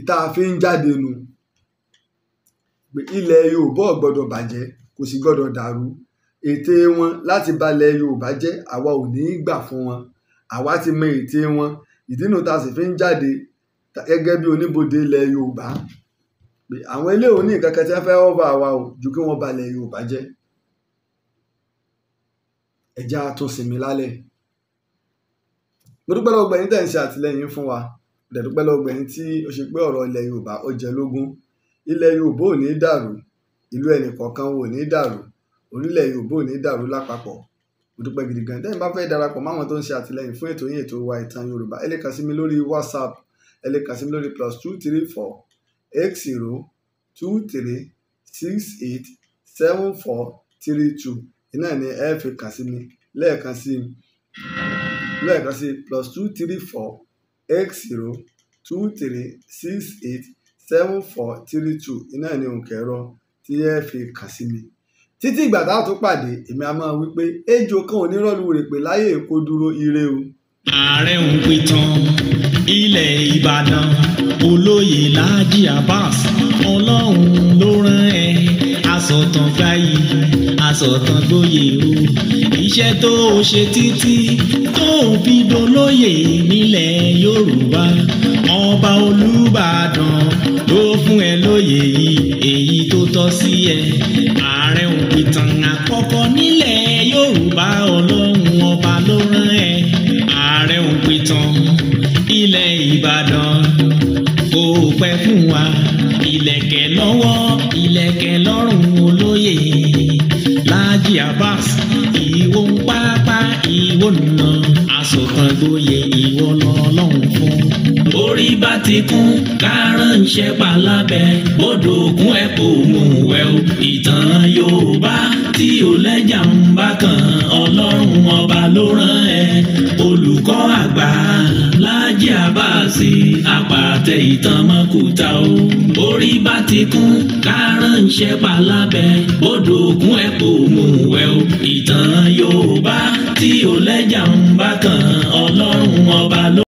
ìta fi ń jáde nù pé ilẹ̀ Yorùbá ò gbọ́dọ̀ bàjẹ́ kò sì gbọ́dọ̀ dàrú ète wọn láti balẹ̀ Yorùbá jẹ́ àwa ò ní í gbà fún wọn àwa ti mọ ète wọn ìdínú ta sì fi ń jáde gẹ́gẹ́ bí oníbodè ilẹ̀ Yorùbá pé àwọn ilé òní kankan tí wọ́n fẹ́ ọ́fà wa o ju kí wọ́n balẹ̀ Yorùbá jẹ́ ẹ̀já tún sinmi lálẹ́ mo dúpẹ́ lọ́wọ́ gbẹ̀yìn tẹ̀ ń ṣe àtìlẹ́yìn fún wa dẹ̀dúpẹ́ lọ́gbà ẹni tí ó ṣe pé ọ̀rọ̀ ilẹ̀ yorùbá ó jẹ lógún ilẹ̀ yorùbá ò ní dàrú ìlú ẹnì kọ̀ọ̀kan ò ní dàrú orílẹ̀ yorùbá ò ní dàrú lápapọ̀ mo gidi gan tẹ́yìn bá fẹ́ darapọ̀ máwọn tó ń ṣe àtìlẹyìn fún ètò yín ètò wa ìtàn yorùbá ẹ lè kàn sí mi lórí whatsapp ẹ lè kàn sí mi lórí plus two three four eight zero two three six eight seven four three two iná ni ẹ fi kàn sí mi lẹ́ẹ̀kan sí lẹ́ẹ̀kan sí plus two three four eight zero two three six eight seven four three two iná ní òǹkà ẹ̀rọ tí ẹ fi kàn sí mi títí ìgbà táwọn tó pàdé èmi a máa wí pé ejò kan ò ní rọ́ọ̀lù rè pé láyé èkó dúró ire o. ààrẹ ń pìtàn ilẹ̀ ìbàdàn olóyè Láàjì Abbas ọlọ́run ló rán ẹ asọ̀tàn fáyì asọ̀tàn gbóyè o iṣẹ́ tó o ṣe títí tó o fi dolóyè nílẹ̀ Yorùbá ọba Olúbàdàn ló fún ẹ lóyè yìí èyí tó tọ́ sí ẹ ààrẹ òpìtàn àkọ́kọ́ nílẹ̀ Yorùbá ọlọ́run ọba ló rán ẹ ààrẹ òpìtàn ilẹ̀ Ìbàdàn kò pẹ́ fún wa ìlẹ̀kẹ̀ lọ́wọ́ ìlẹ̀kẹ̀ lọ́rùn olóyè Láàjì Abbas ìwọ nìyàn asọ̀kan gbóyè ìwọ lọ́lọ́run torí bá ti kú kárán ń ṣe palábẹ́ bódò òkun ẹ̀ kò mú wẹ̀ o ìtàn Yorùbá tí ò lẹ́jà ń bá kan ọlọ́run ọba ló rán ẹ olùkọ́ àgbà Láàjì Àbáàsì àpàtẹ ìtàn mọ́kúta o orí bá ti kú kárán ń ṣe palábẹ́ bódò òkun ẹ̀ kò mú wẹ̀ o ìtàn Yorùbá tí ò lẹ́jà ń bá kan ọlọ́run ọba ló